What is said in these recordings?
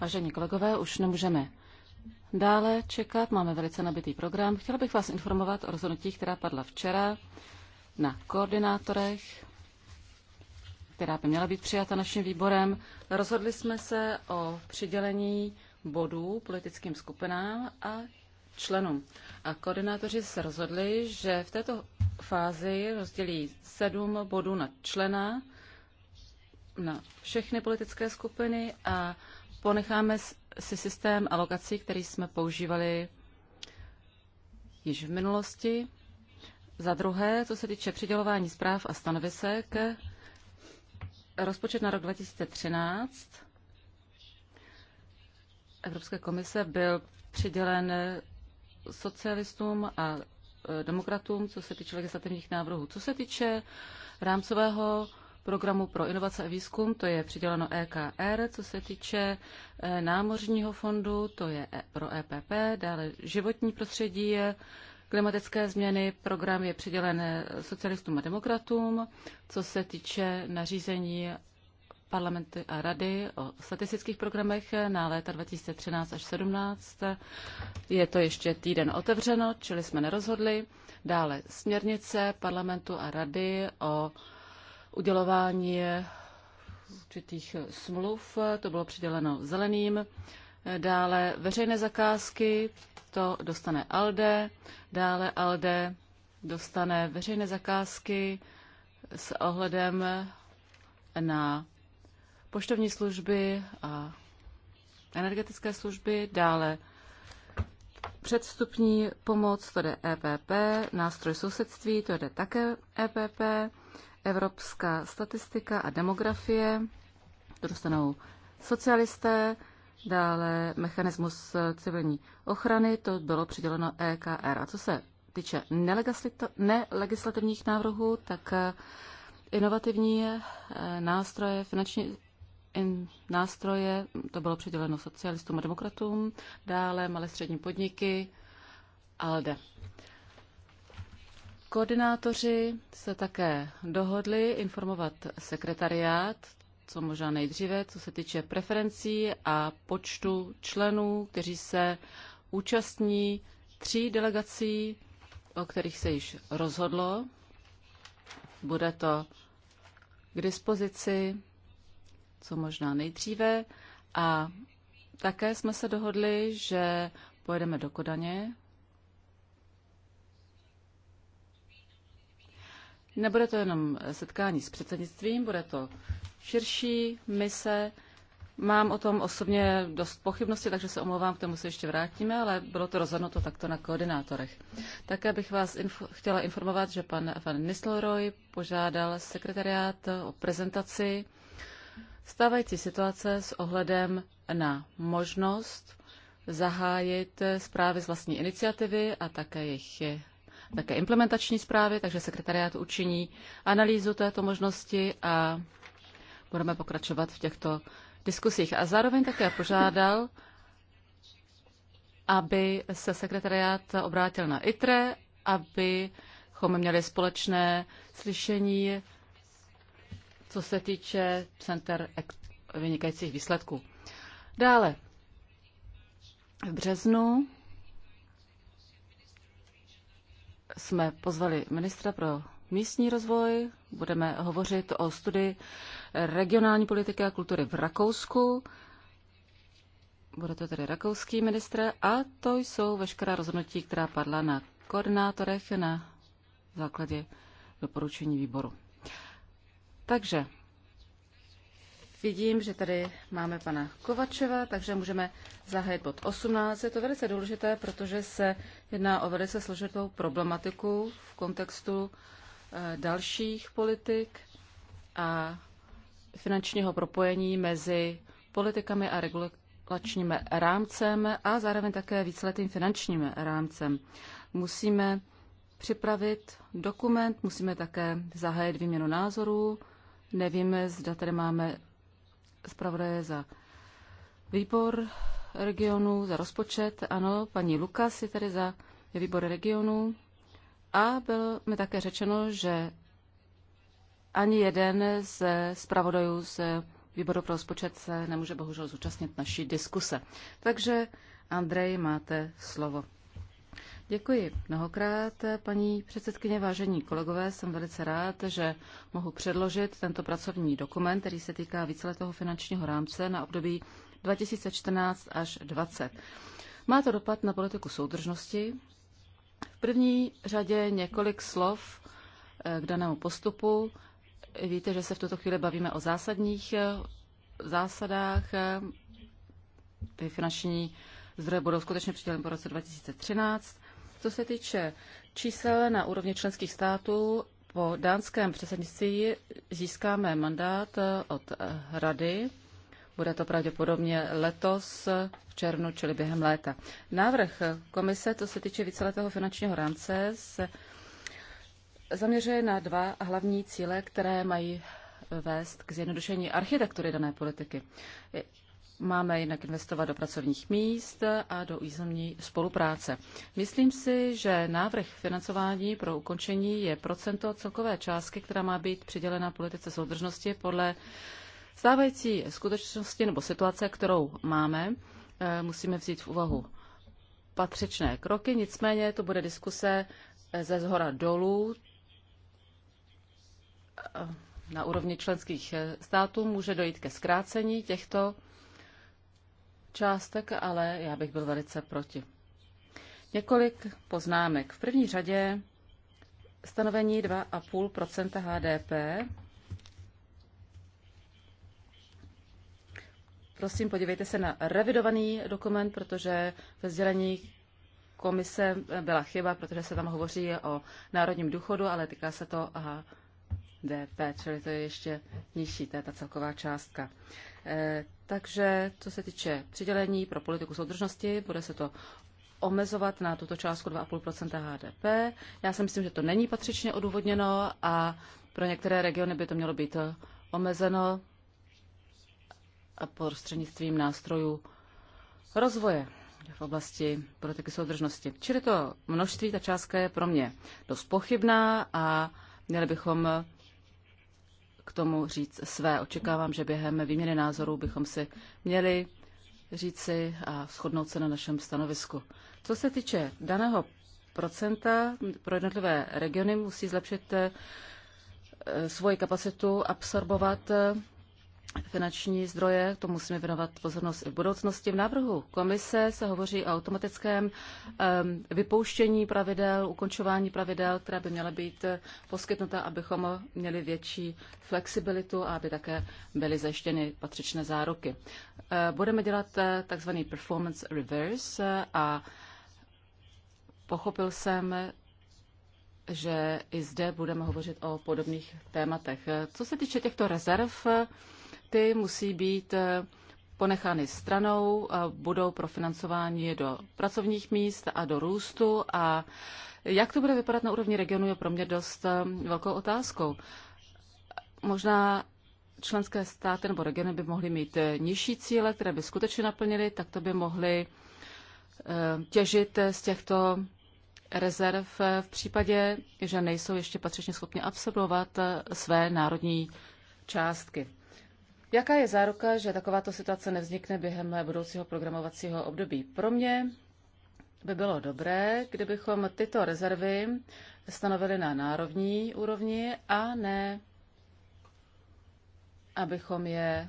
Vážení kolegové, už nemůžeme dále čekat. Máme velice nabitý program. Chtěla bych vás informovat o rozhodnutí, která padla včera na koordinátorech, která by měla být přijata naším výborem. Rozhodli jsme se o přidělení bodů politickým skupinám a členům. A koordinátoři se rozhodli, že v této fázi rozdělí sedm bodů na člena na všechny politické skupiny a ponecháme si systém alokací, který jsme používali již v minulosti. Za druhé, co se týče přidělování zpráv a stanovisek, rozpočet na rok 2013 Evropské komise byl přidělen socialistům a e, demokratům, co se týče legislativních návrhů. Co se týče rámcového programu pro inovace a výzkum, to je přiděleno EKR, co se týče eh, námořního fondu, to je e- pro EPP, dále životní prostředí je klimatické změny, program je přidělen eh, socialistům a demokratům, co se týče nařízení parlamenty a rady o statistických programech eh, na léta 2013 až 17. Je to ještě týden otevřeno, čili jsme nerozhodli. Dále směrnice parlamentu a rady o udělování určitých smluv, to bylo přiděleno zeleným. Dále veřejné zakázky, to dostane ALDE. Dále ALDE dostane veřejné zakázky s ohledem na poštovní služby a energetické služby, dále předstupní pomoc, to jde EPP, nástroj sousedství, to jde také EPP, evropská statistika a demografie, to dostanou socialisté, dále mechanismus civilní ochrany, to bylo přiděleno EKR. A co se týče nelegislativních návrhů, tak eh, inovativní eh, nástroje, finanční nástroje, to bylo přiděleno socialistům a demokratům, dále malé střední podniky, ALDE. Koordinátoři se také dohodli informovat sekretariát, co možná nejdříve, co se týče preferencí a počtu členů, kteří se účastní tří delegací, o kterých se již rozhodlo. Bude to k dispozici co možná nejdříve a také jsme se dohodli, že pojedeme do Kodaně Nebude to jenom setkání s předsednictvím, bude to širší mise. Mám o tom osobně dost pochybnosti, takže se omlouvám, k tomu se ještě vrátíme, ale bylo to rozhodnuto takto na koordinátorech. Také bych vás inf- chtěla informovat, že pan Van Nistelrooy požádal sekretariát o prezentaci stávající situace s ohledem na možnost zahájit zprávy z vlastní iniciativy a také jejich také implementační zprávy, takže sekretariát učiní analýzu této možnosti a budeme pokračovat v těchto diskusích. A zároveň také požádal, aby se sekretariát obrátil na ITRE, abychom měli společné slyšení, co se týče center vynikajících výsledků. Dále, v březnu jsme pozvali ministra pro místní rozvoj. Budeme hovořit o studii regionální politiky a kultury v Rakousku. Bude to tedy rakouský ministr a to jsou veškerá rozhodnutí, která padla na koordinátorech na základě doporučení výboru. Takže Vidím, že tady máme pana Kovačeva, takže můžeme zahájit bod 18. Je to velice důležité, protože se jedná o velice složitou problematiku v kontextu eh, dalších politik a finančního propojení mezi politikami a regulačním rámcem a zároveň také víceletým finančním rámcem. Musíme připravit dokument, musíme také zahájit výměnu názorů. Nevíme, zda tady máme zpravodaje za výbor regionu, za rozpočet. Ano, paní Lukas je tady za výbor regionu. A bylo mi také řečeno, že ani jeden ze zpravodajů z výboru pro rozpočet se nemůže bohužel zúčastnit naší diskuse. Takže, Andrej, máte slovo. Děkuji mnohokrát, paní předsedkyně, vážení kolegové. Jsem velice rád, že mohu předložit tento pracovní dokument, který se týká víceletého finančního rámce na období 2014 až 2020. Má to dopad na politiku soudržnosti. V první řadě několik slov eh, k danému postupu. Víte, že se v tuto chvíli bavíme o zásadních eh, zásadách. Eh, ty finanční zdroje budou skutečně přiděleny po roce 2013. Co se týče čísel na úrovni členských států, po dánském předsednictví získáme mandát eh, od eh, Rady. Bude to pravděpodobně letos v červnu, čili během léta. Návrh komise, co se týče víceletého finančního rámce, se zaměřuje na dva hlavní cíle, které mají vést k zjednodušení architektury dané politiky. Máme jednak investovat do pracovních míst a do územní spolupráce. Myslím si, že návrh financování pro ukončení je procento celkové částky, která má být přidělena politice soudržnosti podle stávající skutečnosti nebo situace, kterou máme. Eh, musíme vzít v úvahu patřičné kroky, nicméně to bude diskuse eh, ze zhora dolů eh, na úrovni členských států může dojít ke zkrácení těchto částek, ale já bych byl velice proti. Několik poznámek. V první řadě stanovení 2,5 HDP. Prosím, podívejte se na revidovaný dokument, protože ve sdělení komise byla chyba, protože se tam hovoří o národním důchodu, ale týká se to DP, čili to je ještě nižší, to je ta celková částka. Eh, takže co se týče přidělení pro politiku soudržnosti, bude se to omezovat na tuto částku 2,5 HDP. Já si myslím, že to není patřičně odůvodněno a pro některé regiony by to mělo být omezeno a prostřednictvím nástrojů rozvoje v oblasti politiky soudržnosti. Čili to množství, ta částka je pro mě dost pochybná a měli bychom k tomu říct své. Očekávám, že během výměny názorů bychom si měli říci a shodnout se na našem stanovisku. Co se týče daného procenta pro jednotlivé regiony, musí zlepšit eh, svoji kapacitu absorbovat eh, finanční zdroje, to musíme věnovat pozornost i v budoucnosti. V návrhu komise se hovoří o automatickém vypouštění pravidel, ukončování pravidel, která by měla být eh, poskytnuta, abychom měli větší flexibilitu a aby také byly zajištěny patřičné záruky. Eh, budeme dělat eh, takzvaný performance reverse a pochopil jsem, že i zde budeme hovořit o podobných tématech. Co se týče těchto rezerv, ty musí být eh, ponechány stranou, budou profinancovány do pracovních míst a do růstu a jak to bude vypadat na úrovni regionu je pro mě dost eh, velkou otázkou. Možná členské státy nebo regiony by mohly mít eh, nižší cíle, které by skutečně naplnily, tak to by mohly těžit z těchto rezerv v případě, že nejsou ještě patřičně schopni absorbovat své národní částky. Jaká je záruka, že takováto situace nevznikne během budoucího programovacího období? Pro mě by bylo dobré, kdybychom tyto rezervy stanovili na národní úrovni a ne, abychom je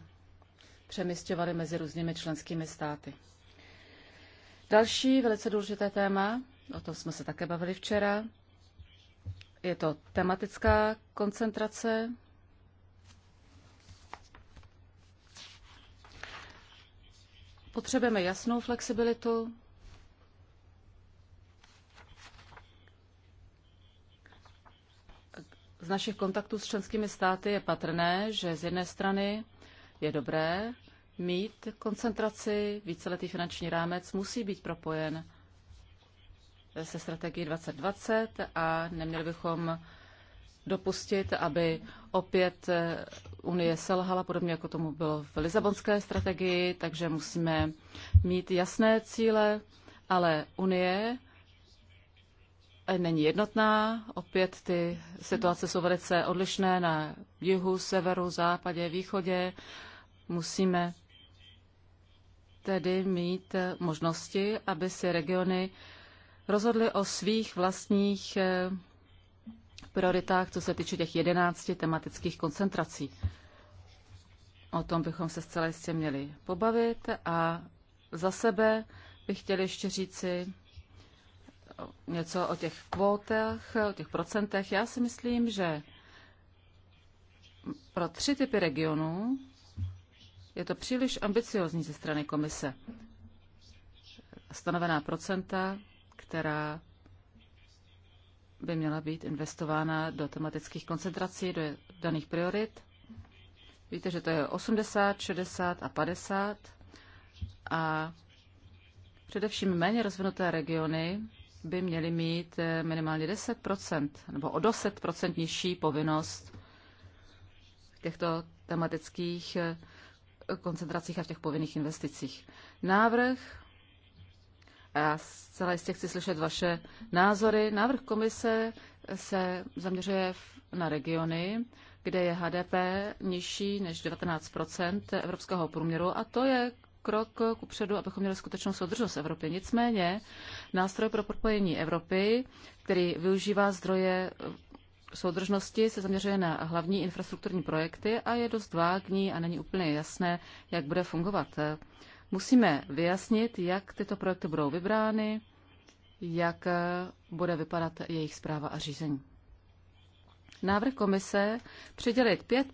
přemysťovali mezi různými členskými státy. Další velice důležité téma, o tom jsme se také bavili včera, je to tematická koncentrace Potřebujeme jasnou flexibilitu. Z našich kontaktů s členskými státy je patrné, že z jedné strany je dobré mít koncentraci, víceletý finanční rámec musí být propojen se strategií 2020 a neměli bychom dopustit, aby opět unie selhala, podobně jako tomu bylo v Lisabonské strategii, takže musíme mít jasné cíle, ale unie eh, není jednotná. Opět ty situace jsou velice odlišné na jihu, severu, západě, východě. Musíme tedy mít eh, možnosti, aby si regiony rozhodly o svých vlastních eh, prioritách, co se týče těch jedenácti tematických koncentrací. O tom bychom se zcela jistě měli pobavit a za sebe bych chtěl ještě říci něco o těch kvótech, o těch procentech. Já si myslím, že pro tři typy regionů je to příliš ambiciozní ze strany komise. Stanovená procenta, která by měla být investována do tematických koncentrací, do daných priorit. Víte, že to je 80, 60 a 50. A především méně rozvinuté regiony by měly mít eh, minimálně 10 nebo o 10 nižší povinnost v těchto tematických eh, koncentracích a v těch povinných investicích. Návrh já zcela jistě chci slyšet vaše názory. Návrh komise se zaměřuje na regiony, kde je HDP nižší než 19 evropského průměru a to je krok ku předu, abychom měli skutečnou soudržnost Evropy. Nicméně nástroj pro propojení Evropy, který využívá zdroje soudržnosti, se zaměřuje na hlavní infrastrukturní projekty a je dost vágní a není úplně jasné, jak bude fungovat. Musíme vyjasnit, jak tyto projekty budou vybrány, jak eh, bude vypadat jejich zpráva a řízení. Návrh komise přidělit 5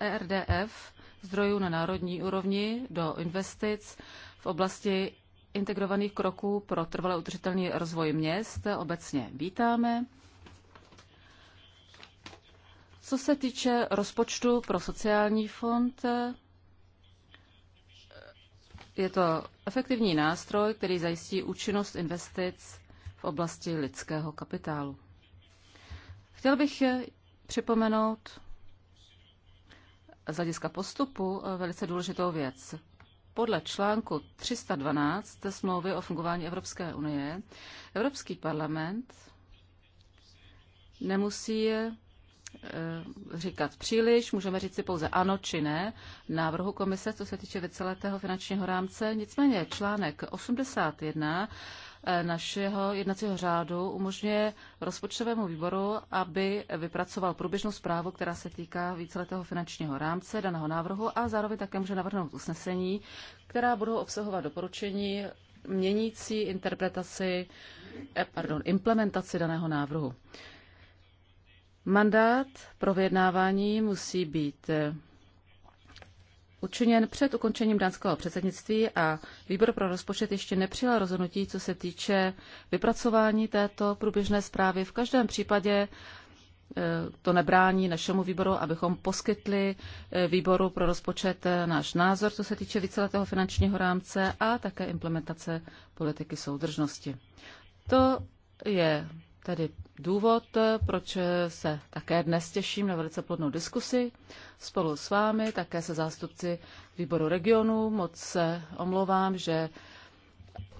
ERDF zdrojů na národní úrovni do investic v oblasti integrovaných kroků pro trvalé udržitelný rozvoj měst obecně vítáme. Co se týče rozpočtu pro sociální fond, je to efektivní nástroj, který zajistí účinnost investic v oblasti lidského kapitálu. Chtěl bych připomenout z hlediska postupu velice důležitou věc. Podle článku 312 smlouvy o fungování Evropské unie Evropský parlament nemusí Eh, říkat příliš, můžeme říct si pouze ano či ne návrhu komise, co se týče víceletého finančního rámce. Nicméně článek 81 eh, našeho jednacího řádu umožňuje rozpočtovému výboru, aby vypracoval průběžnou zprávu, která se týká víceletého finančního rámce daného návrhu a zároveň také může navrhnout usnesení, která budou obsahovat doporučení měnící interpretaci, eh, pardon, implementaci daného návrhu. Mandát pro vyjednávání musí být eh, učiněn před ukončením dánského předsednictví a výbor pro rozpočet ještě nepřijal rozhodnutí, co se týče vypracování této průběžné zprávy. V každém případě eh, to nebrání našemu výboru, abychom poskytli eh, výboru pro rozpočet náš názor, co se týče víceletého finančního rámce a také implementace politiky soudržnosti. To je tedy důvod, proč se také dnes těším na velice plodnou diskusi spolu s vámi, také se zástupci výboru regionu. Moc se omlouvám, že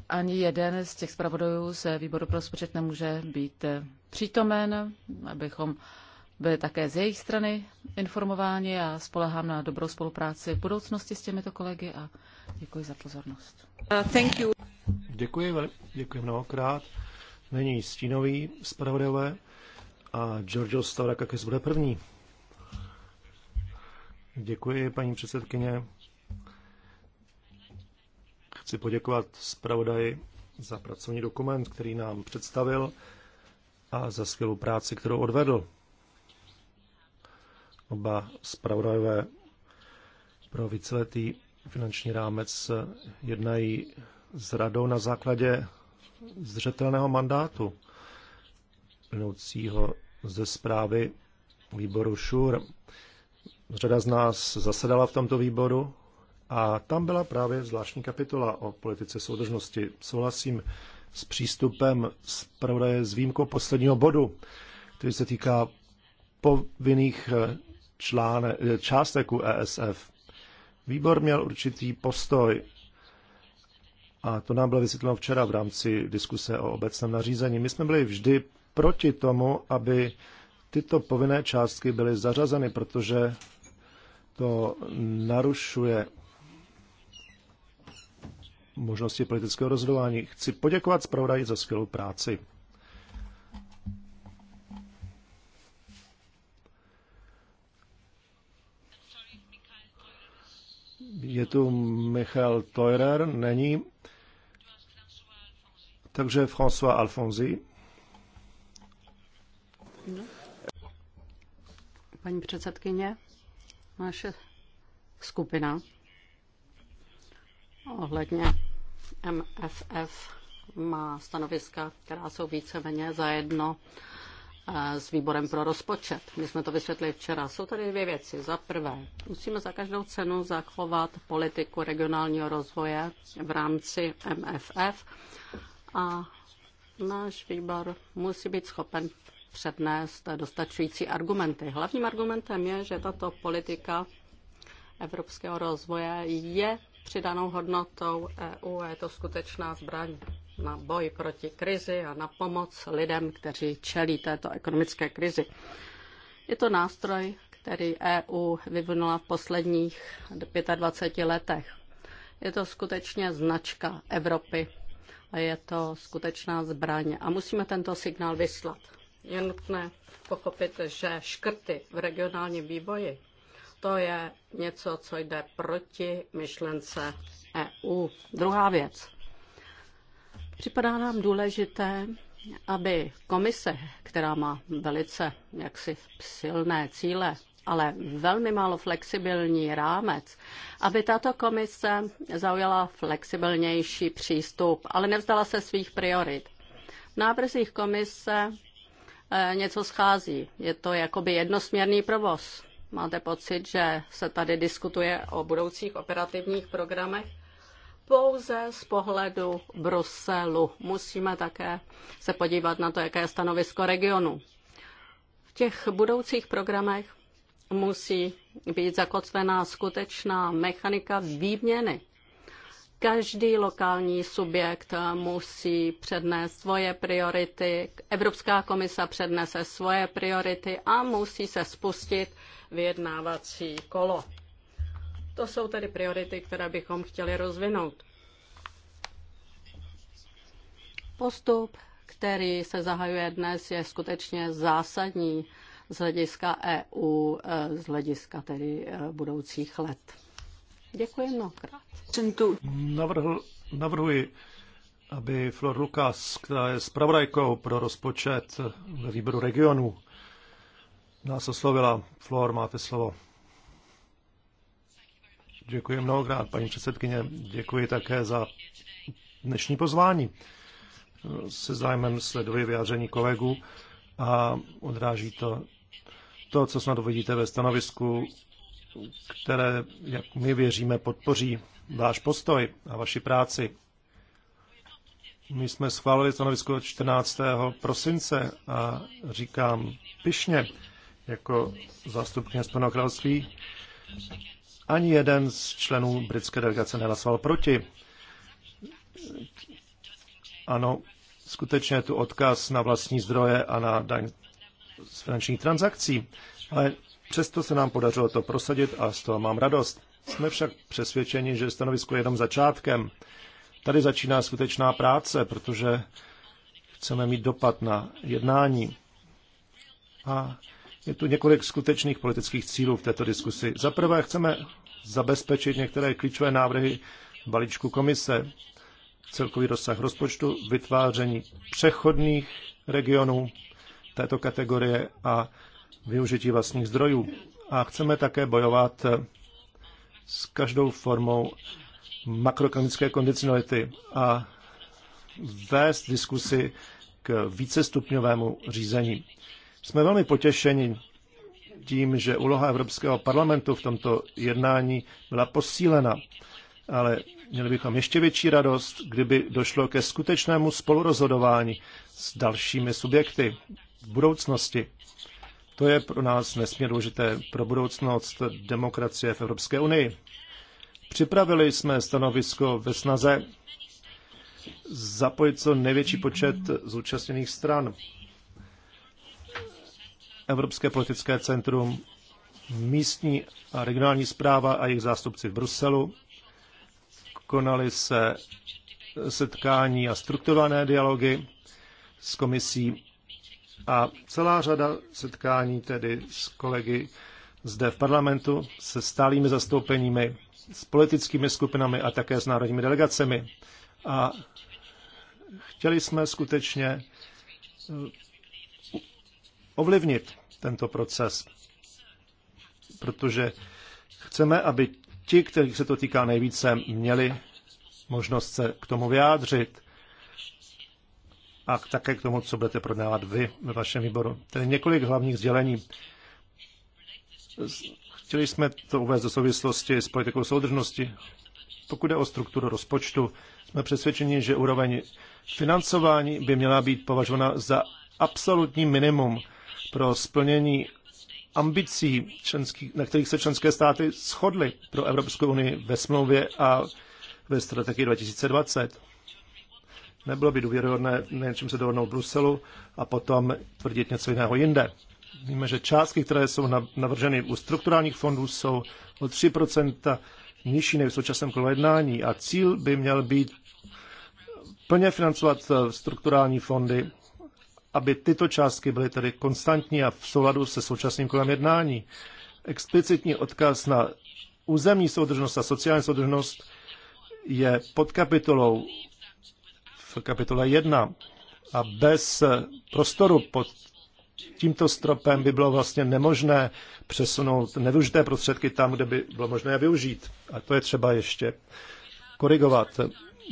ani jeden z těch zpravodajů se výboru pro rozpočet nemůže být přítomen, abychom byli také z jejich strany informováni a spolehám na dobrou spolupráci v budoucnosti s těmito kolegy a děkuji za pozornost. Uh, thank you. Děkuji, děkuji mnohokrát. Není stínový zpravodajové a Giorgio Stavrakakis bude první. Děkuji, paní předsedkyně. Chci poděkovat zpravodaji za pracovní dokument, který nám představil a za skvělou práci, kterou odvedl. Oba zpravodajové pro víceletý finanční rámec jednají s radou na základě zřetelného mandátu plynoucího ze zprávy výboru ŠUR. Řada z nás zasedala v tomto výboru a tam byla právě zvláštní kapitola o politice soudržnosti. Souhlasím s přístupem pravdaje s výjimkou posledního bodu, který se týká povinných eh, článe, eh, částek u ESF. Výbor měl určitý postoj a to nám bylo vysvětleno včera v rámci diskuse o obecném nařízení. My jsme byli vždy proti tomu, aby tyto povinné částky byly zařazeny, protože to narušuje možnosti politického rozhodování. Chci poděkovat zpravodaji za skvělou práci. Je tu Michal Teurer, není. Takže François Alfonzi. Paní předsedkyně, naše skupina ohledně MFF má stanoviska, která jsou víceméně zajedno eh, s výborem pro rozpočet. My jsme to vysvětlili včera. Jsou tady dvě věci. Za prvé, musíme za každou cenu zachovat politiku regionálního rozvoje v rámci MFF a náš výbor musí být schopen přednést dostačující argumenty. Hlavním argumentem je, že tato politika evropského rozvoje je přidanou hodnotou EU a je to skutečná zbraň na boj proti krizi a na pomoc lidem, kteří čelí této ekonomické krizi. Je to nástroj, který EU vyvinula v posledních 25 letech. Je to skutečně značka Evropy a je to skutečná zbraň a musíme tento signál vyslat. Je nutné pochopit, že škrty v regionálním vývoji to je něco, co jde proti myšlence EU. Druhá věc. Připadá nám důležité, aby komise, která má velice jaksi silné cíle, ale velmi málo flexibilní rámec, aby tato komise zaujala flexibilnější přístup, ale nevzdala se svých priorit. V návrzích komise eh, něco schází. Je to jakoby jednosměrný provoz. Máte pocit, že se tady diskutuje o budoucích operativních programech pouze z pohledu Bruselu. Musíme také se podívat na to, jaké je stanovisko regionu. V těch budoucích programech musí být zakotvená skutečná mechanika výměny. Každý lokální subjekt musí přednést svoje priority, Evropská komisa přednese svoje priority a musí se spustit vyjednávací kolo. To jsou tedy priority, které bychom chtěli rozvinout. Postup, který se zahajuje dnes, je skutečně zásadní z hlediska EU, e, z hlediska tedy e, budoucích let. Děkuji mnohokrát. Navrhl, navrhuji, aby Flor Lukas, která je zpravodajkou pro rozpočet ve výboru regionů, nás oslovila. Flor, máte slovo. Děkuji mnohokrát, paní předsedkyně. Děkuji také za dnešní pozvání. Se zájmem sleduji vyjádření kolegů a odráží to to, co snad uvidíte ve stanovisku, které, jak my věříme, podpoří váš postoj a vaši práci. My jsme schválili stanovisko 14. prosince a říkám pyšně jako zástupkyně Spojeného království, ani jeden z členů britské delegace nehlasoval proti. Ano, skutečně je tu odkaz na vlastní zdroje a na daň z finančních transakcí, ale přesto se nám podařilo to prosadit a z toho mám radost. Jsme však přesvědčeni, že stanovisko je jenom začátkem. Tady začíná skutečná práce, protože chceme mít dopad na jednání. A je tu několik skutečných politických cílů v této diskusi. Za prvé chceme zabezpečit některé klíčové návrhy balíčku komise, celkový rozsah rozpočtu, vytváření přechodných regionů této kategorie a využití vlastních zdrojů. A chceme také bojovat s každou formou makroekonomické kondicionality a vést diskusy k vícestupňovému řízení. Jsme velmi potěšeni tím, že úloha Evropského parlamentu v tomto jednání byla posílena, ale měli bychom ještě větší radost, kdyby došlo ke skutečnému spolurozhodování s dalšími subjekty budoucnosti. To je pro nás nesmírně důležité pro budoucnost demokracie v Evropské unii. Připravili jsme stanovisko ve snaze zapojit co největší počet zúčastněných stran. Evropské politické centrum, místní a regionální zpráva a jejich zástupci v Bruselu. Konaly se setkání a strukturované dialogy s komisí a celá řada setkání tedy s kolegy zde v parlamentu, se stálými zastoupeními, s politickými skupinami a také s národními delegacemi. A chtěli jsme skutečně eh, ovlivnit tento proces, protože chceme, aby ti, kterých se to týká nejvíce, měli možnost se k tomu vyjádřit a také k tomu, co budete prodávat vy ve vašem výboru. Tedy několik hlavních sdělení. Chtěli jsme to uvést do souvislosti s politikou soudržnosti. Pokud jde o strukturu rozpočtu, jsme přesvědčeni, že úroveň financování by měla být považována za absolutní minimum pro splnění ambicí, členský, na kterých se členské státy shodly pro Evropskou unii ve smlouvě a ve strategii 2020. Nebylo by důvěryhodné čím se dohodnout v Bruselu a potom tvrdit něco jiného jinde. Víme, že částky, které jsou navrženy u strukturálních fondů, jsou o 3% nižší než v současném kolo jednání a cíl by měl být plně financovat eh, strukturální fondy, aby tyto částky byly tedy konstantní a v souladu se současným kolem jednání. Explicitní odkaz na územní soudržnost a sociální soudržnost je pod kapitolou v kapitole 1. A bez prostoru pod tímto stropem by bylo vlastně nemožné přesunout nevyužité prostředky tam, kde by bylo možné je využít. A to je třeba ještě korigovat.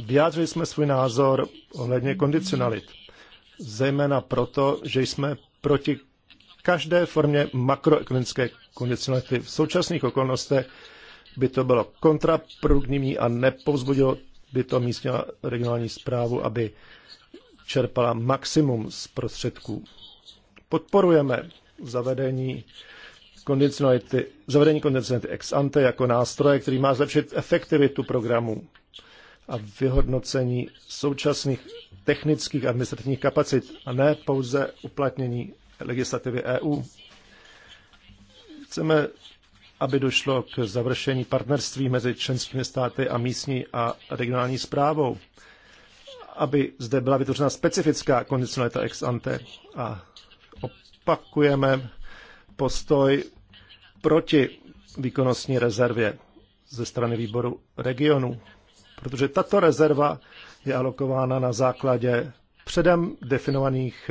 Vyjádřili jsme svůj názor ohledně kondicionalit, zejména proto, že jsme proti každé formě makroekonomické kondicionality. V současných okolnostech by to bylo kontraproduktivní a nepovzbudilo by to místní regionální zprávu, aby čerpala maximum z prostředků. Podporujeme zavedení kondicionality, zavedení kondicionality ex ante jako nástroje, který má zlepšit efektivitu programu a vyhodnocení současných technických a administrativních kapacit a ne pouze uplatnění legislativy EU. Chceme aby došlo k završení partnerství mezi členskými státy a místní a regionální zprávou, aby zde byla vytvořena specifická kondicionalita ex ante. A opakujeme postoj proti výkonnostní rezervě ze strany výboru regionu, protože tato rezerva je alokována na základě předem definovaných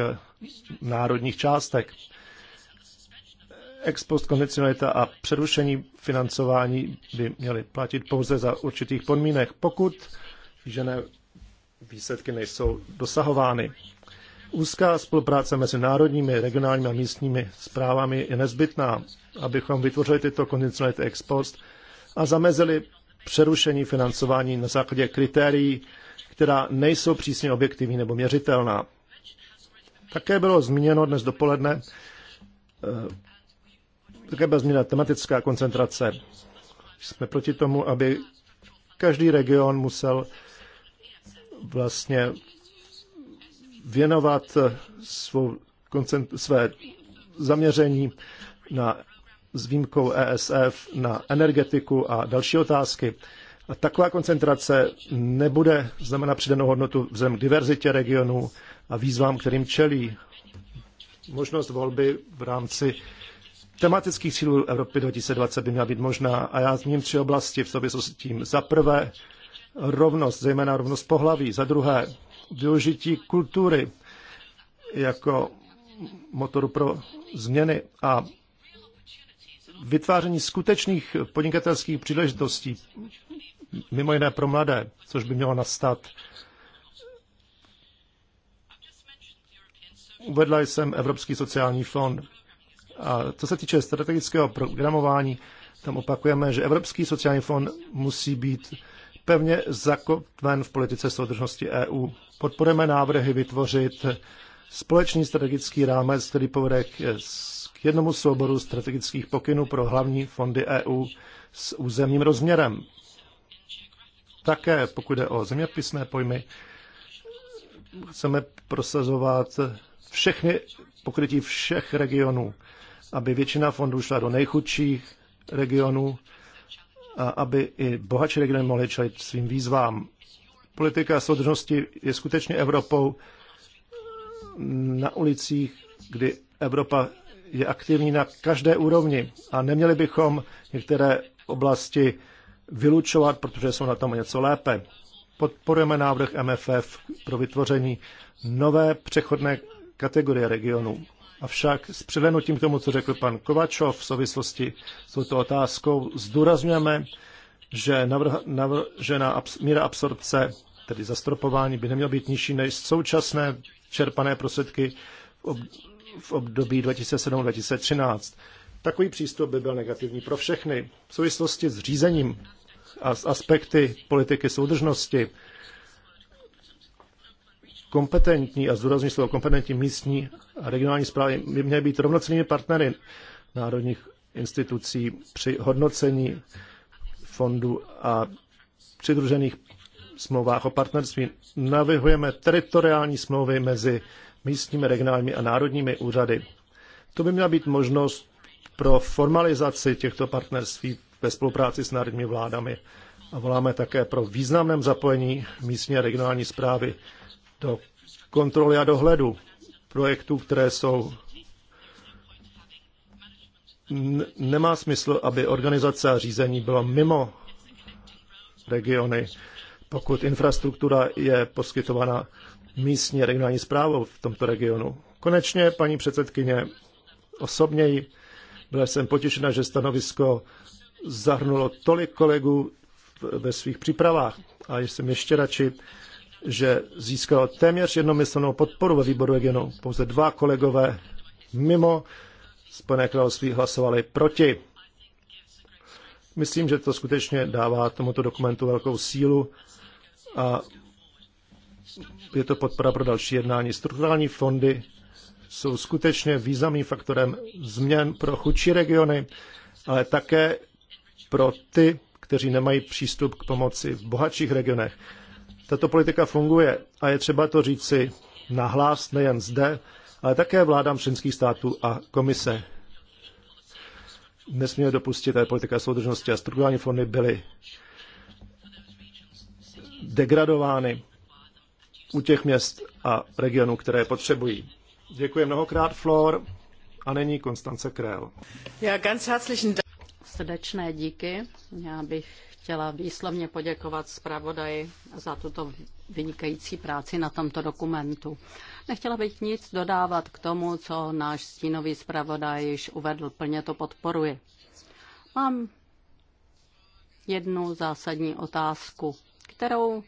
národních částek ex post kondicionalita a přerušení financování by měly platit pouze za určitých podmínek, pokud žené výsledky nejsou dosahovány. Úzká spolupráce mezi národními, regionálními a místními zprávami je nezbytná, abychom vytvořili tyto kondicionality ex post a zamezili přerušení financování na základě kritérií, která nejsou přísně objektivní nebo měřitelná. Také bylo zmíněno dnes dopoledne eh, také byla změna tematická koncentrace. Jsme proti tomu, aby každý region musel vlastně věnovat svou, své zaměření na s výjimkou ESF na energetiku a další otázky. A taková koncentrace nebude znamená přidanou hodnotu vzhledem k diverzitě regionů a výzvám, kterým čelí. Možnost volby v rámci tematických cílů Evropy 2020 by měla být možná a já zmíním tři oblasti v sobě s tím. Za prvé rovnost, zejména rovnost pohlaví. Za druhé využití kultury jako motoru pro změny a vytváření skutečných podnikatelských příležitostí, mimo jiné pro mladé, což by mělo nastat. Uvedla jsem Evropský sociální fond a co se týče strategického programování, tam opakujeme, že Evropský sociální fond musí být pevně zakotven v politice soudržnosti EU. Podporujeme návrhy vytvořit společný strategický rámec, který povede k, k jednomu souboru strategických pokynů pro hlavní fondy EU s územním rozměrem. Také pokud jde o zeměpisné pojmy, chceme prosazovat všechny pokrytí všech regionů aby většina fondů šla do nejchudších regionů a aby i bohatší regiony mohly čelit svým výzvám. Politika soudržnosti je skutečně Evropou na ulicích, kdy Evropa je aktivní na každé úrovni a neměli bychom některé oblasti vylučovat, protože jsou na tom něco lépe. Podporujeme návrh MFF pro vytvoření nové přechodné kategorie regionů. Avšak s přilenutím k tomu, co řekl pan Kovačov v souvislosti s touto otázkou, zdůrazňujeme, že navržená abs- míra absorpce, tedy zastropování, by neměla být nižší než současné čerpané prostředky v, ob- v období 2007-2013. Takový přístup by byl negativní pro všechny. V souvislosti s řízením a s aspekty politiky soudržnosti kompetentní, a zdůrazně slovo kompetentní místní a regionální zprávy by měly být rovnocennými partnery národních institucí při hodnocení fondu a přidružených smlouvách o partnerství. Navyhujeme teritoriální smlouvy mezi místními, regionálními a národními úřady. To by měla být možnost pro formalizaci těchto partnerství ve spolupráci s národními vládami. A voláme také pro významném zapojení místní a regionální zprávy do kontroly a dohledu projektů, které jsou. Nemá smysl, aby organizace a řízení bylo mimo regiony, pokud infrastruktura je poskytována místní regionální zprávou v tomto regionu. Konečně, paní předsedkyně, osobně byla jsem potěšena, že stanovisko zahrnulo tolik kolegů ve svých přípravách a jsem ještě radši, že získal téměř jednomyslnou podporu ve výboru regionu. Pouze dva kolegové mimo Spojené království hlasovali proti. Myslím, že to skutečně dává tomuto dokumentu velkou sílu a je to podpora pro další jednání. Strukturální fondy jsou skutečně významným faktorem změn pro chudší regiony, ale také pro ty, kteří nemají přístup k pomoci v bohatších regionech. Tato politika funguje a je třeba to říci nahlás nejen zde, ale také vládám členských států a komise. Nesmíme dopustit, té politika soudržnosti a strukturální fondy byly degradovány u těch měst a regionů, které potřebují. Děkuji mnohokrát, Flor. A není Konstance Krél. Já ganz herzlichen Srdečné díky. Já bych chtěla výslovně poděkovat zpravodaji za tuto vynikající práci na tomto dokumentu. Nechtěla bych nic dodávat k tomu, co náš stínový zpravodaj již uvedl. Plně to podporuji. Mám jednu zásadní otázku, kterou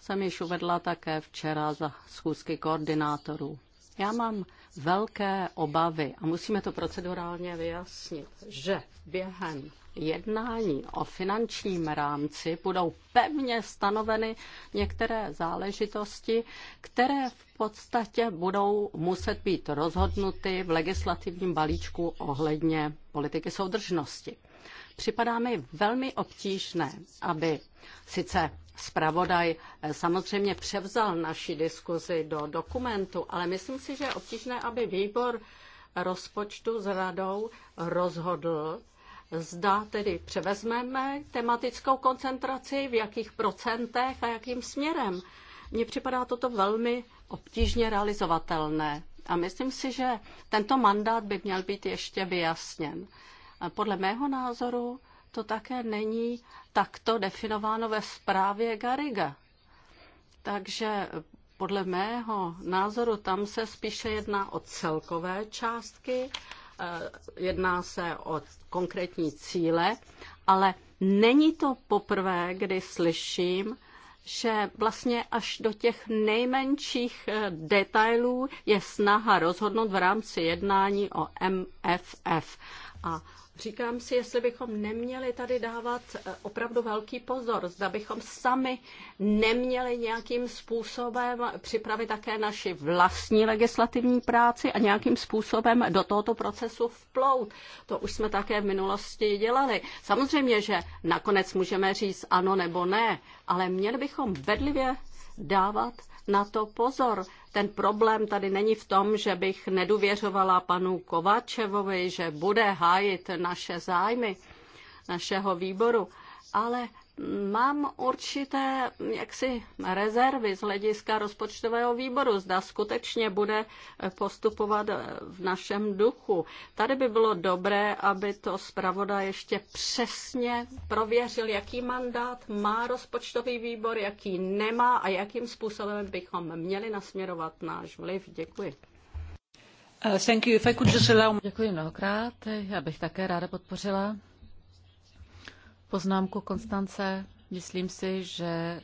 jsem již uvedla také včera za schůzky koordinátorů. Já mám velké obavy, a musíme to procedurálně vyjasnit, že během jednání o finančním rámci budou pevně stanoveny některé záležitosti, které v podstatě budou muset být rozhodnuty v legislativním balíčku ohledně politiky soudržnosti. Připadá mi velmi obtížné, aby sice zpravodaj eh, samozřejmě převzal naši diskuzi do dokumentu, ale myslím si, že je obtížné, aby výbor rozpočtu s radou rozhodl, zda tedy převezmeme tematickou koncentraci, v jakých procentech a jakým směrem. Mně připadá toto velmi obtížně realizovatelné a myslím si, že tento mandát by měl být ještě vyjasněn. Podle mého názoru to také není takto definováno ve zprávě Gariga. Takže podle mého názoru tam se spíše jedná o celkové částky, eh, jedná se o konkrétní cíle, ale není to poprvé, kdy slyším, že vlastně až do těch nejmenších eh, detailů je snaha rozhodnout v rámci jednání o MFF. A Říkám si, jestli bychom neměli tady dávat eh, opravdu velký pozor, zda bychom sami neměli nějakým způsobem připravit také naši vlastní legislativní práci a nějakým způsobem do tohoto procesu vplout. To už jsme také v minulosti dělali. Samozřejmě, že nakonec můžeme říct ano nebo ne, ale měli bychom bedlivě dávat na to pozor. Ten problém tady není v tom, že bych nedůvěřovala panu Kovačevovi, že bude hájit naše zájmy našeho výboru, ale Mám určité jaksi rezervy z hlediska rozpočtového výboru, zda skutečně bude postupovat v našem duchu. Tady by bylo dobré, aby to zpravoda ještě přesně prověřil, jaký mandát má rozpočtový výbor, jaký nemá a jakým způsobem bychom měli nasměrovat náš vliv. Děkuji. Uh, Děkuji mnohokrát. Já bych také ráda podpořila poznámku Konstance. Myslím si, že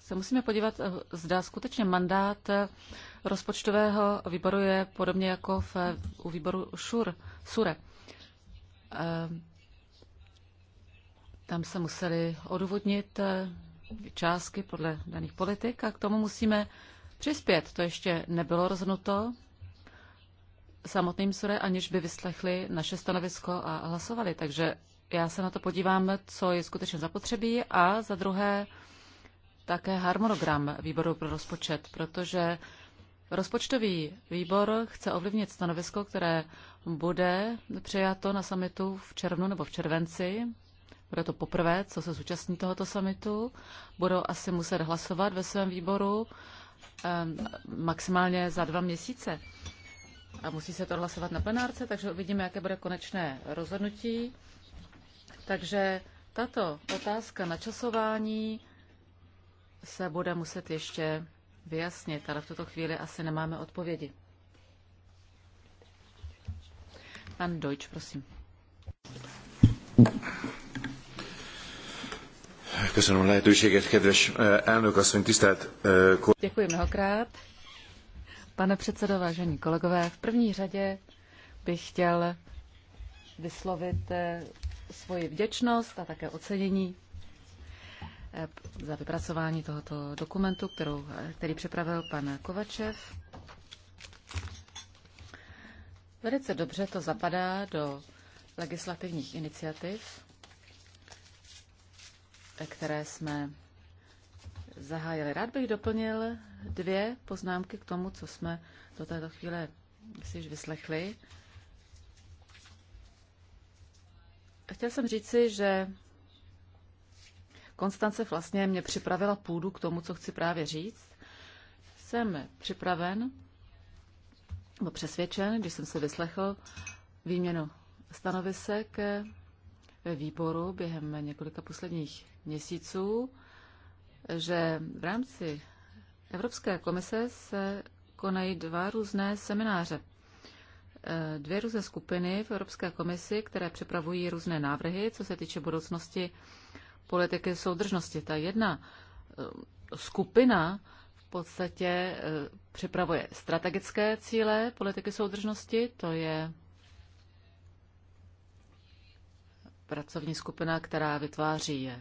se musíme podívat, eh, zda skutečně mandát eh, rozpočtového výboru je podobně jako v, eh, u výboru ŠUR, SURE. Tam se museli odůvodnit částky podle daných politik a k tomu musíme přispět. To ještě nebylo rozhodnuto samotným SURE, aniž by vyslechli naše stanovisko a hlasovali. Takže já se na to podívám, co je skutečně zapotřebí a za druhé také harmonogram výboru pro rozpočet, protože rozpočtový výbor chce ovlivnit stanovisko, které bude přijato na samitu v červnu nebo v červenci. Bude to poprvé, co se zúčastní tohoto samitu. Budou asi muset hlasovat ve svém výboru ehm, maximálně za dva měsíce. A musí se to hlasovat na plenárce, takže uvidíme, jaké bude konečné rozhodnutí. Takže tato otázka načasování se bude muset ještě vyjasnit, ale v tuto chvíli asi nemáme odpovědi. Pan Deutsch, prosím. Köszönöm a lehetőséget, kedves eh, elnök asszony, tisztelt... Eh, Děkuji mnohokrát. Pane předsedo, vážení kolegové, v první řadě bych chtěl vyslovit eh, svoji vděčnost a také ocenění eh, za vypracování tohoto dokumentu, kterou, eh, který připravil pan Kovačev. Velice dobře to zapadá do legislativních iniciativ, které jsme zahájili. Rád bych doplnil dvě poznámky k tomu, co jsme do této chvíle si již vyslechli. Chtěl jsem říci, že Konstance vlastně mě připravila půdu k tomu, co chci právě říct. Jsem připraven, nebo přesvědčen, když jsem se vyslechl výměnu stanovisek ve výboru během několika posledních měsíců, že v rámci Evropské komise se konají dva různé semináře. Eh, dvě různé skupiny v Evropské komisi, které připravují různé návrhy, co se týče budoucnosti politiky soudržnosti. Ta jedna eh, skupina v podstatě eh, připravuje strategické cíle politiky soudržnosti, to je pracovní skupina, která vytváří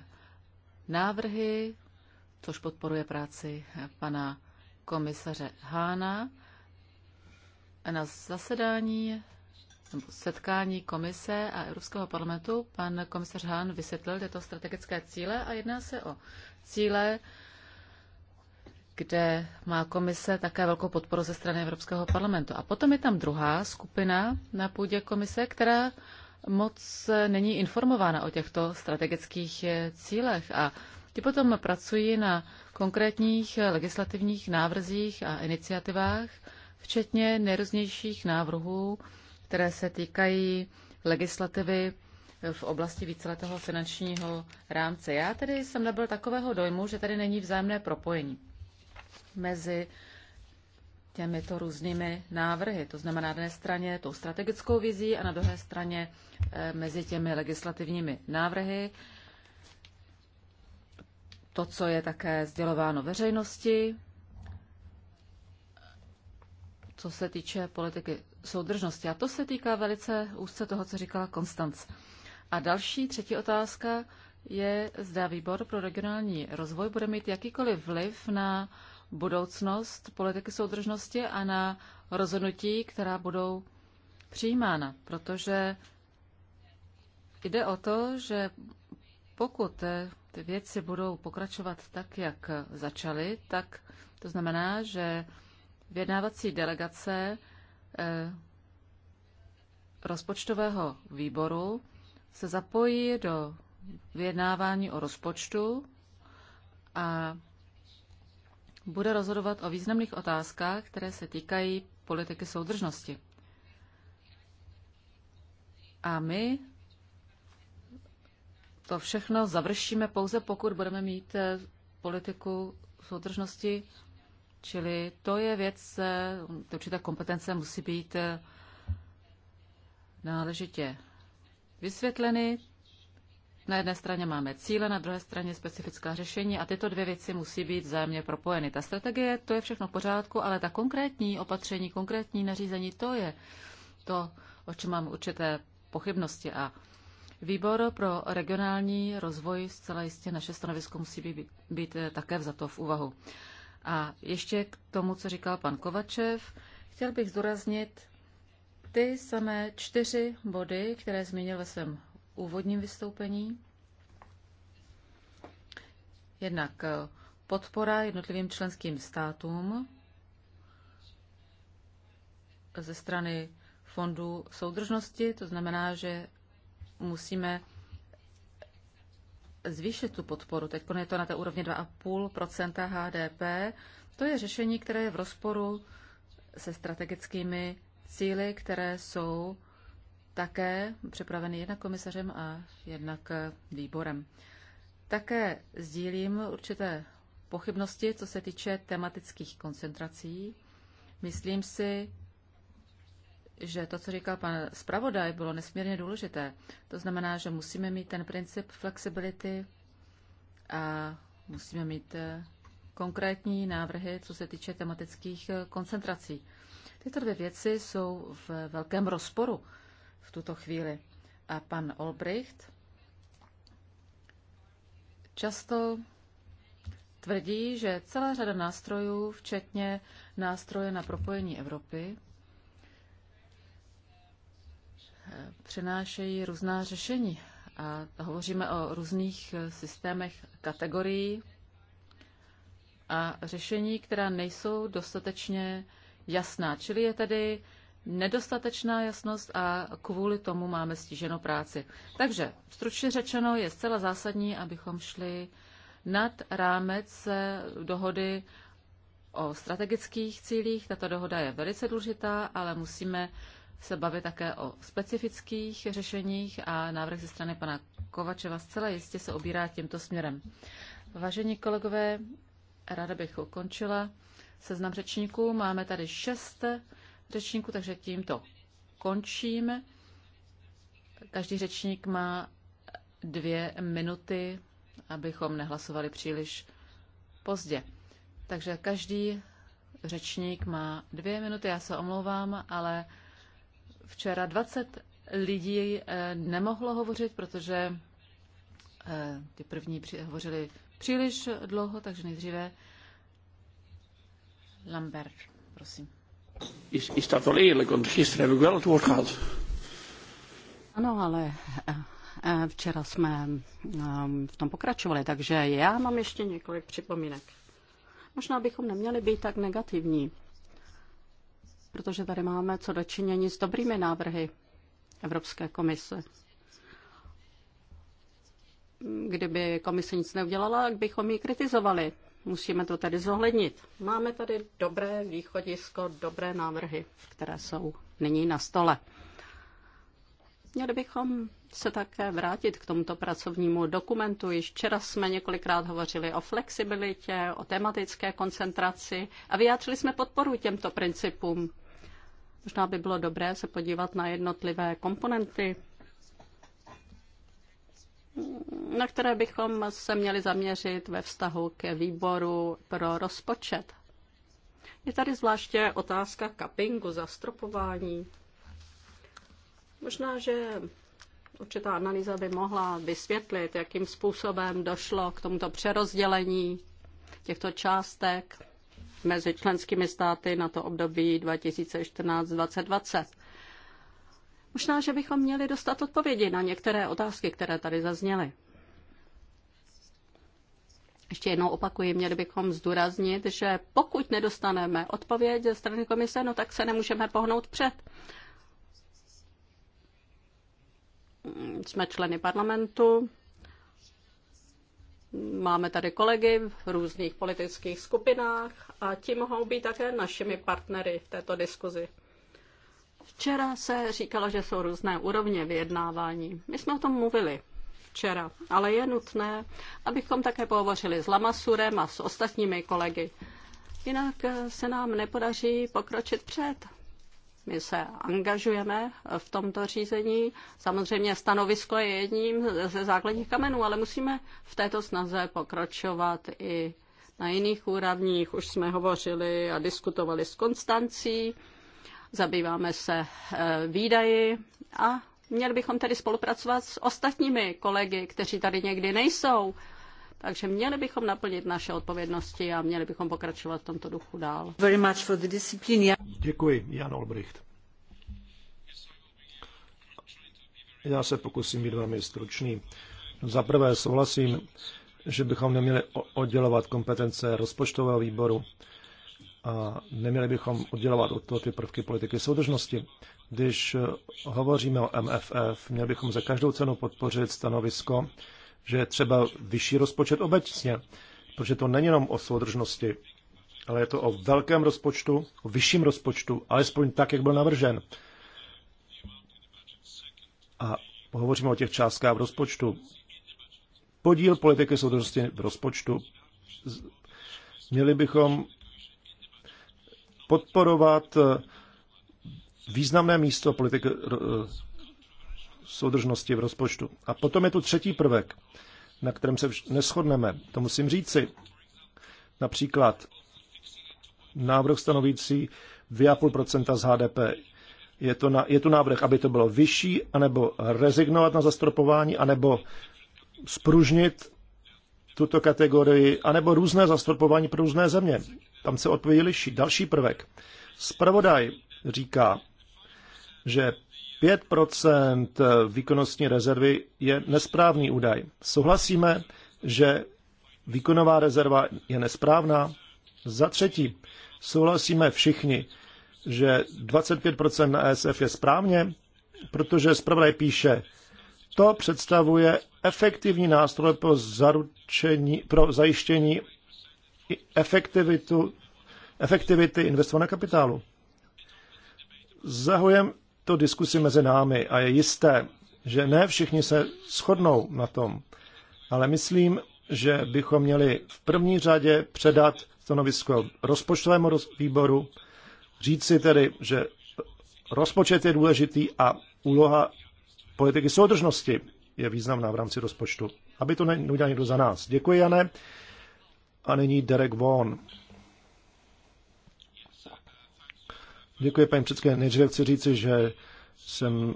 návrhy, což podporuje práci pana komisaře Hána na zasedání nebo setkání komise a Evropského parlamentu pan komisař Hahn vysvětlil tyto strategické cíle a jedná se o cíle, kde má komise také velkou podporu ze strany Evropského parlamentu. A potom je tam druhá skupina na půdě komise, která moc není informována o těchto strategických cílech a ti potom pracují na konkrétních legislativních návrzích a iniciativách, včetně nejrůznějších návrhů, které se týkají legislativy v oblasti víceletého finančního rámce. Já tedy jsem nebyl takového dojmu, že tady není vzájemné propojení mezi těmito různými návrhy. To znamená na jedné straně tou strategickou vizí a na druhé straně eh, mezi těmi legislativními návrhy. To, co je také sdělováno veřejnosti, co se týče politiky soudržnosti. A to se týká velice úzce toho, co říkala Konstanc. A další, třetí otázka je, zda výbor pro regionální rozvoj bude mít jakýkoliv vliv na budoucnost politiky soudržnosti a na rozhodnutí, která budou přijímána, protože jde o to, že pokud ty věci budou pokračovat tak, jak začaly, tak to znamená, že Vědnávací delegace eh, rozpočtového výboru se zapojí do vyjednávání o rozpočtu a bude rozhodovat o významných otázkách, které se týkají politiky soudržnosti. A my to všechno završíme pouze, pokud budeme mít eh, politiku soudržnosti Čili to je věc, to eh, určitá kompetence musí být eh, náležitě vysvětleny. Na jedné straně máme cíle, na druhé straně specifická řešení a tyto dvě věci musí být vzájemně propojeny. Ta strategie, to je všechno v pořádku, ale ta konkrétní opatření, konkrétní nařízení, to je to, o čem mám určité pochybnosti. A výbor pro regionální rozvoj zcela jistě naše stanovisko musí být, být eh, také vzato v úvahu. A ještě k tomu, co říkal pan Kovačev, chtěl bych zdůraznit ty samé čtyři body, které zmínil ve svém úvodním vystoupení. Jednak eh, podpora jednotlivým členským státům ze strany fondů soudržnosti, to znamená, že musíme zvýšit tu podporu. Teď je to na té úrovni 2,5 HDP. To je řešení, které je v rozporu se strategickými cíly, které jsou také připraveny jednak komisařem a jednak výborem. Také sdílím určité pochybnosti, co se týče tematických koncentrací. Myslím si, že to, co říkal pan zpravodaj, bylo nesmírně důležité. To znamená, že musíme mít ten princip flexibility a musíme mít eh, konkrétní návrhy, co se týče tematických eh, koncentrací. Tyto dvě věci jsou v velkém rozporu v tuto chvíli. A pan Olbricht často tvrdí, že celá řada nástrojů, včetně nástroje na propojení Evropy, přinášejí různá řešení. A hovoříme o různých systémech kategorií a řešení, která nejsou dostatečně jasná. Čili je tady nedostatečná jasnost a kvůli tomu máme stíženou práci. Takže stručně řečeno je zcela zásadní, abychom šli nad rámec dohody o strategických cílích. Tato dohoda je velice důležitá, ale musíme se bavit také o specifických řešeních a návrh ze strany pana Kovačeva zcela jistě se obírá tímto směrem. Vážení kolegové, ráda bych ukončila seznam řečníků. Máme tady šest řečníků, takže tímto končím. Každý řečník má dvě minuty, abychom nehlasovali příliš pozdě. Takže každý řečník má dvě minuty, já se omlouvám, ale Včera 20 lidí eh, nemohlo hovořit, protože eh, ty první hovořili příliš dlouho, takže nejdříve Lambert, prosím. Is, dat wel eerlijk? Want gisteren heb ik wel het woord gehad. Ano, ale eh, včera jsme ehm, v tom pokračovali, takže já mám ještě několik připomínek. Možná bychom neměli být tak negativní protože tady máme co dočinění s dobrými návrhy Evropské komise. Kdyby komise nic neudělala, tak bychom ji kritizovali. Musíme to tady zohlednit. Máme tady dobré východisko, dobré návrhy, které jsou nyní na stole. Měli bychom se také vrátit k tomuto pracovnímu dokumentu. Již včera jsme několikrát hovořili o flexibilitě, o tematické koncentraci a vyjádřili jsme podporu těmto principům. Možná by bylo dobré se podívat na jednotlivé komponenty, na které bychom se měli zaměřit ve vztahu k výboru pro rozpočet. Je tady zvláště otázka kapingu, zastropování. Možná, že určitá analýza by mohla vysvětlit, jakým způsobem došlo k tomuto přerozdělení těchto částek mezi členskými státy na to období 2014-2020. Možná, že bychom měli dostat odpovědi na některé otázky, které tady zazněly. Ještě jednou opakuji, měli bychom zdůraznit, že pokud nedostaneme odpověď ze strany komise, no tak se nemůžeme pohnout před. Jsme členy parlamentu, Máme tady kolegy v různých politických skupinách a ti mohou být také našimi partnery v této diskuzi. Včera se říkalo, že jsou různé úrovně vyjednávání. My jsme o tom mluvili včera, ale je nutné, abychom také pohovořili s Lamasurem a s ostatními kolegy. Jinak se nám nepodaří pokročit před. My se angažujeme v tomto řízení. Samozřejmě stanovisko je jedním ze základních kamenů, ale musíme v této snaze pokračovat i na jiných úrovních. Už jsme hovořili a diskutovali s Konstancí, zabýváme se eh, výdaji a měli bychom tedy spolupracovat s ostatními kolegy, kteří tady někdy nejsou takže měli bychom naplnit naše odpovědnosti a měli bychom pokračovat v tomto duchu dál. Very much for the discipline. Děkuji, Jan Olbricht. Já se pokusím být velmi stručný. Za prvé souhlasím, že bychom neměli oddělovat kompetence rozpočtového výboru a neměli bychom oddělovat od toho ty prvky politiky soudržnosti. Když hovoříme o MFF, měli bychom za každou cenu podpořit stanovisko, že je třeba vyšší rozpočet obecně, protože to není jenom o soudržnosti, ale je to o velkém rozpočtu, o vyšším rozpočtu, alespoň tak, jak byl navržen. A hovoříme o těch částkách v rozpočtu. Podíl politiky soudržnosti v rozpočtu. Měli bychom podporovat eh, významné místo politiky eh, soudržnosti v rozpočtu. A potom je tu třetí prvek, na kterém se neschodneme. To musím říci. Například návrh stanovící 2,5 z HDP. Je, to na, je tu návrh, aby to bylo vyšší, anebo rezignovat na zastropování, anebo spružnit tuto kategorii, anebo různé zastropování pro různé země. Tam se odpovědi liší. Další prvek. Spravodaj říká, že 5 výkonnostní rezervy je nesprávný údaj. Souhlasíme, že výkonová rezerva je nesprávná? Za třetí, souhlasíme všichni, že 25 na ESF je správně, protože zpravodaj píše, to představuje efektivní nástroj pro, zaručení, pro zajištění efektivitu, efektivity investovaného kapitálu. Zahujem to diskusi mezi námi a je jisté, že ne všichni se shodnou na tom, ale myslím, že bychom měli v první řadě předat stanovisko rozpočtovému výboru, říci tedy, že rozpočet je důležitý a úloha politiky soudržnosti je významná v rámci rozpočtu. Aby to neudělal někdo za nás. Děkuji, Jane. A nyní Derek Vaughan. Děkuji, paní předsedkyně. Nejdříve chci říci, že jsem eh,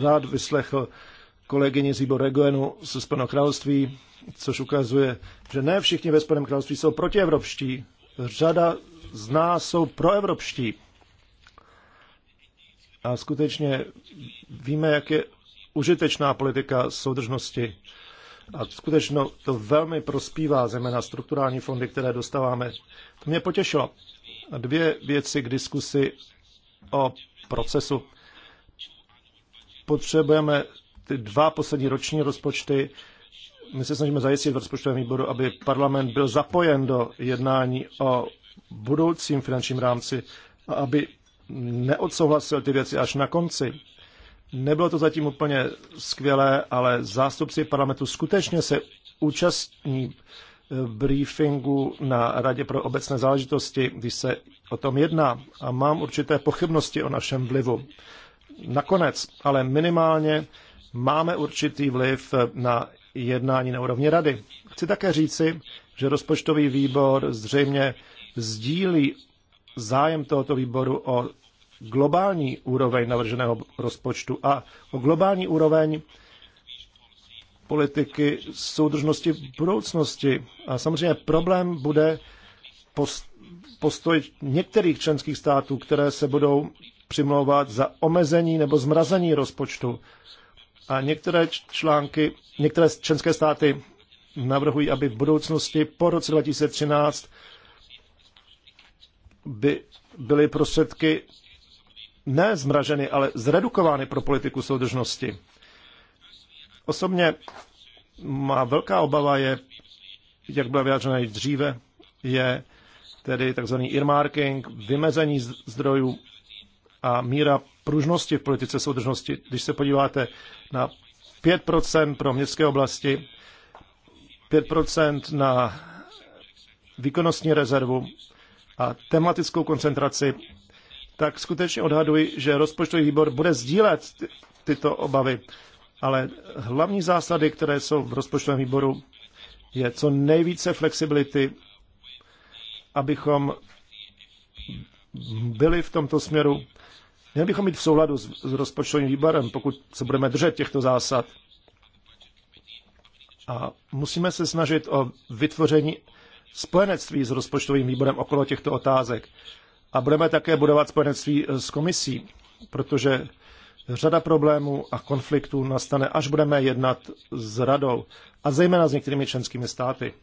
rád vyslechl kolegyni z výboru Regoenu ze Spojeného království, což ukazuje, že ne všichni ve Spojeném království jsou protievropští. Řada z nás jsou proevropští. A skutečně víme, jak je užitečná politika soudržnosti. A skutečně to velmi prospívá, zejména strukturální fondy, které dostáváme. To mě potěšilo. Dvě věci k diskusi o procesu. Potřebujeme ty dva poslední roční rozpočty. My se snažíme zajistit v rozpočtovém výboru, aby parlament byl zapojen do jednání o budoucím finančním rámci a aby neodsouhlasil ty věci až na konci, Nebylo to zatím úplně skvělé, ale zástupci parlamentu skutečně se účastní eh, briefingu na Radě pro obecné záležitosti, když se o tom jedná a mám určité pochybnosti o našem vlivu. Nakonec, ale minimálně máme určitý vliv eh, na jednání na úrovni Rady. Chci také říci, že rozpočtový výbor zřejmě sdílí zájem tohoto výboru o globální úroveň navrženého rozpočtu a o globální úroveň politiky soudržnosti v budoucnosti. A samozřejmě problém bude postoj některých členských států, které se budou přimlouvat za omezení nebo zmrazení rozpočtu. A některé články, některé členské státy navrhují, aby v budoucnosti po roce 2013 by byly prostředky ne zmraženy, ale zredukovány pro politiku soudržnosti. Osobně má velká obava je, jak byla vyjádřena i dříve, je tedy tzv. earmarking, vymezení zdrojů a míra pružnosti v politice soudržnosti. Když se podíváte na 5% pro městské oblasti, 5% na výkonnostní rezervu a tematickou koncentraci tak skutečně odhaduji, že rozpočtový výbor bude sdílet tyto obavy. Ale hlavní zásady, které jsou v rozpočtovém výboru, je co nejvíce flexibility, abychom byli v tomto směru. Měli bychom být v souladu s, s rozpočtovým výborem, pokud se budeme držet těchto zásad. A musíme se snažit o vytvoření spojenectví s rozpočtovým výborem okolo těchto otázek. A budeme také budovat spojenectví eh, s komisí, protože řada problémů a konfliktů nastane, až budeme jednat s radou a zejména s některými členskými státy.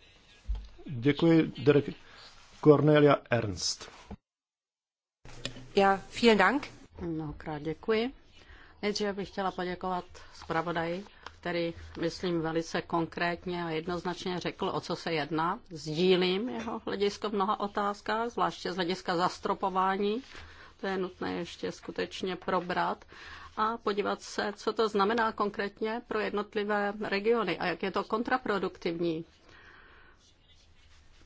Děkuji, Derek Cornelia Ernst. Já, vielen Dank. Mnohokrát děkuji. Nejdříve bych chtěla poděkovat zpravodaji který, myslím, velice konkrétně a jednoznačně řekl, o co se jedná. Sdílím jeho hledisko v mnoha otázkách, zvláště z hlediska zastropování. To je nutné ještě skutečně probrat a podívat se, co to znamená konkrétně pro jednotlivé regiony a jak je to kontraproduktivní.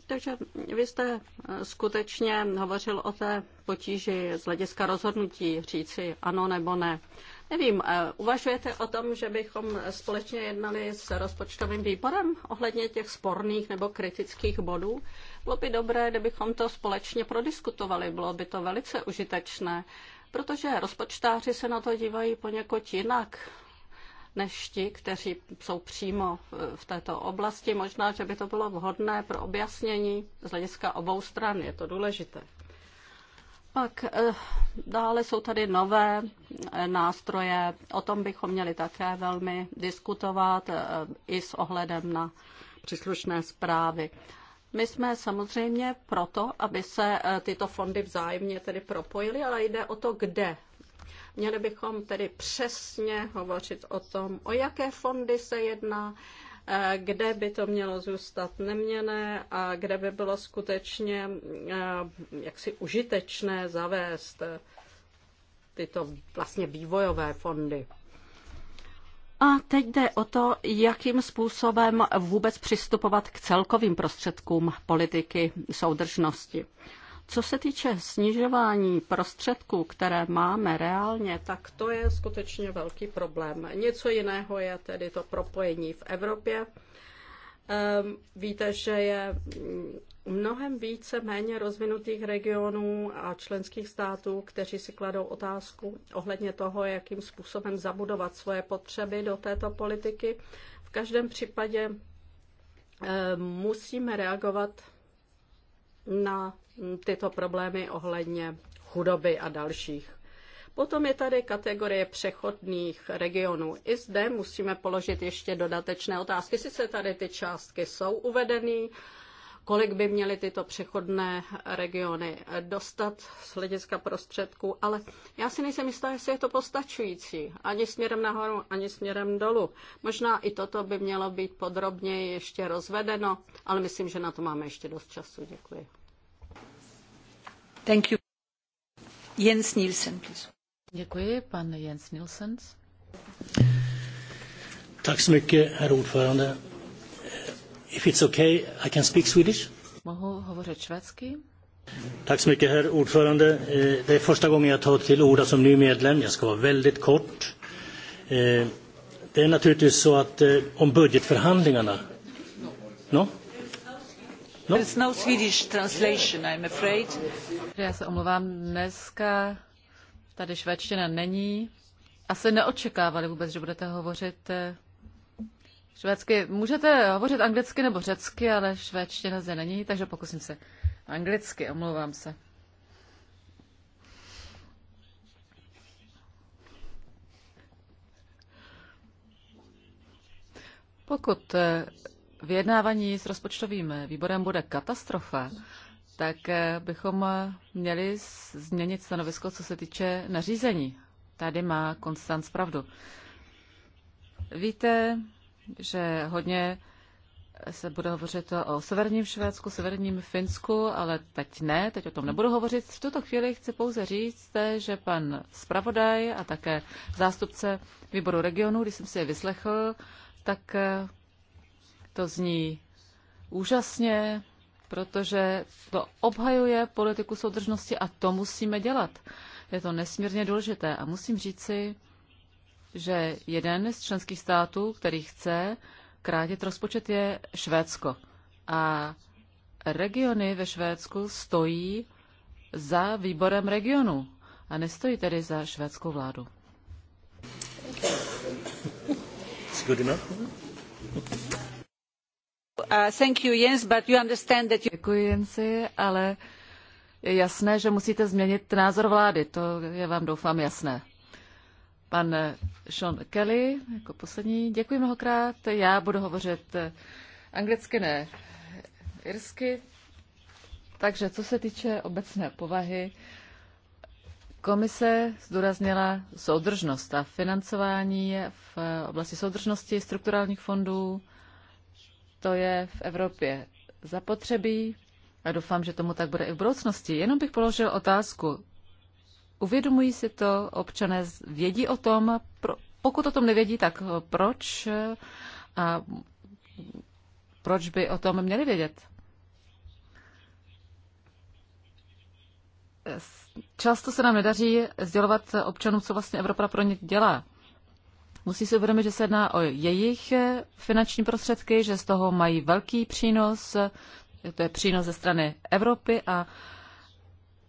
Takže vy jste eh, skutečně hovořil o té potíži z hlediska rozhodnutí říci ano nebo ne. Nevím, eh, uvažujete o tom, že bychom společně jednali s rozpočtovým výborem ohledně těch sporných nebo kritických bodů? Bylo by dobré, kdybychom to společně prodiskutovali, bylo by to velice užitečné, protože rozpočtáři se na to dívají poněkud jinak než ti, kteří jsou přímo eh, v této oblasti. Možná, že by to bylo vhodné pro objasnění z hlediska obou stran, je to důležité. Pak eh, dále jsou tady nové eh, nástroje, o tom bychom měli také velmi diskutovat eh, i s ohledem na příslušné zprávy. My jsme samozřejmě proto, aby se tyto fondy vzájemně tedy propojily, ale jde o to, kde. Měli bychom tedy přesně hovořit o tom, o jaké fondy se jedná, kde by to mělo zůstat neměné a kde by bylo skutečně jaksi užitečné zavést tyto vlastně vývojové fondy. A teď jde o to, jakým způsobem vůbec přistupovat k celkovým prostředkům politiky soudržnosti. Co se týče snižování prostředků, které máme reálně, tak to je skutečně velký problém. Něco jiného je tedy to propojení v Evropě. Ehm, víte, že je mnohem více méně rozvinutých regionů a členských států, kteří si kladou otázku ohledně toho, jakým způsobem zabudovat svoje potřeby do této politiky. V každém případě ehm, musíme reagovat na Mm, tyto problémy ohledně chudoby a dalších. Potom je tady kategorie přechodných regionů. I zde musíme položit ještě dodatečné otázky. Sice tady ty částky jsou uvedeny, kolik by měly tyto přechodné regiony dostat z hlediska prostředků, ale já si nejsem jistá, jestli je to postačující, ani směrem nahoru, ani směrem dolů. Možná i toto by mělo být podrobněji ještě rozvedeno, ale myslím, že na to máme ještě dost času. Děkuji. Thank Jens Nielsen, please. Děkuji, pan Jens Nielsen. Tack så mycket, eh, If it's okay, I can speak Swedish. Mohu hovořit švédsky? Tack så mycket, herr ordförande. Eh, det är första gången jag tar till orda som ny medlem. Jag ska vara väldigt kort. Eh, det är naturligtvis så att om budgetförhandlingarna... No? No. No Já se omlouvám, dneska tady švédština není. Asi neočekávali vůbec, že budete hovořit eh, švédsky. Můžete hovořit anglicky nebo řecky, ale švédština zde není, takže pokusím se anglicky, omlouvám se. Pokud eh, vyjednávání s rozpočtovým výborem bude katastrofa, tak eh, bychom eh, měli změnit stanovisko, co se týče nařízení. Tady má Konstanc pravdu. Víte, že hodně se bude hovořit o severním Švédsku, severním Finsku, ale teď ne, teď o tom nebudu hovořit. V tuto chvíli chci pouze říct, eh, že pan zpravodaj a také zástupce výboru regionu, když jsem si je vyslechl, tak to zní úžasně, protože to obhajuje politiku soudržnosti a to musíme dělat. Je to nesmírně důležité a musím říci, že jeden z členských států, který chce krátit rozpočet, je Švédsko. A regiony ve Švédsku stojí za výborem regionu a nestojí tedy za švédskou vládu. It's good enough. Děkuji uh, Jens, Děkuji, Jensi, ale je jasné, že musíte změnit názor vlády. To je vám, doufám, jasné. Pan eh, Sean Kelly, jako poslední. Děkuji mnohokrát. Já budu hovořit eh, anglicky, ne irsky. Takže co se týče obecné povahy, komise zdůraznila soudržnost a financování v eh, oblasti soudržnosti strukturálních fondů, to je v Evropě zapotřebí a doufám, že tomu tak bude i v budoucnosti. Jenom bych položil otázku. Uvědomují si to občané, vědí o tom, pro, pokud o tom nevědí, tak proč a proč by o tom měli vědět? Často se nám nedaří sdělovat občanům, co vlastně Evropa pro ně dělá. Musí si uvědomit, že se jedná o jejich eh, finanční prostředky, že z toho mají velký přínos, to je přínos ze strany Evropy a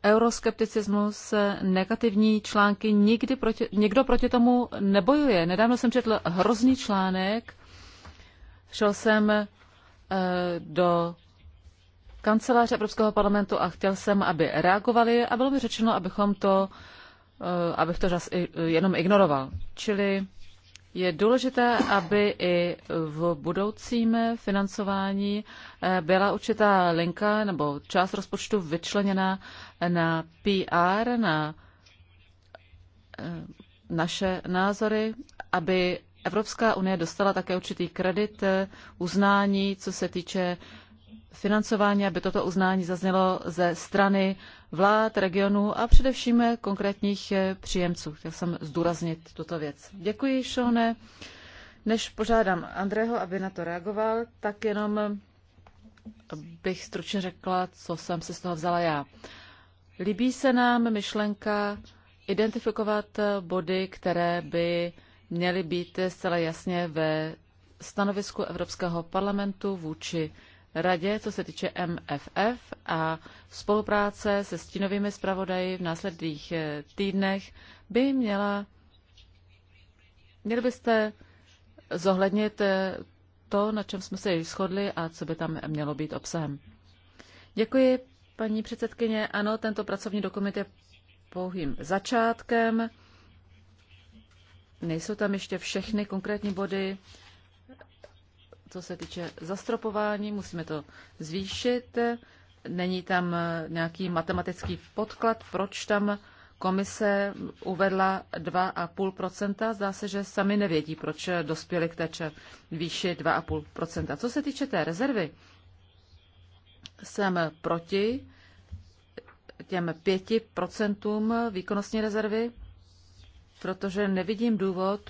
euroskepticismus, eh, negativní články, nikdy proti, nikdo proti tomu nebojuje. Nedávno jsem četl hrozný článek, šel jsem eh, do kanceláře Evropského parlamentu a chtěl jsem, aby reagovali a bylo mi řečeno, abychom to, abych to jenom ignoroval. Čili je důležité, aby i v budoucím financování eh, byla určitá linka nebo část rozpočtu vyčleněna na PR, na eh, naše názory, aby Evropská unie dostala také určitý kredit eh, uznání, co se týče financování, aby toto uznání zaznělo ze strany vlád, regionů a především konkrétních eh, příjemců. Chtěl jsem zdůraznit tuto věc. Děkuji, Šone. Než požádám Andreho, aby na to reagoval, tak jenom eh, bych stručně řekla, co jsem si z toho vzala já. Líbí se nám myšlenka identifikovat eh, body, které by měly být zcela jasně ve stanovisku Evropského parlamentu vůči radě, co se týče MFF a spolupráce se stínovými zpravodaji v následných eh, týdnech by měla, měli byste zohlednit eh, to, na čem jsme se již shodli a co by tam mělo být obsahem. Děkuji, paní předsedkyně. Ano, tento pracovní dokument je pouhým začátkem. Nejsou tam ještě všechny konkrétní body, co se týče zastropování, musíme to zvýšit. Není tam eh, nějaký matematický podklad, proč tam komise uvedla 2,5%. Zdá se, že sami nevědí, proč dospěli k té výši 2,5%. Co se týče té rezervy, jsem proti těm 5% výkonnostní rezervy, protože nevidím důvod,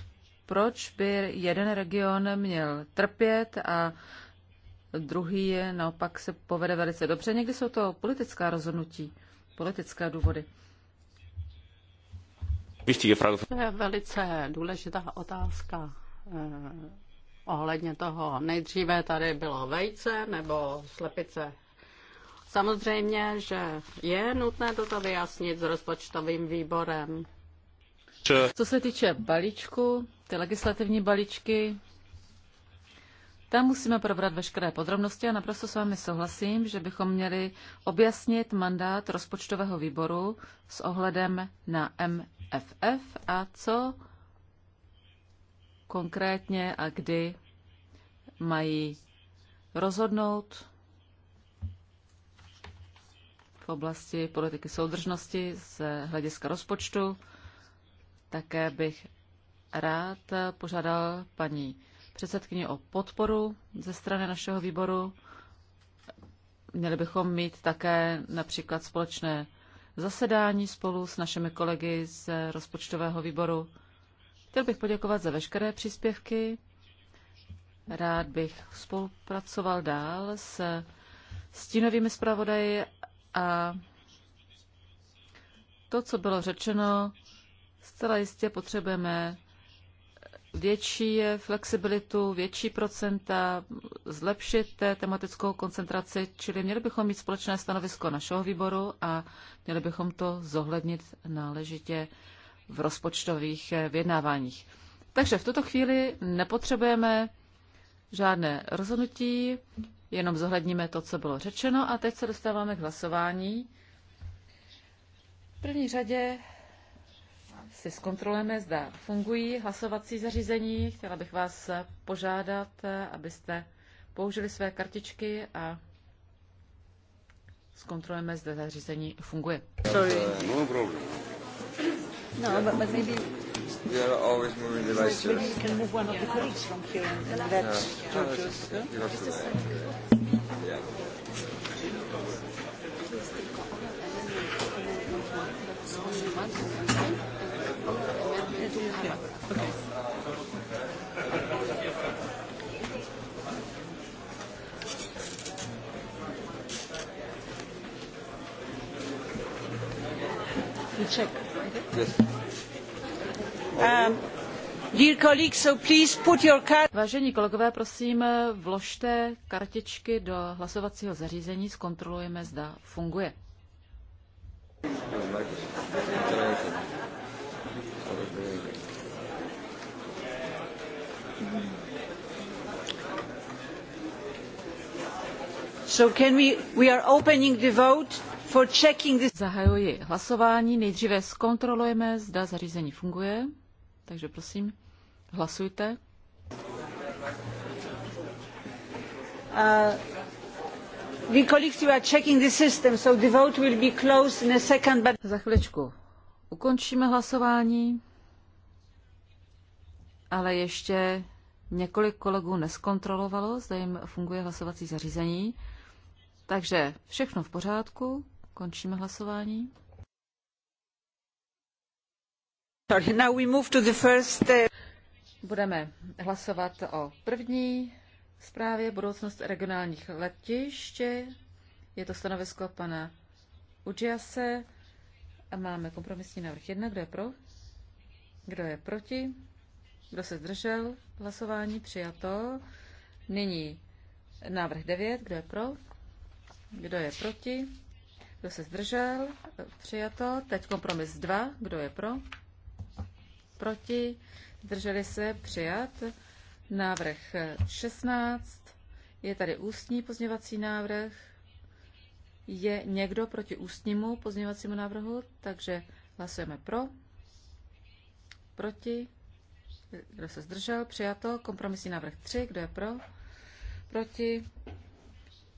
proč by jeden region měl trpět a druhý je naopak se povede velice dobře? Někdy jsou to politická rozhodnutí, politické důvody. To je velice důležitá otázka eh, ohledně toho. Nejdříve tady bylo vejce nebo slepice. Samozřejmě, že je nutné toto vyjasnit s rozpočtovým výborem. Co se týče balíčku, ty legislativní balíčky, tam musíme probrat veškeré podrobnosti a naprosto s vámi souhlasím, že bychom měli objasnit mandát rozpočtového výboru s ohledem na MFF a co konkrétně a kdy mají rozhodnout v oblasti politiky soudržnosti z hlediska rozpočtu. Také bych rád požádal paní předsedkyni o podporu ze strany našeho výboru. Měli bychom mít také například společné zasedání spolu s našimi kolegy z rozpočtového výboru. Chtěl bych poděkovat za veškeré příspěvky. Rád bych spolupracoval dál s stínovými zpravodaji a to, co bylo řečeno, Zcela jistě potřebujeme větší flexibilitu, větší procenta, zlepšit tematickou koncentraci, čili měli bychom mít společné stanovisko našeho výboru a měli bychom to zohlednit náležitě v rozpočtových eh, vyjednáváních. Takže v tuto chvíli nepotřebujeme žádné rozhodnutí, jenom zohledníme to, co bylo řečeno a teď se dostáváme k hlasování. V první řadě si zkontrolujeme, zda fungují hlasovací zařízení. Chtěla bych vás požádat, abyste použili své kartičky a zkontrolujeme, zda zařízení funguje. Sorry. No No, are always moving Maybe you can move one of the colleagues from here Vážení kolegové, prosím, vložte kartičky do hlasovacího zařízení, zkontrolujeme, zda funguje. Thank you. Zahajuji hlasování. Nejdříve zkontrolujeme, zda zařízení funguje. Takže prosím, hlasujte. Uh, Za chviličku ukončíme hlasování, ale ještě několik kolegů neskontrolovalo, zda jim funguje hlasovací zařízení. Takže všechno v pořádku, končíme hlasování. Now we move to the first... Eh, Budeme hlasovat o první zprávě budoucnost regionálních letiště. Je to stanovisko pana Udžiase. A máme kompromisní návrh 1. Kdo je pro? Kdo je proti? Kdo se zdržel? Hlasování přijato. Nyní návrh 9. Kdo je pro? Kdo je proti? Kdo se zdržel? Přijato. Teď kompromis 2. Kdo je pro? Proti? Zdrželi se? Přijat. Návrh 16. Je tady ústní pozměvací návrh. Je někdo proti ústnímu pozměvacímu návrhu? Takže hlasujeme pro. Proti? Kdo se zdržel? Přijato. Kompromisní návrh 3. Kdo je pro? Proti?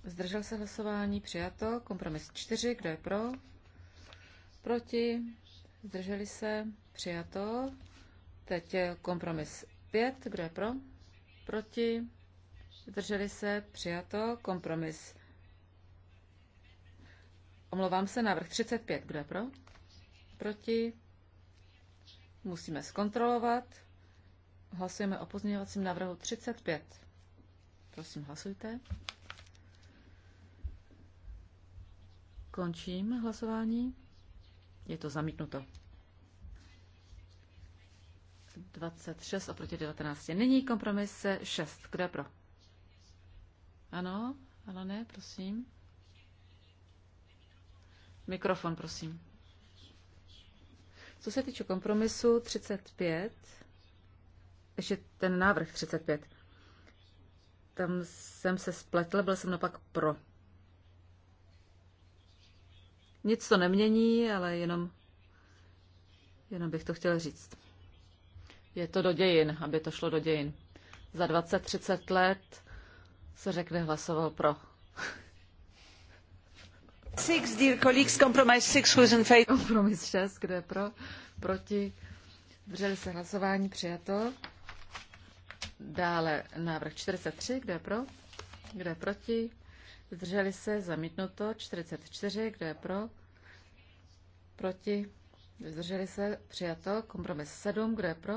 Zdržel se hlasování, přijato. Kompromis 4, kdo je pro? Proti? Zdrželi se, přijato. Teď je kompromis 5, kdo je pro? Proti? Zdrželi se, přijato. Kompromis. Omlouvám se, návrh 35, kdo je pro? Proti? Musíme zkontrolovat. Hlasujeme o pozměňovacím návrhu 35. Prosím, hlasujte. Končím hlasování. Je to zamítnuto. 26 oproti 19. Nyní kompromis 6. Kdo je pro? Ano, ano, ne, prosím. Mikrofon, prosím. Co se týče kompromisu 35, ještě ten návrh 35, tam jsem se spletl, byl jsem naopak pro. Nic to nemění, ale jenom, jenom bych to chtěla říct. Je to do dějin, aby to šlo do dějin. Za 20-30 let se řekne hlasoval pro. Six, dear colleagues, compromise six, who's in favor? Kompromis šest kde je pro, proti. Vřeli se hlasování, přijato. Dále návrh 43, kde je pro, kde je proti zdrželi se, zamítnuto, 44, kdo je pro, proti, zdrželi se, přijato, kompromis 7, kdo je pro,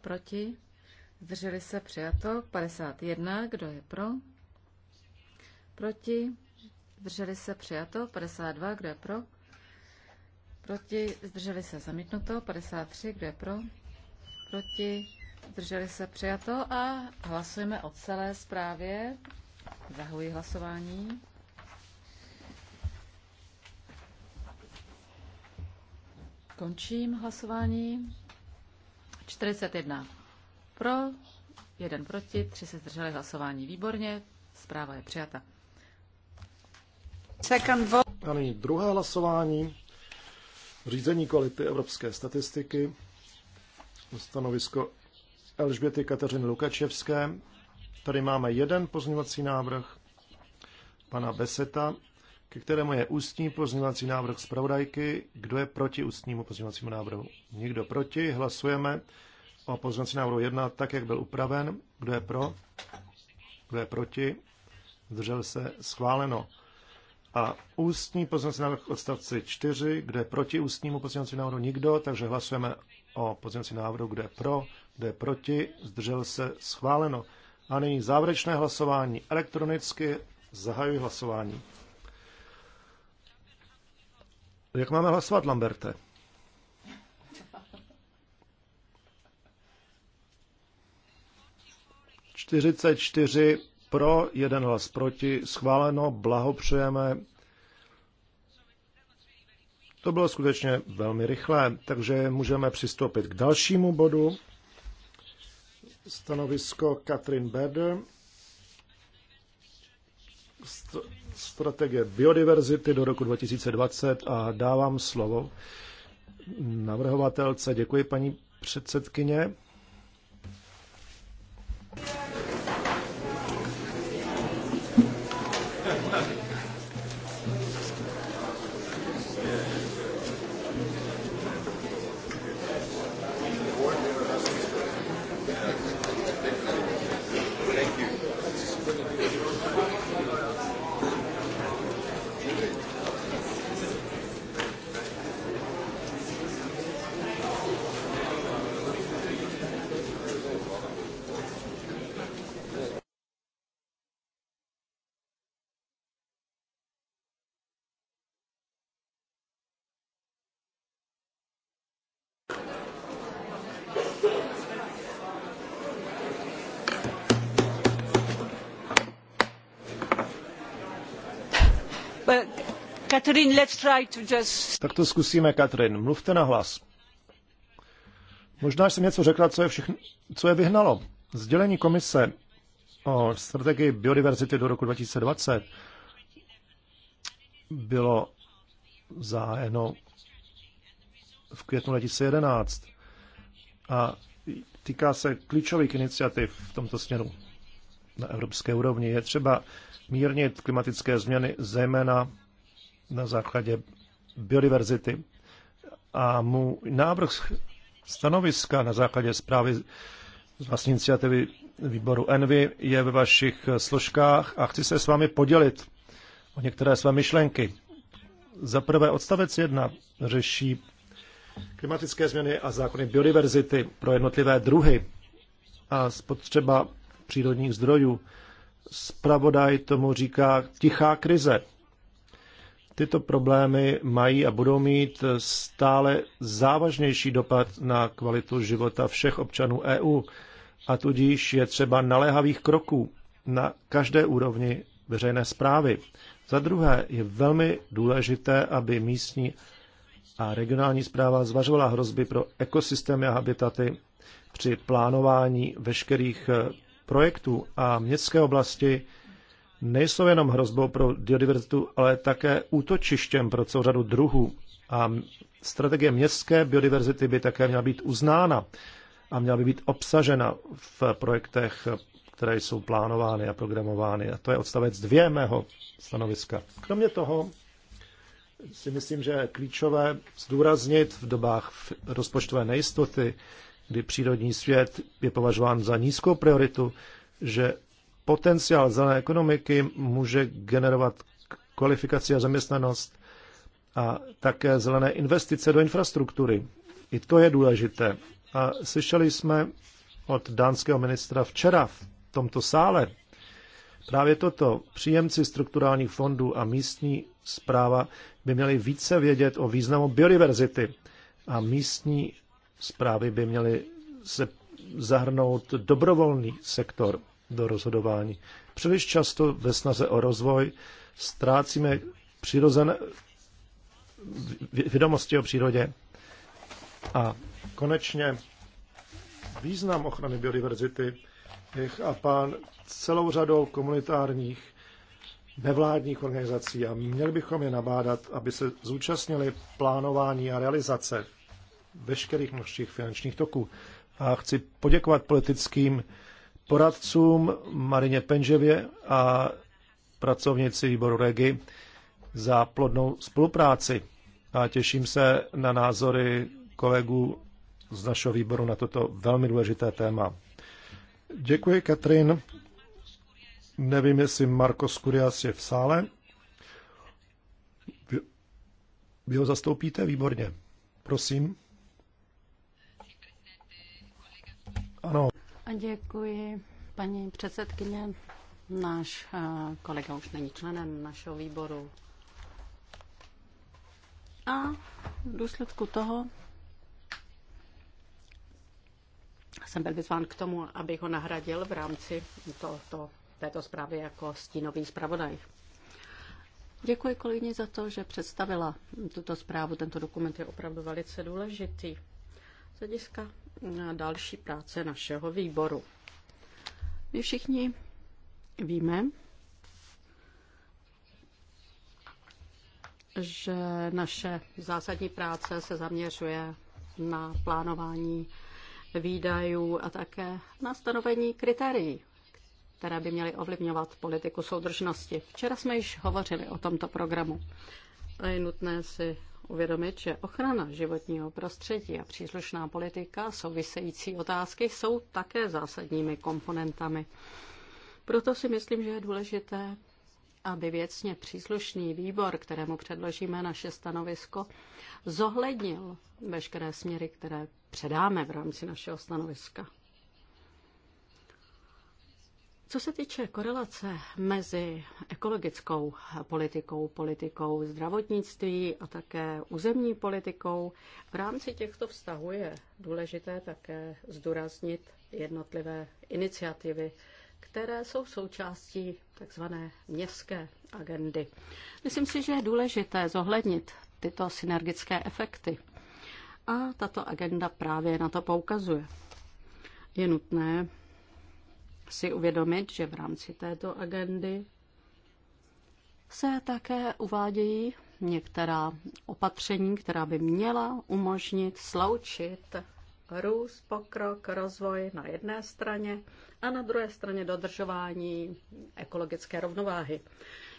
proti, zdrželi se, přijato, 51, kdo je pro, proti, zdrželi se, přijato, 52, kdo je pro, proti, zdrželi se, zamítnuto, 53, kdo je pro, proti, zdrželi se, přijato a hlasujeme o celé zprávě Zahajuji hlasování. Končím hlasování. 41 pro, 1 proti, 3 se zdrželi hlasování. Výborně, zpráva je přijata. A nyní druhé hlasování. Řízení kvality evropské statistiky. Stanovisko Elžběty Kateřiny Lukačevské. Tady máme jeden pozměňovací návrh pana Beseta, ke kterému je ústní pozměňovací návrh zpravodajky. Kdo je proti ústnímu pozměňovacímu návrhu? Nikdo proti. Hlasujeme o pozměňovací návrhu 1 tak, jak byl upraven. Kdo je pro? Kdo je proti? Zdržel se schváleno. A ústní pozměňovací návrh odstavci 4, kde je proti ústnímu pozměňovacímu návrhu nikdo, takže hlasujeme o pozměňovacím návrhu, kde je pro, kde je proti, zdržel se schváleno. A nyní závěrečné hlasování. Elektronicky zahajuji hlasování. Jak máme hlasovat, Lamberte? Čtyřicet čtyři pro, jeden hlas proti, schváleno, blahopřejeme. To bylo skutečně velmi rychlé, takže můžeme přistoupit k dalšímu bodu. Stanovisko Katrin Berder. strategie biodiverzity do roku 2020 a dávám slovo navrhovatelce. Děkuji, paní předsedkyně. Tak to zkusíme, Katrin. Mluvte na hlas. Možná jsem něco řekla, co je, všechno, co je vyhnalo. Sdělení komise o strategii biodiverzity do roku 2020 bylo zájeno v květnu 2011 a týká se klíčových iniciativ v tomto směru na evropské úrovni. Je třeba mírnit klimatické změny, zejména na základě biodiverzity. A mu návrh stanoviska na základě zprávy z vlastní iniciativy výboru Envy je ve vašich složkách a chci se s vámi podělit o některé své myšlenky. Za prvé odstavec 1 řeší klimatické změny a zákony biodiverzity pro jednotlivé druhy a spotřeba přírodních zdrojů. Spravodaj tomu říká tichá krize. Tyto problémy mají a budou mít stále závažnější dopad na kvalitu života všech občanů EU a tudíž je třeba naléhavých kroků na každé úrovni veřejné zprávy. Za druhé je velmi důležité, aby místní a regionální zpráva zvažovala hrozby pro ekosystémy a habitaty při plánování veškerých eh, projektů a městské oblasti nejsou jenom hrozbou pro biodiverzitu, ale také útočištěm pro celou řadu druhů. A strategie městské biodiverzity by také měla být uznána a měla by být obsažena v projektech, které jsou plánovány a programovány. A to je odstavec dvě mého stanoviska. Kromě toho si myslím, že je klíčové zdůraznit v dobách rozpočtové nejistoty, kdy přírodní svět je považován za nízkou prioritu, že potenciál zelené ekonomiky může generovat kvalifikaci a zaměstnanost a také zelené investice do infrastruktury. I to je důležité. A slyšeli jsme od dánského ministra včera v tomto sále právě toto. Příjemci strukturálních fondů a místní zpráva by měli více vědět o významu biodiverzity a místní zprávy by měly se zahrnout dobrovolný sektor do rozhodování. Příliš často ve snaze o rozvoj ztrácíme přirozené vědomosti o přírodě. A konečně význam ochrany biodiverzity A pán celou řadou komunitárních nevládních organizací a měli bychom je nabádat, aby se zúčastnili plánování a realizace veškerých množství finančních toků. A chci poděkovat politickým poradcům Marině Penževě a pracovnici výboru REGI za plodnou spolupráci. A těším se na názory kolegů z našeho výboru na toto velmi důležité téma. Děkuji, Katrin. Nevím, jestli Marko Skurias je v sále. Vy ho zastoupíte? Výborně. Prosím. Ano. Děkuji, paní předsedkyně. Náš eh, kolega už není členem našeho výboru. A v důsledku toho jsem byl vyzván k tomu, abych ho nahradil v rámci to, to, této zprávy jako stínový zpravodaj. Děkuji kolegyni za to, že představila tuto zprávu. Tento dokument je opravdu velice důležitý z hlediska na další práce našeho výboru. My všichni víme, že naše zásadní práce se zaměřuje na plánování výdajů a také na stanovení kritérií, které by měly ovlivňovat politiku soudržnosti. Včera jsme již hovořili o tomto programu. A je nutné si uvědomit, že ochrana životního prostředí a příslušná politika související otázky jsou také zásadními komponentami. Proto si myslím, že je důležité, aby věcně příslušný výbor, kterému předložíme naše stanovisko, zohlednil veškeré směry, které předáme v rámci našeho stanoviska. Co se týče korelace mezi ekologickou politikou, politikou zdravotnictví a také územní politikou, v rámci těchto vztahů je důležité také zdůraznit jednotlivé iniciativy, které jsou součástí tzv. městské agendy. Myslím si, že je důležité zohlednit tyto synergické efekty. A tato agenda právě na to poukazuje. Je nutné si uvědomit, že v rámci této agendy se také uvádějí některá opatření, která by měla umožnit sloučit růst, pokrok, rozvoj na jedné straně a na druhé straně dodržování ekologické rovnováhy.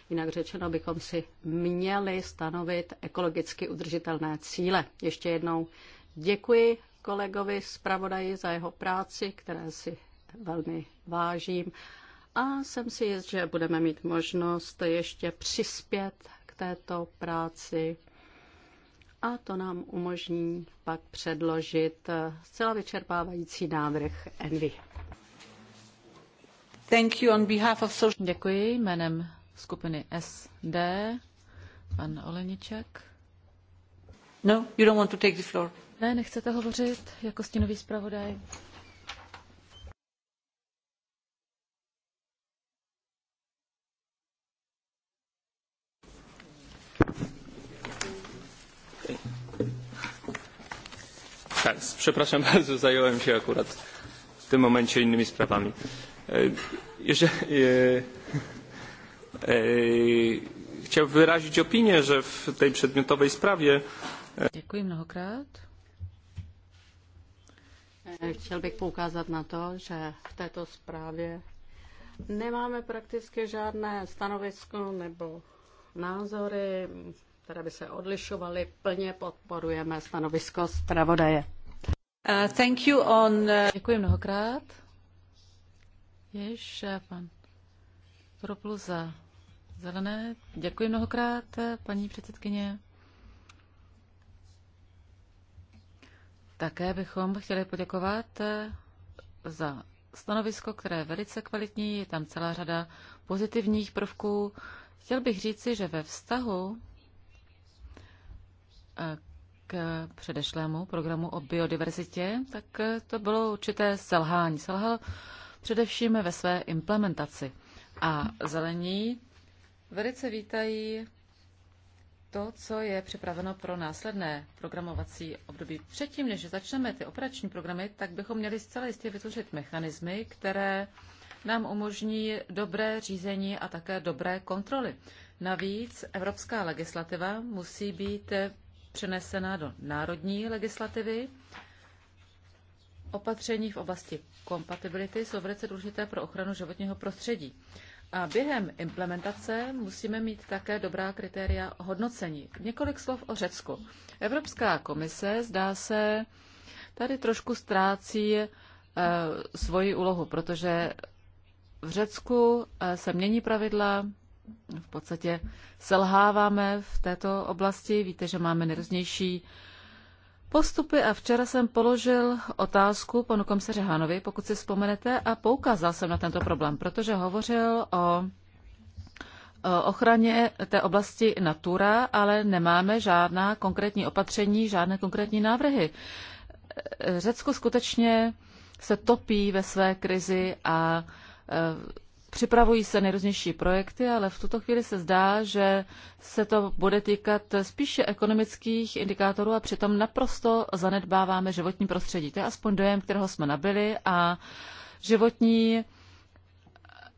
Jinak řečeno bychom si měli stanovit ekologicky udržitelné cíle. Ještě jednou děkuji kolegovi zpravodaji za jeho práci, které si velmi vážím a jsem si jist, že budeme mít možnost ještě přispět k této práci a to nám umožní pak předložit zcela vyčerpávající návrh Envy. Thank you on behalf of social... Děkuji jménem skupiny SD, pan Oleniček. No, you don't want to take the floor. Ne, nechcete hovořit jako stínový zpravodaj. Przepraszam bardzo, zająłem się akurat w tym momencie innymi sprawami. E, Jeżeli, e, e, chtěl wyrazić opinię, że w tej przedmiotowej sprawie. E, Dziękuję mnohokrát. E, chtěl bych poukázat na to, že v této zprávě nemáme prakticky žádné stanovisko nebo názory, které by se odlišovaly. Plně podporujeme stanovisko zpravodaje. Uh, uh, Děkuji mnohokrát. Jež eh, pan Proplu za zelené. Děkuji mnohokrát, eh, paní předsedkyně. Také bychom chtěli poděkovat eh, za stanovisko, které je velice kvalitní, je tam celá řada pozitivních prvků. Chtěl bych říci, že ve vztahu k předešlému programu o biodiverzitě, tak to bylo určité selhání. Selhal především ve své implementaci. A zelení velice vítají to, co je připraveno pro následné programovací období. Předtím, než začneme ty operační programy, tak bychom měli zcela jistě vytvořit mechanismy, které nám umožní dobré řízení a také dobré kontroly. Navíc evropská legislativa musí být přenesena do národní legislativy. Opatření v oblasti kompatibility jsou velice důležité pro ochranu životního prostředí. A během implementace musíme mít také dobrá kritéria hodnocení. Několik slov o Řecku. Evropská komise zdá se tady trošku ztrácí e, svoji úlohu, protože v Řecku eh, se mění pravidla, v podstatě selháváme v této oblasti. Víte, že máme nejrůznější postupy a včera jsem položil otázku panu komisaři Hanovi, pokud si vzpomenete, a poukázal jsem na tento problém, protože hovořil o ochraně té oblasti Natura, ale nemáme žádná konkrétní opatření, žádné konkrétní návrhy. Řecko skutečně se topí ve své krizi a připravují se nejrůznější projekty, ale v tuto chvíli se zdá, že se to bude týkat spíše ekonomických indikátorů a přitom naprosto zanedbáváme životní prostředí. To je aspoň dojem, kterého jsme nabili a životní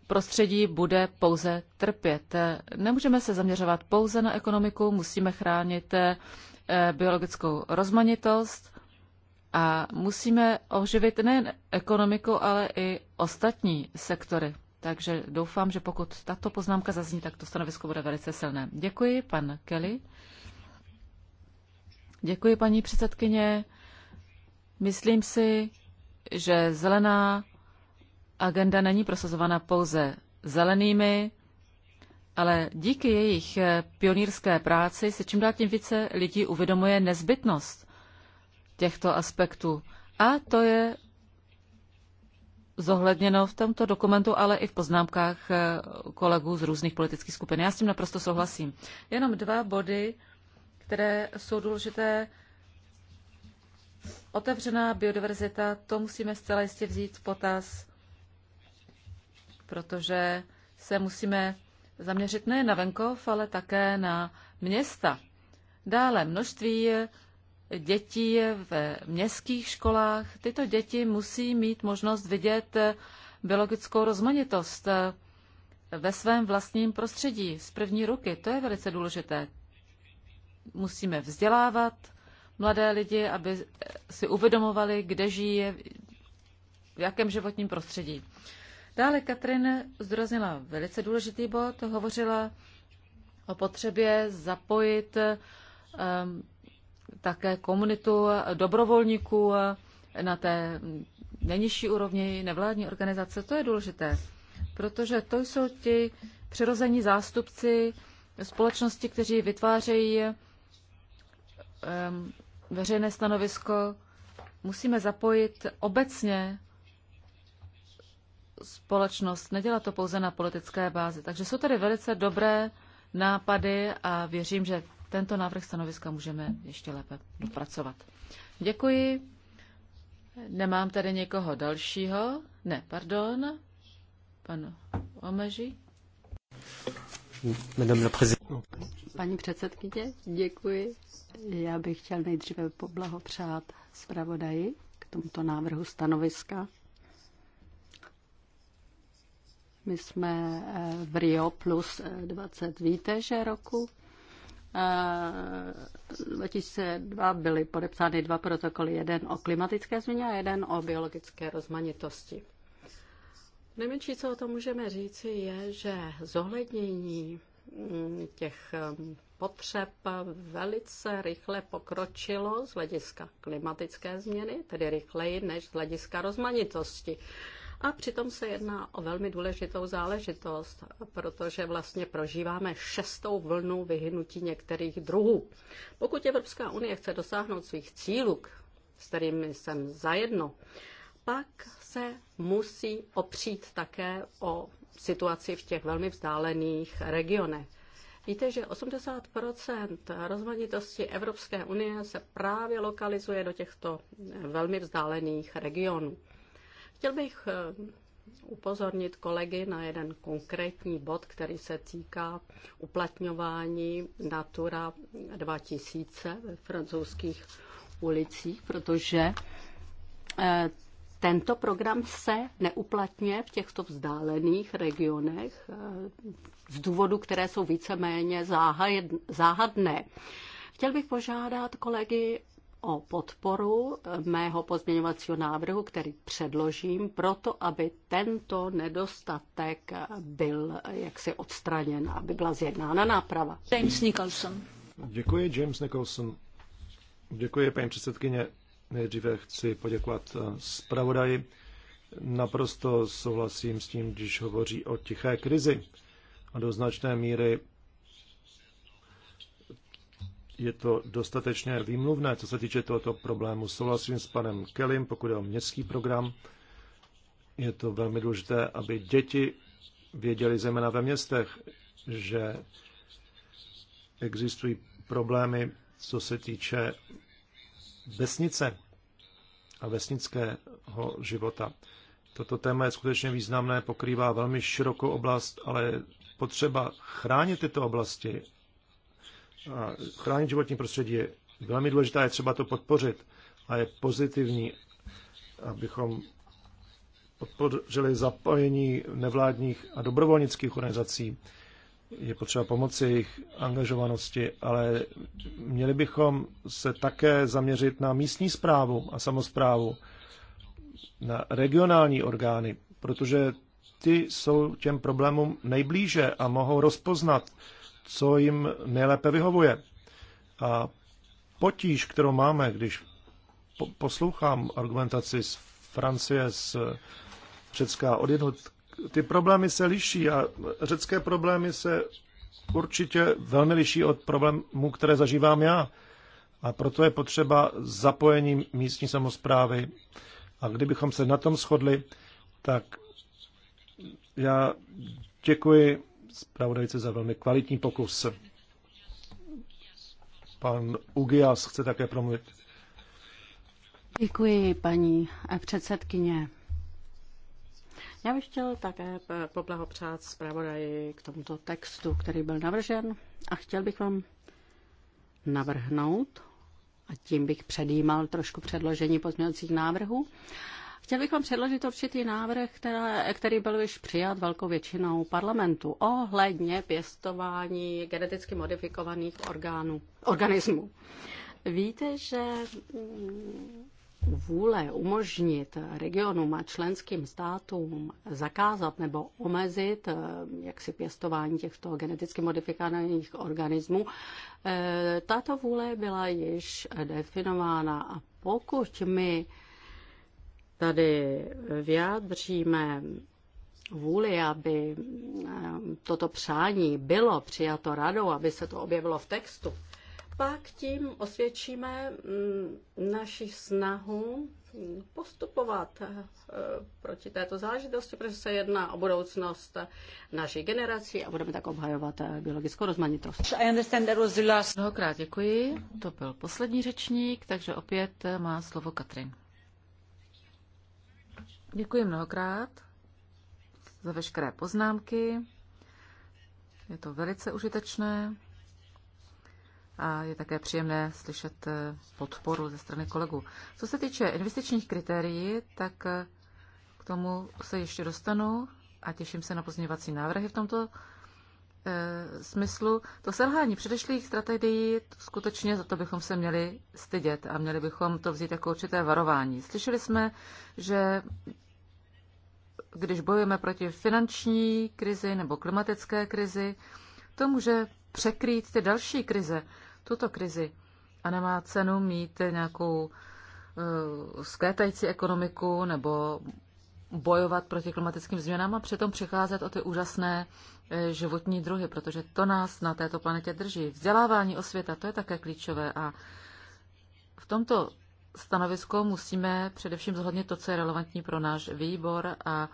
prostředí bude pouze trpět. Nemůžeme se zaměřovat pouze na ekonomiku, musíme chránit eh, biologickou rozmanitost a musíme oživit nejen ekonomiku, ale i ostatní sektory. Takže doufám, že pokud tato poznámka zazní, tak to stanovisko bude velice silné. Děkuji, pan Kelly. Děkuji, paní předsedkyně. Myslím si, že zelená agenda není prosazována pouze zelenými, ale díky jejich pionýrské práci se čím dál tím více lidí uvědomuje nezbytnost těchto aspektů. A to je zohledněno v tomto dokumentu, ale i v poznámkách eh, kolegů z různých politických skupin. Já s tím naprosto souhlasím. Jenom dva body, které jsou důležité. Otevřená biodiverzita, to musíme zcela jistě vzít v potaz, protože se musíme zaměřit nejen na venkov, ale také na města. Dále množství dětí v městských školách. Tyto děti musí mít možnost vidět biologickou rozmanitost ve svém vlastním prostředí z první ruky. To je velice důležité. Musíme vzdělávat mladé lidi, aby si uvědomovali, kde žije, v jakém životním prostředí. Dále Katrin zdůraznila velice důležitý bod, hovořila o potřebě zapojit um, také komunitu dobrovolníků na té nejnižší úrovni nevládní organizace. To je důležité, protože to jsou ti přirození zástupci společnosti, kteří vytvářejí ehm, veřejné stanovisko. Musíme zapojit obecně společnost, nedělat to pouze na politické bázi. Takže jsou tady velice dobré nápady a věřím, že tento návrh stanoviska můžeme ještě lépe dopracovat. Děkuji. Nemám tady někoho dalšího. Ne, pardon. Pan Omeži. Paní předsedkyně, děkuji. Já bych chtěl nejdříve poblahopřát zpravodaji k tomuto návrhu stanoviska. My jsme eh, v Rio plus 20, eh, víte, že roku 2002 eh, byly podepsány dva protokoly, jeden o klimatické změně a jeden o biologické rozmanitosti. Nejmenší, co o tom můžeme říci, je, že zohlednění mm, těch mm, potřeb velice rychle pokročilo z hlediska klimatické změny, tedy rychleji než z hlediska rozmanitosti. A přitom se jedná o velmi důležitou záležitost, protože vlastně prožíváme šestou vlnu vyhynutí některých druhů. Pokud Evropská unie chce dosáhnout svých cílů, s kterými jsem zajedno, pak se musí opřít také o situaci v těch velmi vzdálených regionech. Víte, že 80 rozmanitosti Evropské unie se právě lokalizuje do těchto velmi vzdálených regionů. Chtěl bych eh, upozornit kolegy na jeden konkrétní bod, který se týká uplatňování Natura 2000 ve francouzských ulicích, protože eh, tento program se neuplatňuje v těchto vzdálených regionech eh, z důvodu, které jsou víceméně záhadné. Chtěl bych požádat kolegy o podporu mého pozměňovacího návrhu, který předložím, proto aby tento nedostatek byl jaksi odstraněn, aby byla zjednána náprava. James Nicholson. Děkuji, James Nicholson. Děkuji, paní předsedkyně. Nejdříve chci poděkovat eh, zpravodaji. Naprosto souhlasím s tím, když hovoří o tiché krizi. A do značné míry je to dostatečně výmluvné, co se týče tohoto problému. Souhlasím s panem Kelim, pokud je o městský program. Je to velmi důležité, aby děti věděli zejména ve městech, že existují problémy, co se týče vesnice a vesnického života. Toto téma je skutečně významné, pokrývá velmi širokou oblast, ale potřeba chránit tyto oblasti a chránit životní prostředí je velmi důležité, je třeba to podpořit a je pozitivní, abychom podpořili zapojení nevládních a dobrovolnických organizací. Je potřeba pomoci jejich angažovanosti, ale měli bychom se také zaměřit na místní zprávu a samozprávu, na regionální orgány, protože ty jsou těm problémům nejblíže a mohou rozpoznat co jim nejlépe vyhovuje. A potíž, kterou máme, když po- poslouchám argumentaci z Francie, z Řecka od jednot, ty problémy se liší a řecké problémy se určitě velmi liší od problémů, které zažívám já. A proto je potřeba zapojení místní samozprávy. A kdybychom se na tom shodli, tak já děkuji zpravodajce za velmi kvalitní pokus. Pan Ugias chce také promluvit. Děkuji, paní předsedkyně. Já bych chtěl také poblahopřát zpravodaji k tomuto textu, který byl navržen a chtěl bych vám navrhnout, a tím bych předjímal trošku předložení pozměňovacích návrhů, Chtěl bych vám předložit určitý návrh, které, který byl již přijat velkou většinou parlamentu ohledně pěstování geneticky modifikovaných orgánů, organismů. Víte, že mm, vůle umožnit regionům a členským státům zakázat nebo omezit eh, jak si pěstování těchto geneticky modifikovaných organismů, eh, tato vůle byla již definována a pokud my tady vyjádříme vůli, aby eh, toto přání bylo přijato radou, aby se to objevilo v textu, pak tím osvědčíme mm, naši snahu postupovat eh, proti této záležitosti, protože se jedná o budoucnost naší generací a budeme tak obhajovat eh, biologickou rozmanitost. Mnohokrát děkuji. To byl poslední řečník, takže opět má slovo Katrin. Děkuji mnohokrát za veškeré poznámky. Je to velice užitečné a je také příjemné slyšet eh, podporu ze strany kolegů. Co se týče investičních kritérií, tak eh, k tomu se ještě dostanu a těším se na pozměňovací návrhy v tomto e, smyslu. To selhání předešlých strategií skutečně za to bychom se měli stydět a měli bychom to vzít jako určité varování. Slyšeli jsme, že když bojujeme proti finanční krizi nebo klimatické krizi, to může překrýt ty další krize, tuto krizi. A nemá cenu mít nějakou uh, eh, skvětající ekonomiku nebo bojovat proti klimatickým změnám a přitom přicházet o ty úžasné eh, životní druhy, protože to nás na této planetě drží. Vzdělávání, osvěta, to je také klíčové a v tomto stanovisko musíme především zhodnit to, co je relevantní pro náš výbor a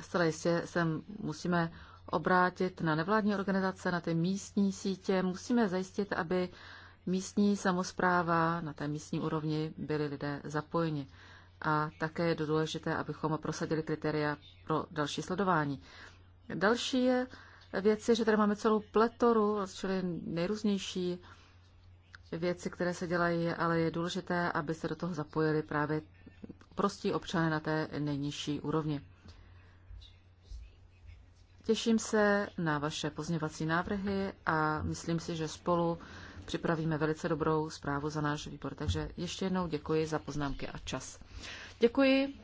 zcela jistě se musíme obrátit na nevládní organizace, na ty místní sítě. Musíme zajistit, aby místní samozpráva na té místní úrovni byli lidé zapojeni. A také je důležité, abychom prosadili kritéria pro další sledování. Další je že tady máme celou pletoru, čili nejrůznější věci, které se dělají, ale je důležité, aby se do toho zapojili právě prostí občané na té nejnižší úrovni. Těším se na vaše pozněvací návrhy a myslím si, že spolu připravíme velice dobrou zprávu za náš výbor. Takže ještě jednou děkuji za poznámky a čas. Děkuji.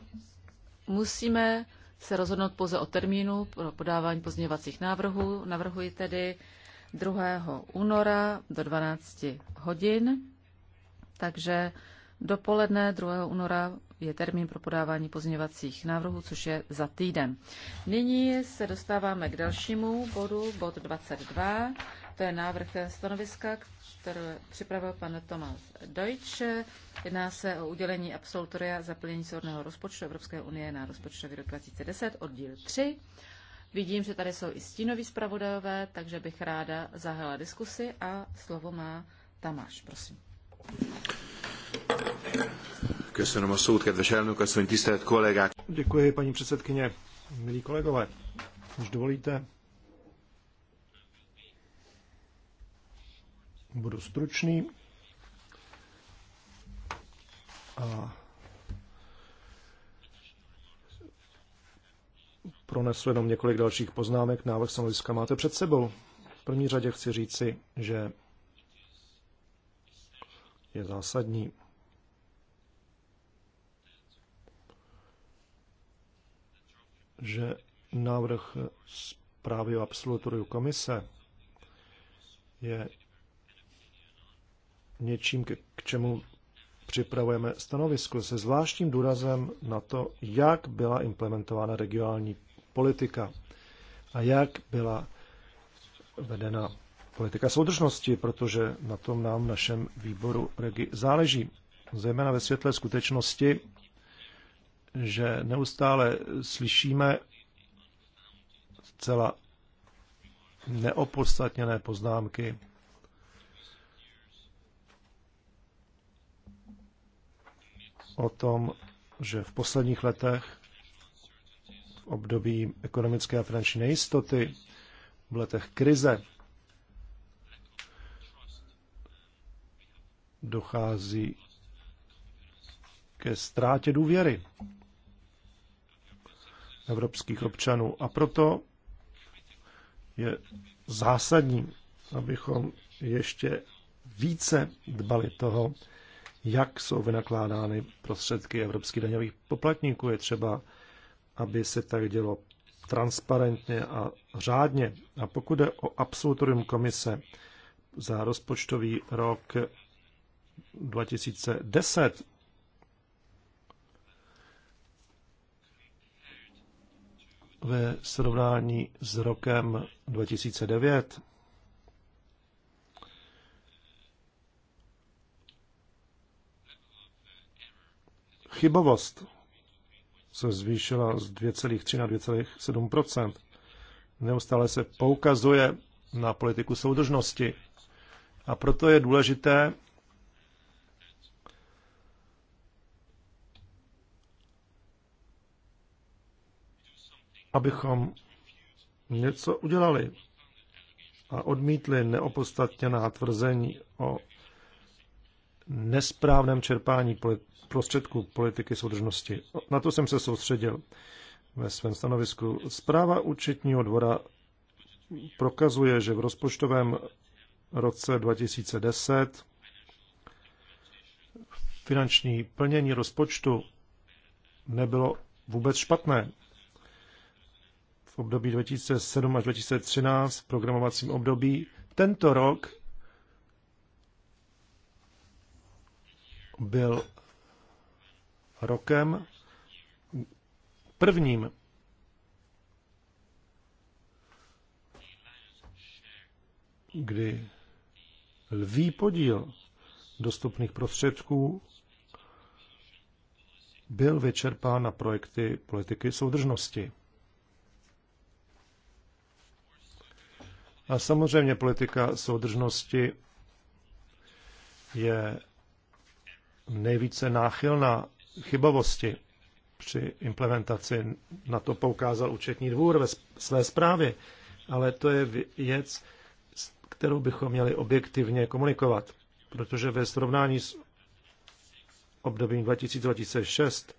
Musíme se rozhodnout pouze o termínu pro podávání pozněvacích návrhů. Navrhuji tedy 2. února do 12 hodin, takže dopoledne 2. února je termín pro podávání pozměňovacích návrhů, což je za týden. Nyní se dostáváme k dalšímu bodu, bod 22. To je návrh stanoviska, který připravil pan Tomáš Deutsch. Jedná se o udělení absolutoria za plnění soudného rozpočtu Evropské unie na rozpočtový rok 2010, oddíl 3. Vidím, že tady jsou i stínoví zpravodajové, takže bych ráda zahájila diskusi a slovo má Tamáš, prosím. Köszönöm a szót, kedves elnök asszony, tisztelt kollégák! Děkuji, paní předsedkyně, milí kolegové. Už dovolíte? Budu stručný. A pronesu jenom několik dalších poznámek. Návrh stanoviska máte před sebou. V první řadě chci říci, že je zásadní, že návrh zprávy o absolutoriu komise je něčím, k čemu připravujeme stanovisko se zvláštním důrazem na to, jak byla implementována regionální politika a jak byla vedena politika soudržnosti, protože na tom nám v našem výboru regi záleží, zejména ve světle skutečnosti, že neustále slyšíme zcela neopodstatněné poznámky o tom, že v posledních letech období ekonomické a finanční nejistoty, v letech krize, dochází ke ztrátě důvěry evropských občanů. A proto je zásadní, abychom ještě více dbali toho, jak jsou vynakládány prostředky evropských daňových poplatníků. Je třeba aby se tak dělo transparentně a řádně. A pokud je o absolutorium komise za rozpočtový rok 2010, ve srovnání s rokem 2009, chybovost se zvýšila z 2,3 na 2,7 Neustále se poukazuje na politiku soudržnosti. A proto je důležité, abychom něco udělali a odmítli neopostatněná tvrzení o nesprávném čerpání prostředků politiky soudržnosti. Na to jsem se soustředil ve svém stanovisku. Zpráva účetního dvora prokazuje, že v rozpočtovém roce 2010 finanční plnění rozpočtu nebylo vůbec špatné. V období 2007 až 2013, v programovacím období, tento rok byl rokem prvním. kdy lví podíl dostupných prostředků byl vyčerpán na projekty politiky soudržnosti. A samozřejmě politika soudržnosti je nejvíce náchylná chybovosti při implementaci. Na to poukázal účetní dvůr ve své zprávě, ale to je věc, kterou bychom měli objektivně komunikovat, protože ve srovnání s obdobím 2026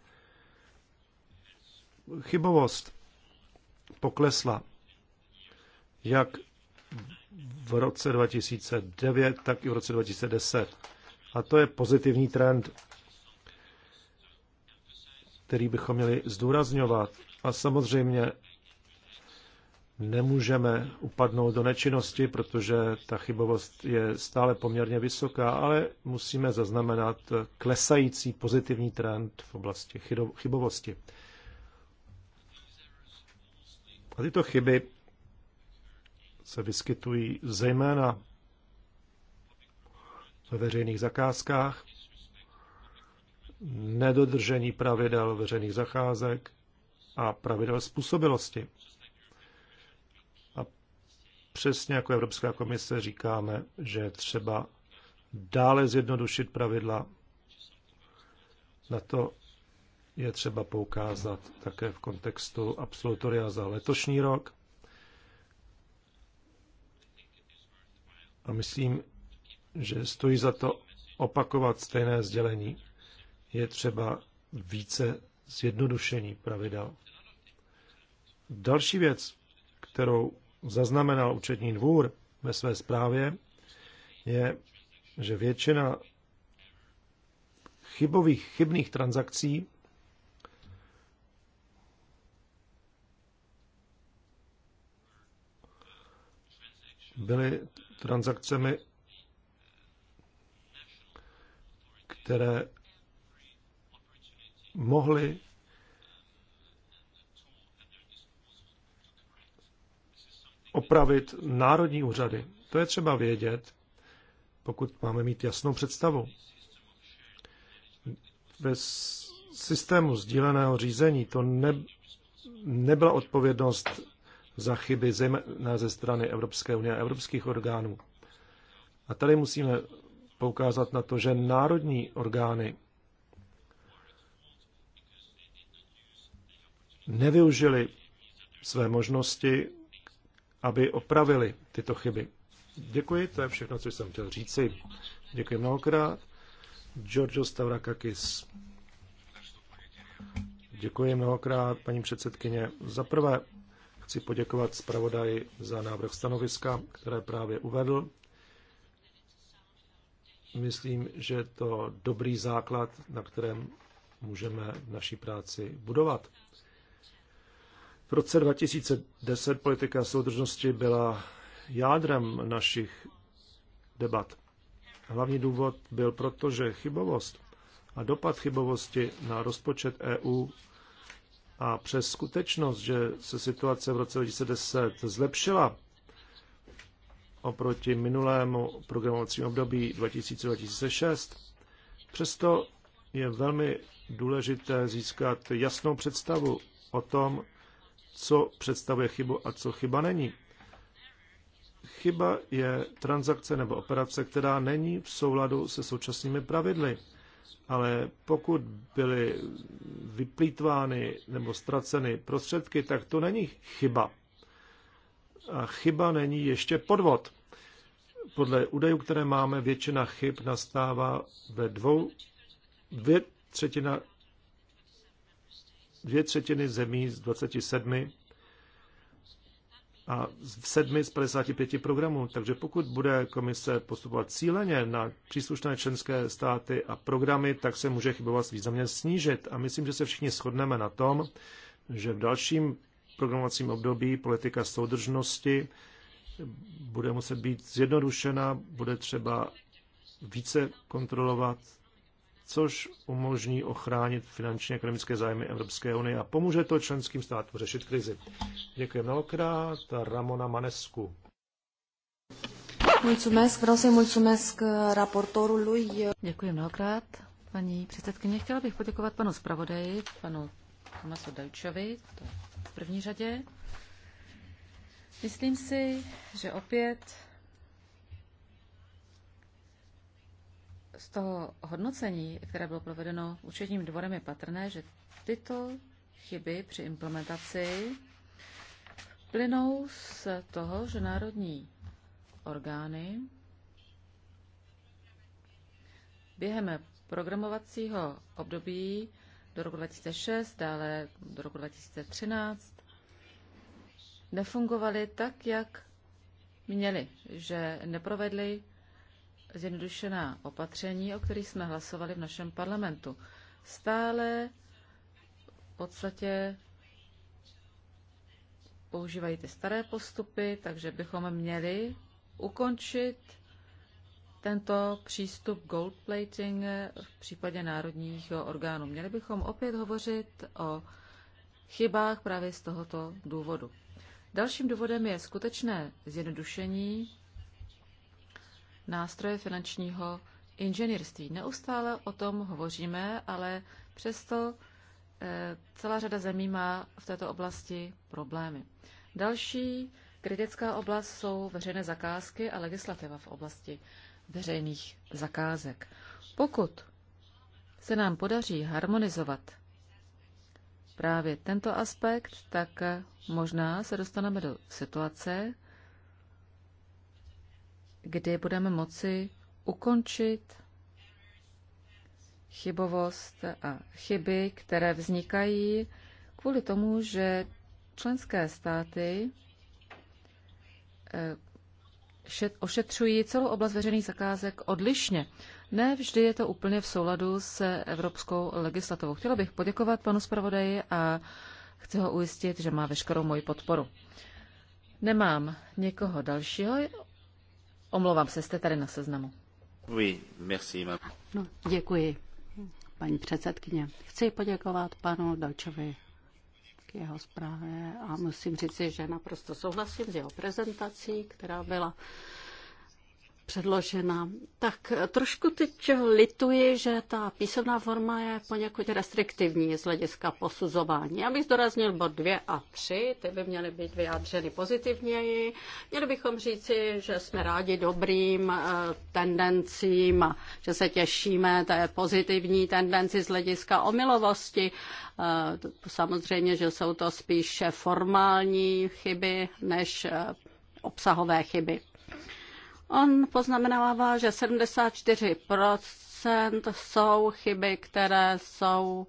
chybovost poklesla jak v roce 2009, tak i v roce 2010. A to je pozitivní trend který bychom měli zdůrazňovat. A samozřejmě nemůžeme upadnout do nečinnosti, protože ta chybovost je stále poměrně vysoká, ale musíme zaznamenat klesající pozitivní trend v oblasti chybovosti. A tyto chyby se vyskytují zejména ve veřejných zakázkách, nedodržení pravidel veřejných zacházek a pravidel způsobilosti. A přesně jako Evropská komise říkáme, že třeba dále zjednodušit pravidla. Na to je třeba poukázat také v kontextu absolutoria za letošní rok. A myslím, že stojí za to opakovat stejné sdělení je třeba více zjednodušení pravidel. Další věc, kterou zaznamenal účetní dvůr ve své zprávě, je, že většina chybových, chybných transakcí byly transakcemi, které mohli opravit národní úřady. To je třeba vědět, pokud máme mít jasnou představu. Ve systému sdíleného řízení to ne, nebyla odpovědnost za chyby zejména ze strany Evropské unie a evropských orgánů. A tady musíme poukázat na to, že národní orgány nevyužili své možnosti, aby opravili tyto chyby. Děkuji, to je všechno, co jsem chtěl říci. Děkuji mnohokrát. Giorgio Stavrakakis. Děkuji mnohokrát, paní předsedkyně. Za prvé chci poděkovat zpravodaji za návrh stanoviska, které právě uvedl. Myslím, že je to dobrý základ, na kterém můžeme naší práci budovat. V roce 2010 politika soudržnosti byla jádrem našich debat. Hlavní důvod byl proto, že chybovost a dopad chybovosti na rozpočet EU a přes skutečnost, že se situace v roce 2010 zlepšila oproti minulému programovacímu období 2000-2006, přesto je velmi důležité získat jasnou představu o tom, co představuje chybu a co chyba není. Chyba je transakce nebo operace, která není v souladu se současnými pravidly. Ale pokud byly vyplýtvány nebo ztraceny prostředky, tak to není chyba. A chyba není ještě podvod. Podle údajů, které máme, většina chyb nastává ve dvou, dvě třetina dvě třetiny zemí z 27 a v sedmi z 55 programů. Takže pokud bude komise postupovat cíleně na příslušné členské státy a programy, tak se může chybovat významně snížit. A myslím, že se všichni shodneme na tom, že v dalším programovacím období politika soudržnosti bude muset být zjednodušena, bude třeba více kontrolovat což umožní ochránit finančně ekonomické zájmy Evropské unie a pomůže to členským státům řešit krizi. Děkuji mnohokrát. Ramona Manesku. Mulțumesc, vreau să-i mulțumesc uh, raportorului. Děkuji mnohokrát, paní předsedkyně. Chtěla bych poděkovat panu zpravodaji, panu Tomasu Dajčovi, to v první řadě. Myslím si, že opět Z toho hodnocení, které bylo provedeno účetním dvorem, je patrné, že tyto chyby při implementaci plynou z toho, že národní orgány během programovacího období do roku 2006, dále do roku 2013, nefungovaly tak, jak měli, že neprovedli zjednodušená opatření, o kterých jsme hlasovali v našem parlamentu. Stále v podstatě používají ty staré postupy, takže bychom měli ukončit tento přístup gold plating v případě národních orgánů. Měli bychom opět hovořit o chybách právě z tohoto důvodu. Dalším důvodem je skutečné zjednodušení nástroje finančního inženýrství. Neustále o tom hovoříme, ale přesto eh, celá řada zemí má v této oblasti problémy. Další kritická oblast jsou veřejné zakázky a legislativa v oblasti veřejných zakázek. Pokud se nám podaří harmonizovat právě tento aspekt, tak možná se dostaneme do situace, kdy budeme moci ukončit chybovost a chyby, které vznikají kvůli tomu, že členské státy eh, ošetřují celou oblast veřejných zakázek odlišně. Ne vždy je to úplně v souladu s evropskou legislativou. Chtěla bych poděkovat panu zpravodaji a chci ho ujistit, že má veškerou moji podporu. Nemám někoho dalšího Omlouvám se, jste tady na seznamu. Oui, merci, ma... no, děkuji, paní předsedkyně. Chci poděkovat panu Dalčovi k jeho zprávě a musím říci, že naprosto souhlasím s jeho prezentací, která byla uh, předložena. Tak trošku teď lituji, že ta písemná forma je poněkud restriktivní z hlediska posuzování. Já bych zdoraznil bod 2 a 3, ty by měly být vyjádřeny pozitivněji. Měli bychom říci, že jsme rádi dobrým eh, tendencím, že se těšíme té pozitivní tendenci z hlediska omilovosti. Eh, samozřejmě, že jsou to spíše formální chyby než eh, obsahové chyby. On poznamenává, že 74% jsou chyby, které jsou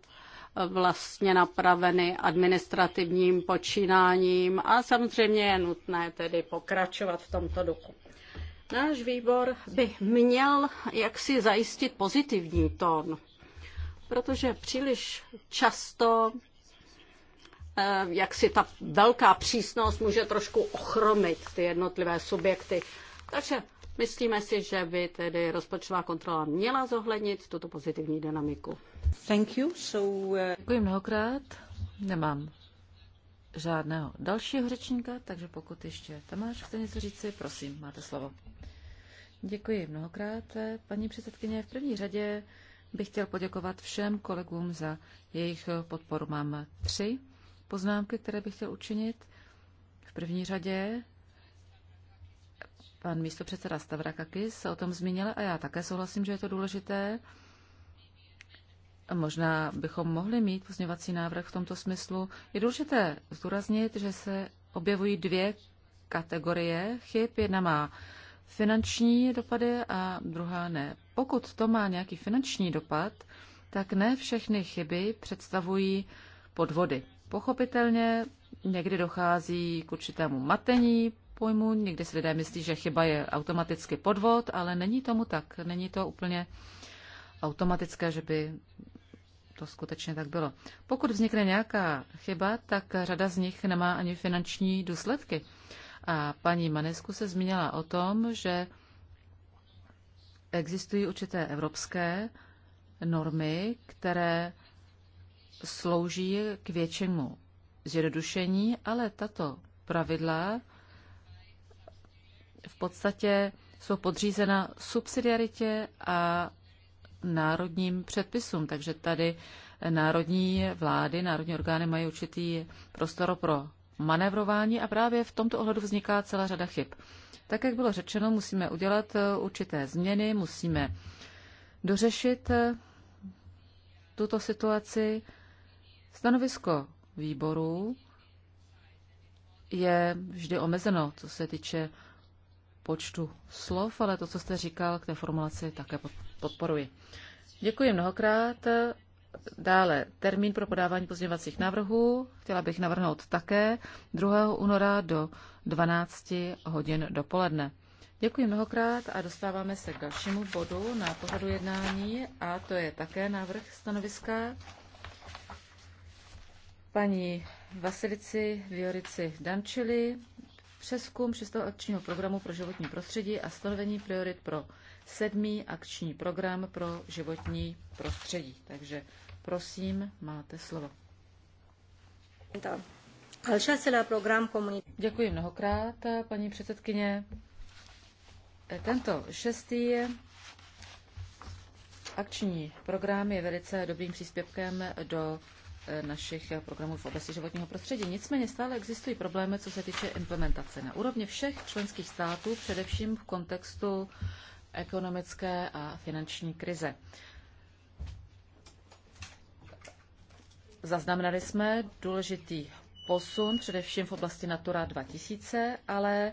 vlastně napraveny administrativním počínáním a samozřejmě je nutné tedy pokračovat v tomto duchu. Náš výbor by měl jaksi zajistit pozitivní tón, protože příliš často eh, jak si ta velká přísnost může trošku ochromit ty jednotlivé subjekty. Takže Myslíme si, že by tedy rozpočtová kontrola měla zohlednit tuto pozitivní dynamiku. Thank you. So, uh... Děkuji mnohokrát. Nemám žádného dalšího řečníka, takže pokud ještě Tamáš chce něco říci, prosím, máte slovo. Děkuji mnohokrát. Paní předsedkyně, v první řadě bych chtěl poděkovat všem kolegům za jejich podporu. Mám tři poznámky, které bych chtěl učinit. V první řadě Pan předseda Stavrakakis o tom zmínil a já také souhlasím, že je to důležité. Možná bychom mohli mít pozměvací návrh v tomto smyslu. Je důležité zdůraznit, že se objevují dvě kategorie chyb. Jedna má finanční dopady a druhá ne. Pokud to má nějaký finanční dopad, tak ne všechny chyby představují podvody. Pochopitelně někdy dochází k určitému matení, pojmu. Někdy si lidé myslí, že chyba je automaticky podvod, ale není tomu tak. Není to úplně automatické, že by to skutečně tak bylo. Pokud vznikne nějaká chyba, tak řada z nich nemá ani finanční důsledky. A paní Manesku se zmínila o tom, že existují určité evropské normy, které slouží k většímu zjednodušení, ale tato pravidla v podstatě jsou podřízena subsidiaritě a národním předpisům, takže tady národní vlády, národní orgány mají určitý prostor pro manevrování a právě v tomto ohledu vzniká celá řada chyb. Tak, jak bylo řečeno, musíme udělat určité změny, musíme dořešit tuto situaci. Stanovisko výboru je vždy omezeno, co se týče počtu slov, ale to, co jste říkal k té formulaci, také podporuji. Děkuji mnohokrát. Dále termín pro podávání pozměňovacích návrhů. Chtěla bych navrhnout také 2. února do 12 hodin dopoledne. Děkuji mnohokrát a dostáváme se k dalšímu bodu na pořadu jednání a to je také návrh stanoviska paní Vasilici Viorici Dančili přeskum 6. akčního programu pro životní prostředí a stanovení priorit pro sedmý akční program pro životní prostředí. Takže prosím, máte slovo. Děkuji mnohokrát, paní předsedkyně. Tento šestý akční program je velice dobrým příspěvkem do Eh, našich programů v oblasti životního prostředí. Nicméně stále existují problémy, co se týče implementace na úrovni všech členských států, především v kontextu ekonomické a finanční krize. Zaznamenali jsme důležitý posun, především v oblasti Natura 2000, ale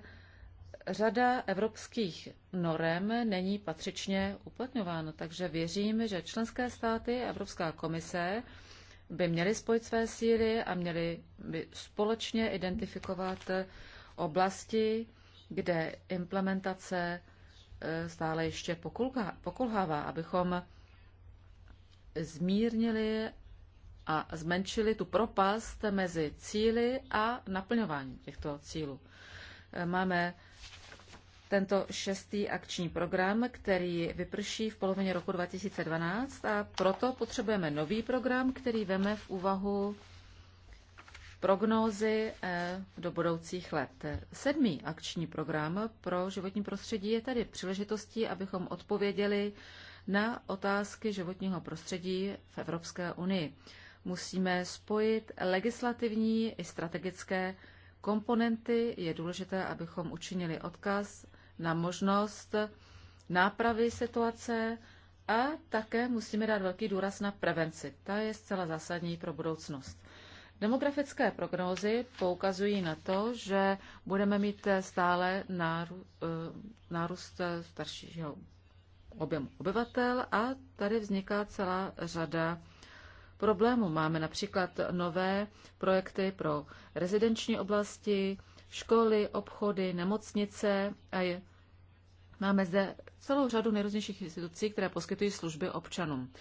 řada evropských norem není patřičně uplatňována, takže věřím, že členské státy a Evropská komise by měly spojit své síly a měly by společně identifikovat eh, oblasti, kde implementace eh, stále ještě pokulhává, abychom zmírnili a zmenšili tu propast mezi cíly a naplňováním těchto cílů. Eh, máme tento šestý akční program, který vyprší v polovině roku 2012 a proto potřebujeme nový program, který veme v úvahu prognózy eh, do budoucích let. Sedmý akční program pro životní prostředí je tady příležitostí, abychom odpověděli na otázky životního prostředí v Evropské unii. Musíme spojit legislativní i strategické komponenty. Je důležité, abychom učinili odkaz na možnost nápravy situace a také musíme dát velký důraz na prevenci. Ta je zcela zásadní pro budoucnost. Demografické prognózy poukazují na to, že budeme mít stále eh, nárůst staršího objemu obyvatel a tady vzniká celá řada problémů. Máme například nové projekty pro rezidenční oblasti, školy, obchody, nemocnice a je, máme zde celou řadu nejrůznějších institucí, které poskytují služby občanům.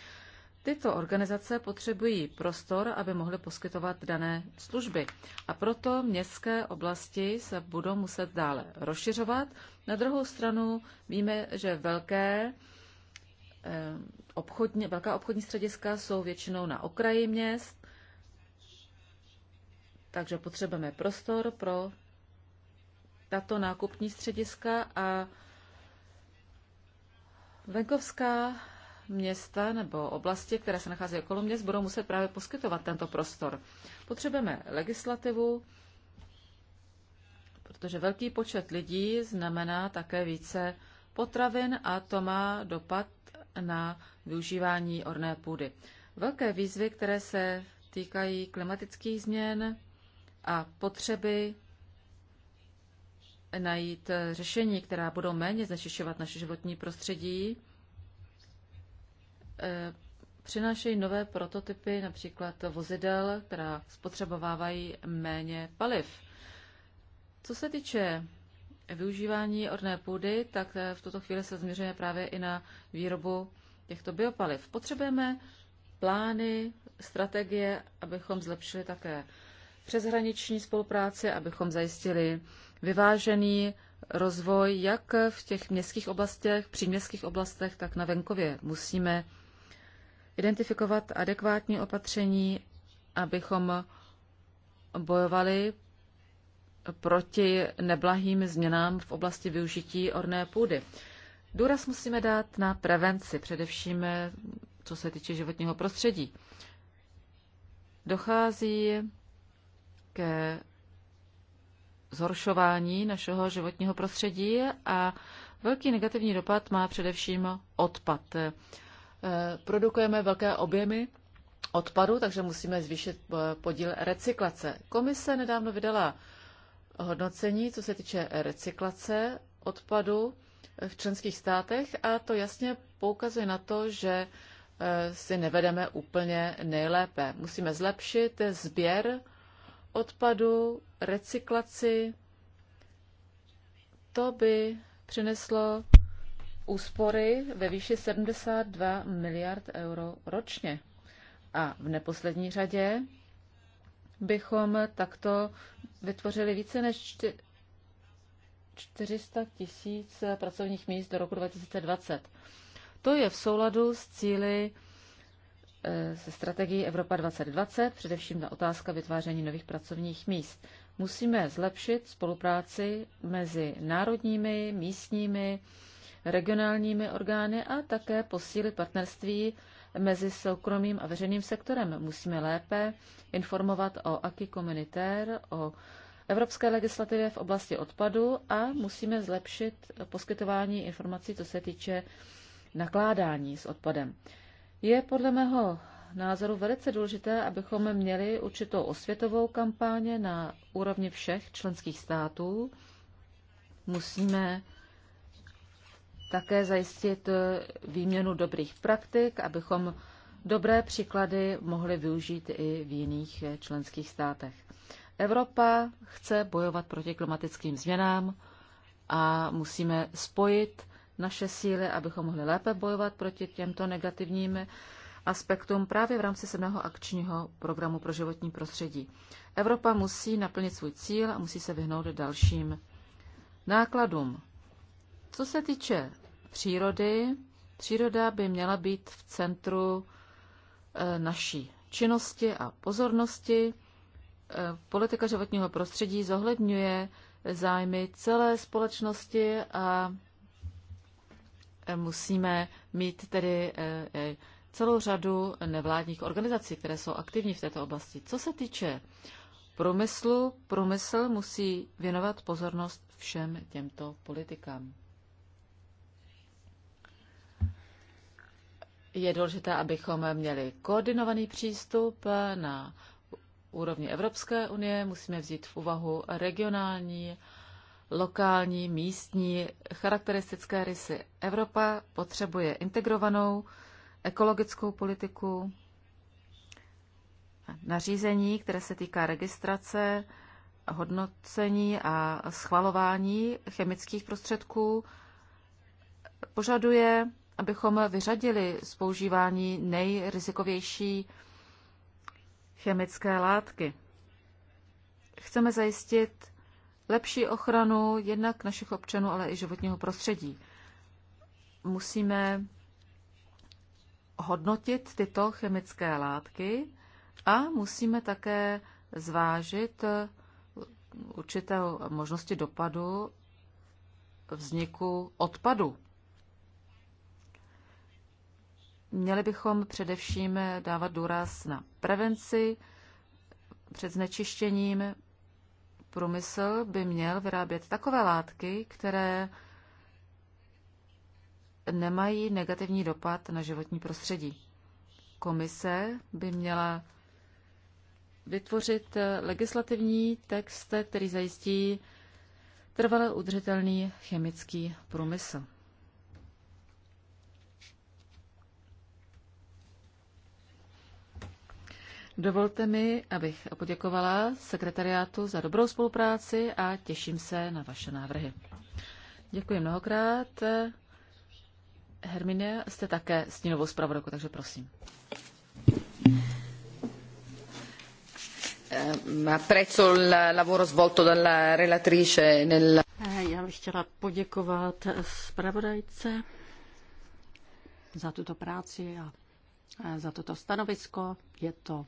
Tyto organizace potřebují prostor, aby mohly poskytovat dané služby. A proto městské oblasti se budou muset dále rozšiřovat. Na druhou stranu víme, že velké eh, obchodní, velká obchodní střediska jsou většinou na okraji měst, takže potřebujeme prostor pro tato nákupní střediska a venkovská města nebo oblasti, které se nacházejí okolo měst, budou muset právě poskytovat tento prostor. Potřebujeme legislativu, protože velký počet lidí znamená také více potravin a to má dopad na využívání orné půdy. Velké výzvy, které se týkají klimatických změn a potřeby najít eh, řešení, která budou méně znečišťovat naše životní prostředí. Eh, přinášejí nové prototypy, například vozidel, která spotřebovávají méně paliv. Co se týče využívání orné půdy, tak eh, v tuto chvíli se změřuje právě i na výrobu těchto biopaliv. Potřebujeme plány, strategie, abychom zlepšili také přeshraniční spolupráci, abychom zajistili vyvážený rozvoj jak v těch městských oblastech, příměstských oblastech, tak na venkově. Musíme identifikovat adekvátní opatření, abychom bojovali proti neblahým změnám v oblasti využití orné půdy. Důraz musíme dát na prevenci, především co se týče životního prostředí. Dochází ke zhoršování našeho životního prostředí a velký negativní dopad má především odpad. E, produkujeme velké objemy odpadu, takže musíme zvýšit e, podíl recyklace. Komise nedávno vydala hodnocení, co se týče recyklace odpadu v členských státech a to jasně poukazuje na to, že e, si nevedeme úplně nejlépe. Musíme zlepšit sběr odpadu, recyklaci. To by přineslo úspory ve výši 72 miliard euro ročně. A v neposlední řadě bychom takto vytvořili více než 400 tisíc pracovních míst do roku 2020. To je v souladu s cíly se eh, strategií Evropa 2020, především na otázka vytváření nových pracovních míst. Musíme zlepšit spolupráci mezi národními, místními, regionálními orgány a také posílit partnerství mezi soukromým a veřejným sektorem. Musíme lépe informovat o acquis communitaire, o evropské legislativě v oblasti odpadu a musíme zlepšit poskytování informací, co se týče nakládání s odpadem. Je podle mého názoru velice důležité, abychom měli určitou osvětovou kampáně na úrovni všech členských států. Musíme také zajistit výměnu dobrých praktik, abychom dobré příklady mohli využít i v jiných členských státech. Evropa chce bojovat proti klimatickým změnám a musíme spojit naše síly, abychom mohli lépe bojovat proti těmto negativním aspektům právě v rámci 7. akčního programu pro životní prostředí. Evropa musí naplnit svůj cíl a musí se vyhnout dalším nákladům. Co se týče přírody, příroda by měla být v centru eh, naší činnosti a pozornosti. Eh, politika životního prostředí zohledňuje zájmy celé společnosti a musíme mít tedy eh, eh, celou řadu nevládních organizací, které jsou aktivní v této oblasti. Co se týče průmyslu, průmysl musí věnovat pozornost všem těmto politikám. Je důležité, abychom měli koordinovaný přístup na úrovni Evropské unie, musíme vzít v úvahu regionální lokální, místní, charakteristické rysy. Evropa potřebuje integrovanou ekologickou politiku, nařízení, které se týká registrace, hodnocení a schvalování chemických prostředků, požaduje, abychom vyřadili z používání nejrizikovější chemické látky. Chceme zajistit lepší ochranu jednak našich občanů, ale i životního prostředí. Musíme hodnotit tyto chemické látky a musíme také zvážit určité možnosti dopadu vzniku odpadu. Měli bychom především dávat důraz na prevenci před znečištěním, průmysl by měl vyrábět takové látky, které nemají negativní dopad na životní prostředí. Komise by měla vytvořit legislativní text, který zajistí trvale udržitelný chemický průmysl. Dovolte mi, abych poděkovala sekretariátu za dobrou spolupráci a těším se na vaše návrhy. Děkuji mnohokrát. Hermine, jste také stínovou zpravodajkou, takže prosím. Eh, apprezzo lavoro svolto dalla relatrice nel... Eh, já bych chtěla poděkovat zpravodajce za tuto práci a eh, za toto stanovisko. Je to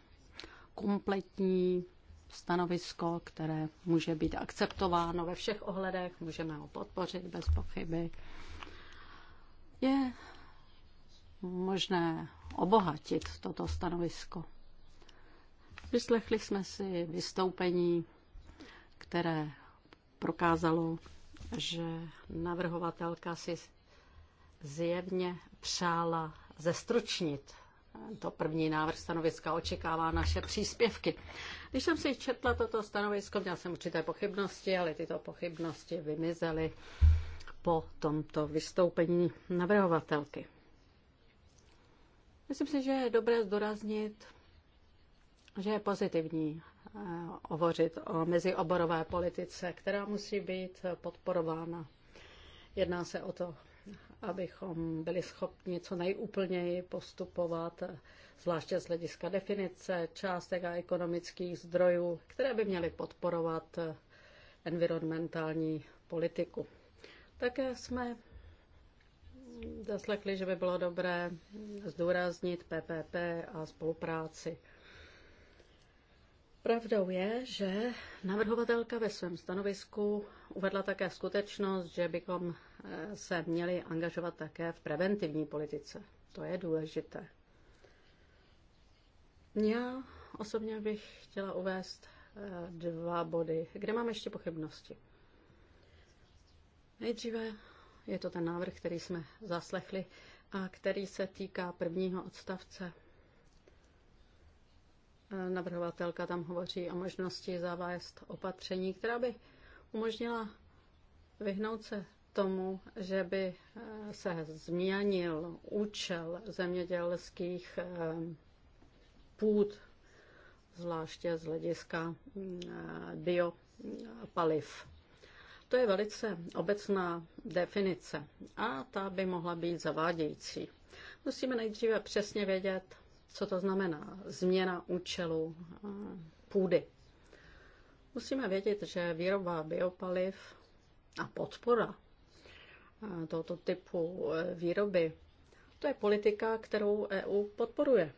kompletní stanovisko, které může být akceptováno ve všech ohledech, můžeme ho podpořit bez pochyby. Je možné obohatit toto stanovisko. Vyslechli jsme si vystoupení, které prokázalo, že navrhovatelka si zjevně přála zestručnit to první návrh stanoviska očekává naše příspěvky. Když jsem si četla toto stanovisko, měla jsem určité pochybnosti, ale tyto pochybnosti vymizely po tomto vystoupení navrhovatelky. Myslím si, že je dobré zdoraznit, že je pozitivní eh, hovořit o mezioborové politice, která musí být podporována. Jedná se o to abychom byli schopni co nejúplněji postupovat, zvláště z hlediska definice částek a ekonomických zdrojů, které by měly podporovat environmentální politiku. Také jsme zaslechli, že by bylo dobré zdůraznit PPP a spolupráci. Pravdou je, že navrhovatelka ve svém stanovisku uvedla také skutečnost, že bychom se měli angažovat také v preventivní politice. To je důležité. Já osobně bych chtěla uvést eh, dva body, kde mám ještě pochybnosti. Nejdříve je to ten návrh, který jsme zaslechli a který se týká prvního odstavce. Eh, navrhovatelka tam hovoří o možnosti zavést opatření, která by umožnila vyhnout se tomu, že by eh, se změnil účel zemědělských eh, půd, zvláště z hlediska mm, eh, biopaliv. To je velice obecná definice a ta by mohla být zavádějící. Musíme nejdříve přesně vědět, co to znamená změna účelu půdy. Musíme vědět, že výroba biopaliv a podpora Eh, tohoto typu eh, výroby. To je politika, kterou EU podporuje.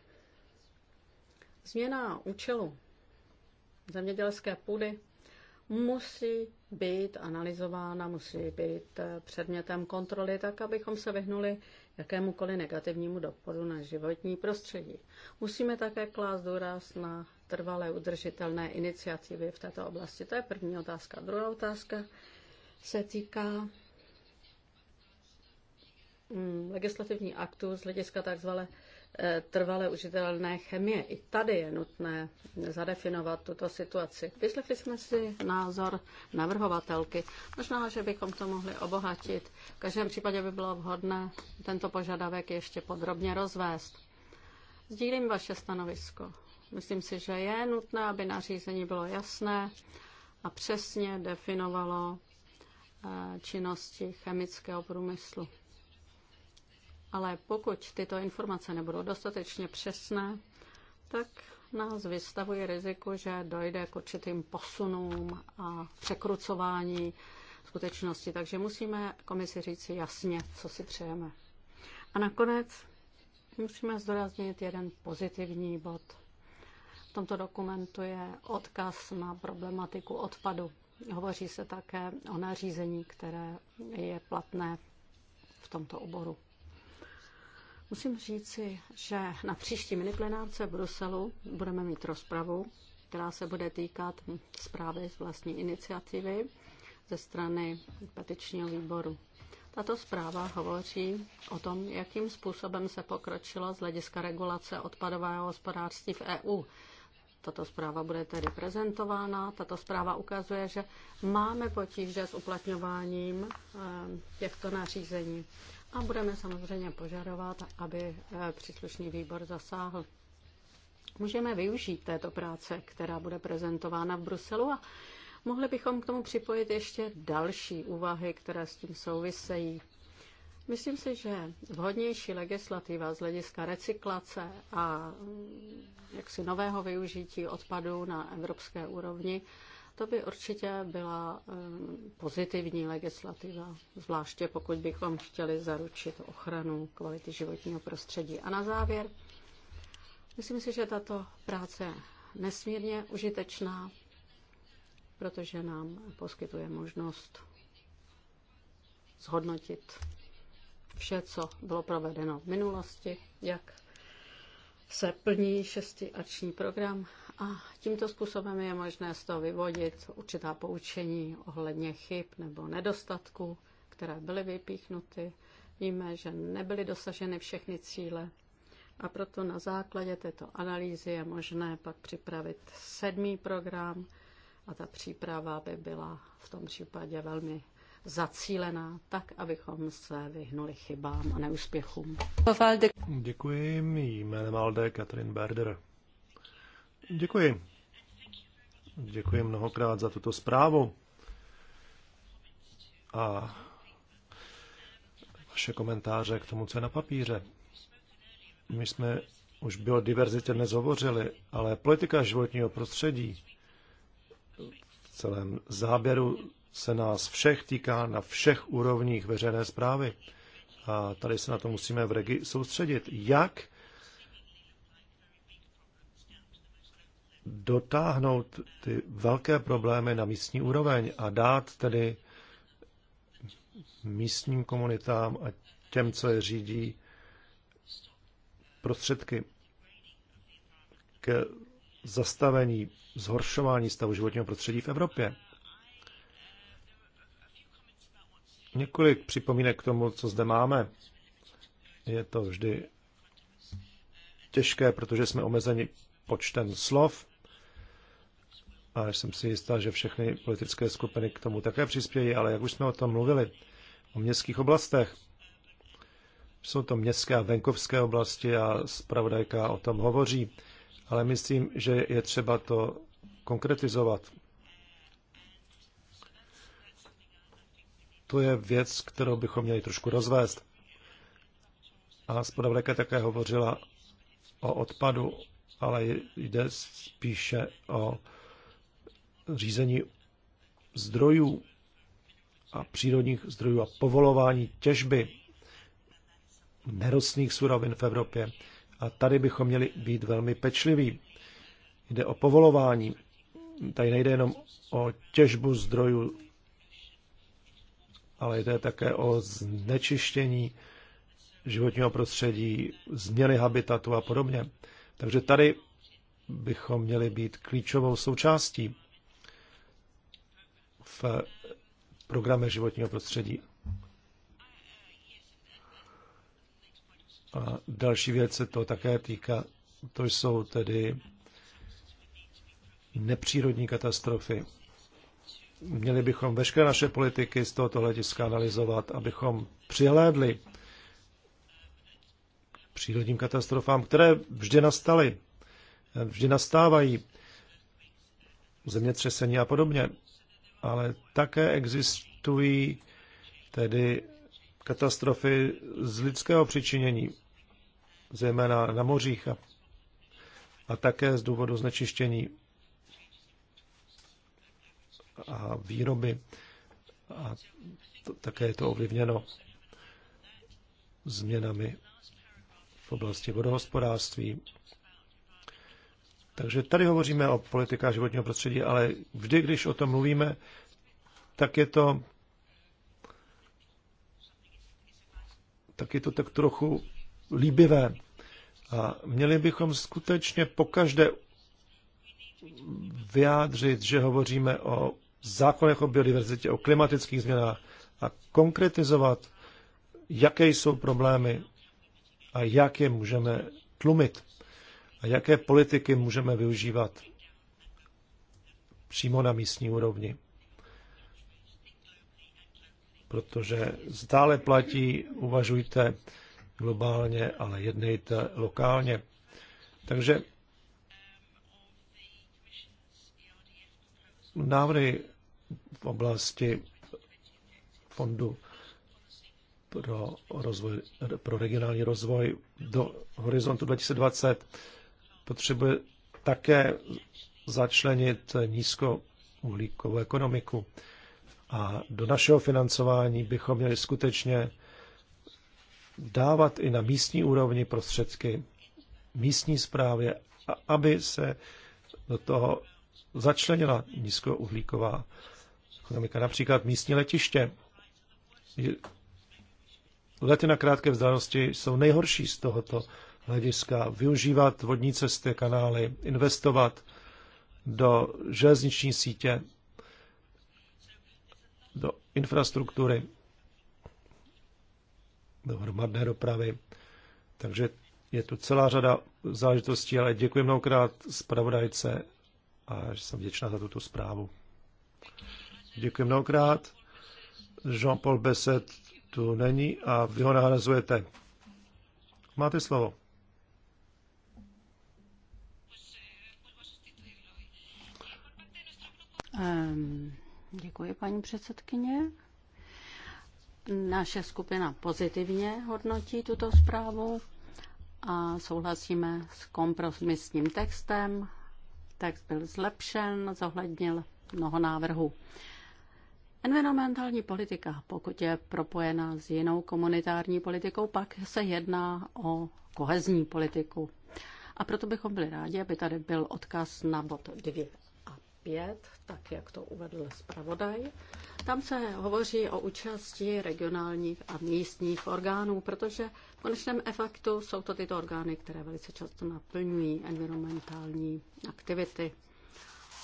Změna účelu zemědělské půdy musí být analyzována, musí být eh, předmětem kontroly, tak abychom se vyhnuli jakémukoliv negativnímu dopadu na životní prostředí. Musíme také klást důraz na trvalé udržitelné iniciativy v této oblasti. To je první otázka. Druhá otázka se týká Mm, legislativní aktu z hlediska tzv. Eh, trvale užitelné chemie. I tady je nutné zadefinovat tuto situaci. Vyslechli jsme si názor navrhovatelky. Možná, že bychom to mohli obohatit. V každém případě by bylo vhodné tento požadavek ještě podrobně rozvést. Sdílím vaše stanovisko. Myslím si, že je nutné, aby nařízení bylo jasné a přesně definovalo eh, činnosti chemického průmyslu ale pokud tyto informace nebudou dostatečně přesné, tak nás vystavuje riziku, že dojde k určitým posunům a překrucování skutečnosti. Takže musíme komisi říct jasně, co si přejeme. A nakonec musíme zdoraznit jeden pozitivní bod. V tomto dokumentu je odkaz na problematiku odpadu. Hovoří se také o nařízení, které je platné v tomto oboru. Musím říci, že na příští miniplenárce v Bruselu budeme mít rozpravu, která se bude týkat zprávy z vlastní iniciativy ze strany petičního výboru. Tato zpráva hovoří o tom, jakým způsobem se pokročilo z hlediska regulace odpadového hospodářství v EU. Tato zpráva bude tedy prezentována. Tato zpráva ukazuje, že máme potíže s uplatňováním eh, těchto nařízení. A budeme samozřejmě požadovat, aby eh, příslušný výbor zasáhl. Můžeme využít této práce, která bude prezentována v Bruselu a mohli bychom k tomu připojit ještě další úvahy, které s tím souvisejí. Myslím si, že vhodnější legislativa z hlediska recyklace a mm, jaksi nového využití odpadů na evropské úrovni to by určitě byla pozitivní legislativa, zvláště pokud bychom chtěli zaručit ochranu kvality životního prostředí. A na závěr, myslím si, že tato práce je nesmírně užitečná, protože nám poskytuje možnost zhodnotit vše, co bylo provedeno v minulosti, jak se plní šestiační program a tímto způsobem je možné z toho vyvodit určitá poučení ohledně chyb nebo nedostatků, které byly vypíchnuty. Víme, že nebyly dosaženy všechny cíle a proto na základě této analýzy je možné pak připravit sedmý program a ta příprava by byla v tom případě velmi zacílená, tak abychom se vyhnuli chybám a neúspěchům. Děkuji, jménem Alde Katrin Berder. Děkuji. Děkuji mnohokrát za tuto zprávu a vaše komentáře k tomu, co je na papíře. My jsme už bylo diverzitě dnes hovořili, ale politika životního prostředí v celém záběru se nás všech týká na všech úrovních veřejné zprávy. A tady se na to musíme v regi soustředit. Jak dotáhnout ty velké problémy na místní úroveň a dát tedy místním komunitám a těm, co je řídí, prostředky k zastavení, zhoršování stavu životního prostředí v Evropě. Několik připomínek k tomu, co zde máme. Je to vždy těžké, protože jsme omezeni počtem slov a jsem si jistá, že všechny politické skupiny k tomu také přispějí, ale jak už jsme o tom mluvili, o městských oblastech, jsou to městské a venkovské oblasti a zpravodajka o tom hovoří, ale myslím, že je třeba to konkretizovat. To je věc, kterou bychom měli trošku rozvést. A zpravodajka také hovořila o odpadu, ale jde spíše o řízení zdrojů a přírodních zdrojů a povolování těžby nerostných surovin v Evropě. A tady bychom měli být velmi pečliví. Jde o povolování. Tady nejde jenom o těžbu zdrojů, ale jde také o znečištění životního prostředí, změny habitatu a podobně. Takže tady bychom měli být klíčovou součástí v programe životního prostředí. A další věc se to také týká, to jsou tedy nepřírodní katastrofy. Měli bychom veškeré naše politiky z tohoto hlediska analyzovat, abychom přihlédli k přírodním katastrofám, které vždy nastaly, vždy nastávají, zemětřesení a podobně ale také existují tedy katastrofy z lidského přičinění, zejména na mořích a, a také z důvodu znečištění a výroby. A to, také je to ovlivněno změnami v oblasti vodohospodářství. Takže tady hovoříme o politikách životního prostředí, ale vždy, když o tom mluvíme, tak je to tak je to tak trochu líbivé. A měli bychom skutečně pokaždé vyjádřit, že hovoříme o zákonech o biodiverzitě, o klimatických změnách a konkretizovat, jaké jsou problémy a jak je můžeme tlumit a jaké politiky můžeme využívat přímo na místní úrovni. Protože stále platí, uvažujte globálně, ale jednejte lokálně. Takže návrhy v oblasti fondu pro, rozvoj, pro regionální rozvoj do horizontu 2020 potřebuje také začlenit nízkouhlíkovou ekonomiku. A do našeho financování bychom měli skutečně dávat i na místní úrovni prostředky místní zprávě, aby se do toho začlenila nízkouhlíková ekonomika. Například místní letiště. Lety na krátké vzdálenosti jsou nejhorší z tohoto hlediska, využívat vodní cesty, kanály, investovat do železniční sítě, do infrastruktury, do hromadné dopravy. Takže je tu celá řada záležitostí, ale děkuji mnohokrát zpravodajce a jsem vděčná za tuto zprávu. Děkuji mnohokrát. Jean-Paul Besset tu není a vy ho nahrazujete. Máte slovo. Ehm, děkuji, paní předsedkyně. Naše skupina pozitivně hodnotí tuto zprávu a souhlasíme s kompromisním textem. Text byl zlepšen, zohlednil mnoho návrhů. Environmentální politika, pokud je propojena s jinou komunitární politikou, pak se jedná o kohezní politiku. A proto bychom byli rádi, aby tady byl odkaz na bod 2 5, tak jak to uvedl zpravodaj. Tam se hovoří o účasti regionálních a místních orgánů, protože v konečném efektu jsou to tyto orgány, které velice často naplňují environmentální aktivity.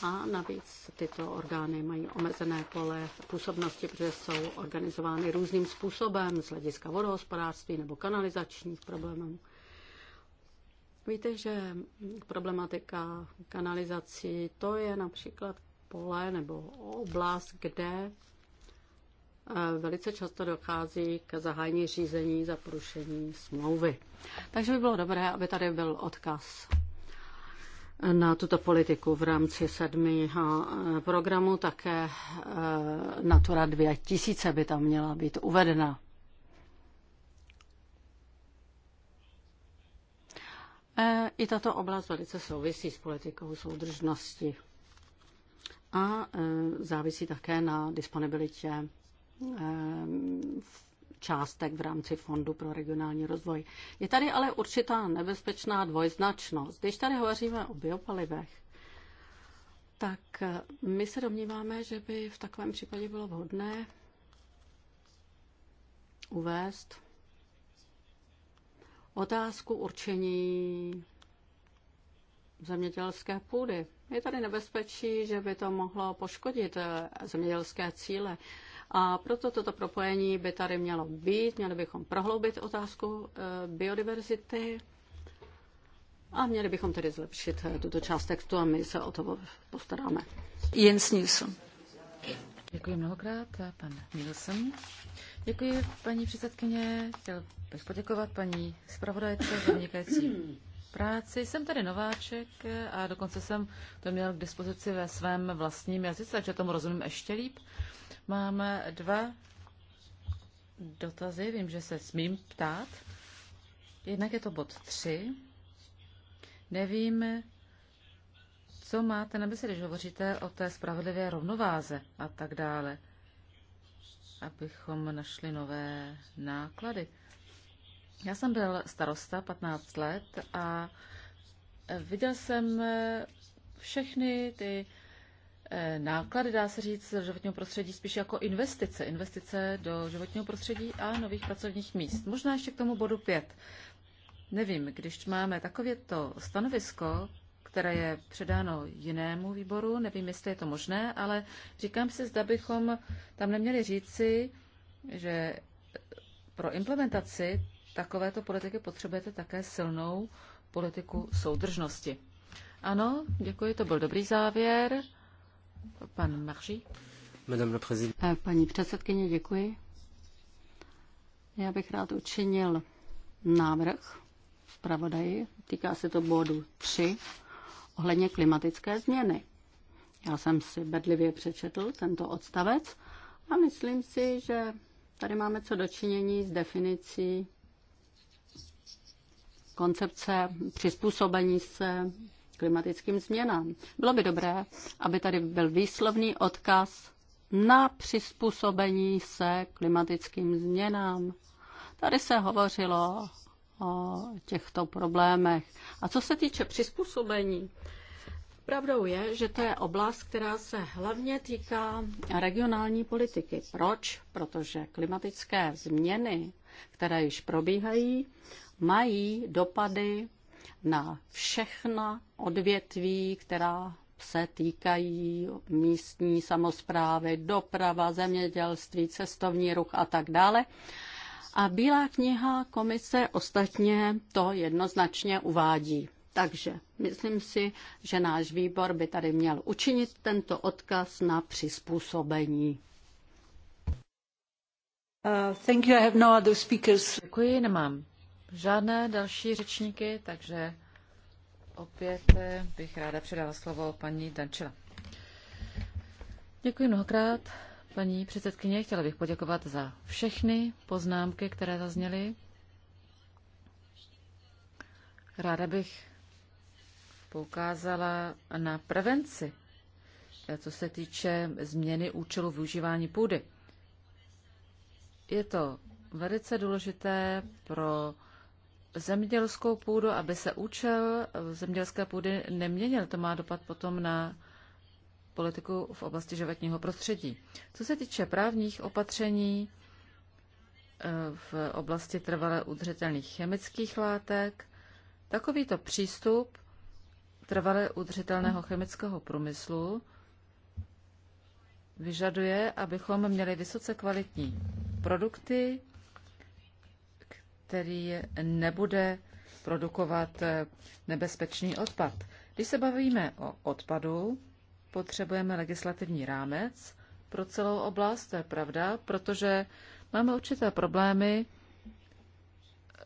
A navíc tyto orgány mají omezené pole působnosti, protože jsou organizovány různým způsobem z hlediska vodohospodářství nebo kanalizačních problémů. Víte, že problematika kanalizací, to je například pole nebo oblast, kde eh, velice často dochází k zahájení řízení za porušení smlouvy. Takže by bylo dobré, aby tady byl odkaz na tuto politiku v rámci sedmi eh, programu. Také eh, Natura 2000 by tam měla být uvedena. E, I tato oblast velice souvisí s politikou soudržnosti a e, závisí také na disponibilitě e, částek v rámci Fondu pro regionální rozvoj. Je tady ale určitá nebezpečná dvojznačnost. Když tady hovoříme o biopalivech, tak my se domníváme, že by v takovém případě bylo vhodné uvést otázku určení zemědělské půdy. Je tady nebezpečí, že by to mohlo poškodit eh, zemědělské cíle. A proto toto propojení by tady mělo být. Měli bychom prohloubit otázku eh, biodiverzity a měli bychom tedy zlepšit eh, tuto část textu a my se o to postaráme. Jens Nilsson. Děkuji mnohokrát, pan Nilsson. Děkuji, paní předsedkyně. Chtěl bych poděkovat paní zpravodajce za vynikající práci. Jsem tady nováček a dokonce jsem to měl k dispozici ve svém vlastním jazyce, takže tomu rozumím ještě líp. Máme dva dotazy, vím, že se smím ptát. Jednak je to bod 3. Nevím, co máte na mysli, když hovoříte o té spravedlivé rovnováze a tak dále, abychom našli nové náklady? Já jsem byl starosta 15 let a viděl jsem všechny ty eh, náklady, dá se říct, životního prostředí spíš jako investice. Investice do životního prostředí a nových pracovních míst. Možná ještě k tomu bodu 5. Nevím, když máme takovéto stanovisko, které je předáno jinému výboru. Nevím, jestli je to možné, ale říkám si, zda bychom tam neměli říci, že pro implementaci takovéto politiky potřebujete také silnou politiku soudržnosti. Ano, děkuji, to byl dobrý závěr. Pan Marží. Eh, paní předsedkyně, děkuji. Já bych rád učinil návrh pravodaji. týká se to bodu 3 ohledně klimatické změny. Já jsem si bedlivě přečetl tento odstavec a myslím si, že tady máme co dočinění s definicí koncepce přizpůsobení se klimatickým změnám. Bylo by dobré, aby tady byl výslovný odkaz na přizpůsobení se klimatickým změnám. Tady se hovořilo o těchto problémech. A co se týče přizpůsobení, pravdou je, že to je oblast, která se hlavně týká regionální politiky. Proč? Protože klimatické změny, které již probíhají, mají dopady na všechna odvětví, která se týkají místní samozprávy, doprava, zemědělství, cestovní ruch a tak dále. A Bílá kniha komise ostatně to jednoznačně uvádí. Takže myslím si, že náš výbor by tady měl učinit tento odkaz na přizpůsobení. Uh, thank you, I have no other speakers. Děkuji, nemám žádné další řečníky, takže opět eh, bych ráda předala slovo paní Dančila. Děkuji mnohokrát. Paní předsedkyně, chtěla bych poděkovat za všechny poznámky, které zazněly. Ráda bych poukázala na prevenci, eh, co se týče změny účelu využívání půdy. Je to velice důležité pro zemědělskou půdu, aby se účel zemědělské půdy neměnil. To má dopad potom na politiku v oblasti životního prostředí. Co se týče právních opatření eh, v oblasti trvale udržitelných chemických látek, takovýto přístup trvale udržitelného chemického průmyslu vyžaduje, abychom měli vysoce kvalitní produkty, který nebude produkovat eh, nebezpečný odpad. Když se bavíme o odpadu, potřebujeme legislativní rámec pro celou oblast, to je pravda, protože máme určité problémy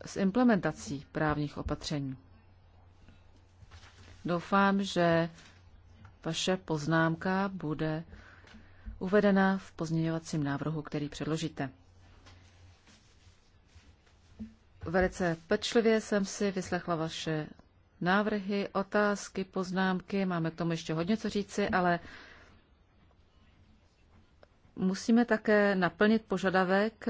s implementací právních opatření. Doufám, že vaše poznámka bude uvedena v pozměňovacím návrhu, který předložíte. Velice pečlivě jsem si vyslechla vaše návrhy, otázky, poznámky. Máme k tomu ještě hodně co říci, ale musíme také naplnit požadavek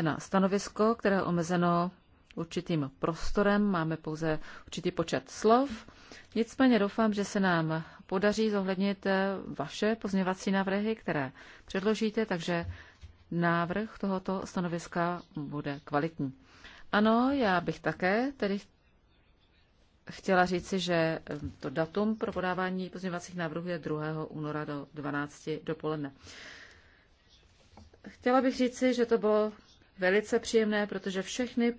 na stanovisko, které je omezeno určitým prostorem, máme pouze určitý počet slov. Nicméně doufám, že se nám podaří zohlednit vaše pozměvací návrhy, které předložíte, takže návrh tohoto stanoviska bude kvalitní. Ano, já bych také tedy chtěla říci, že to datum pro podávání pozměňovacích návrhů je 2. února do 12. dopoledne. Chtěla bych říci, že to bylo velice příjemné, protože všechny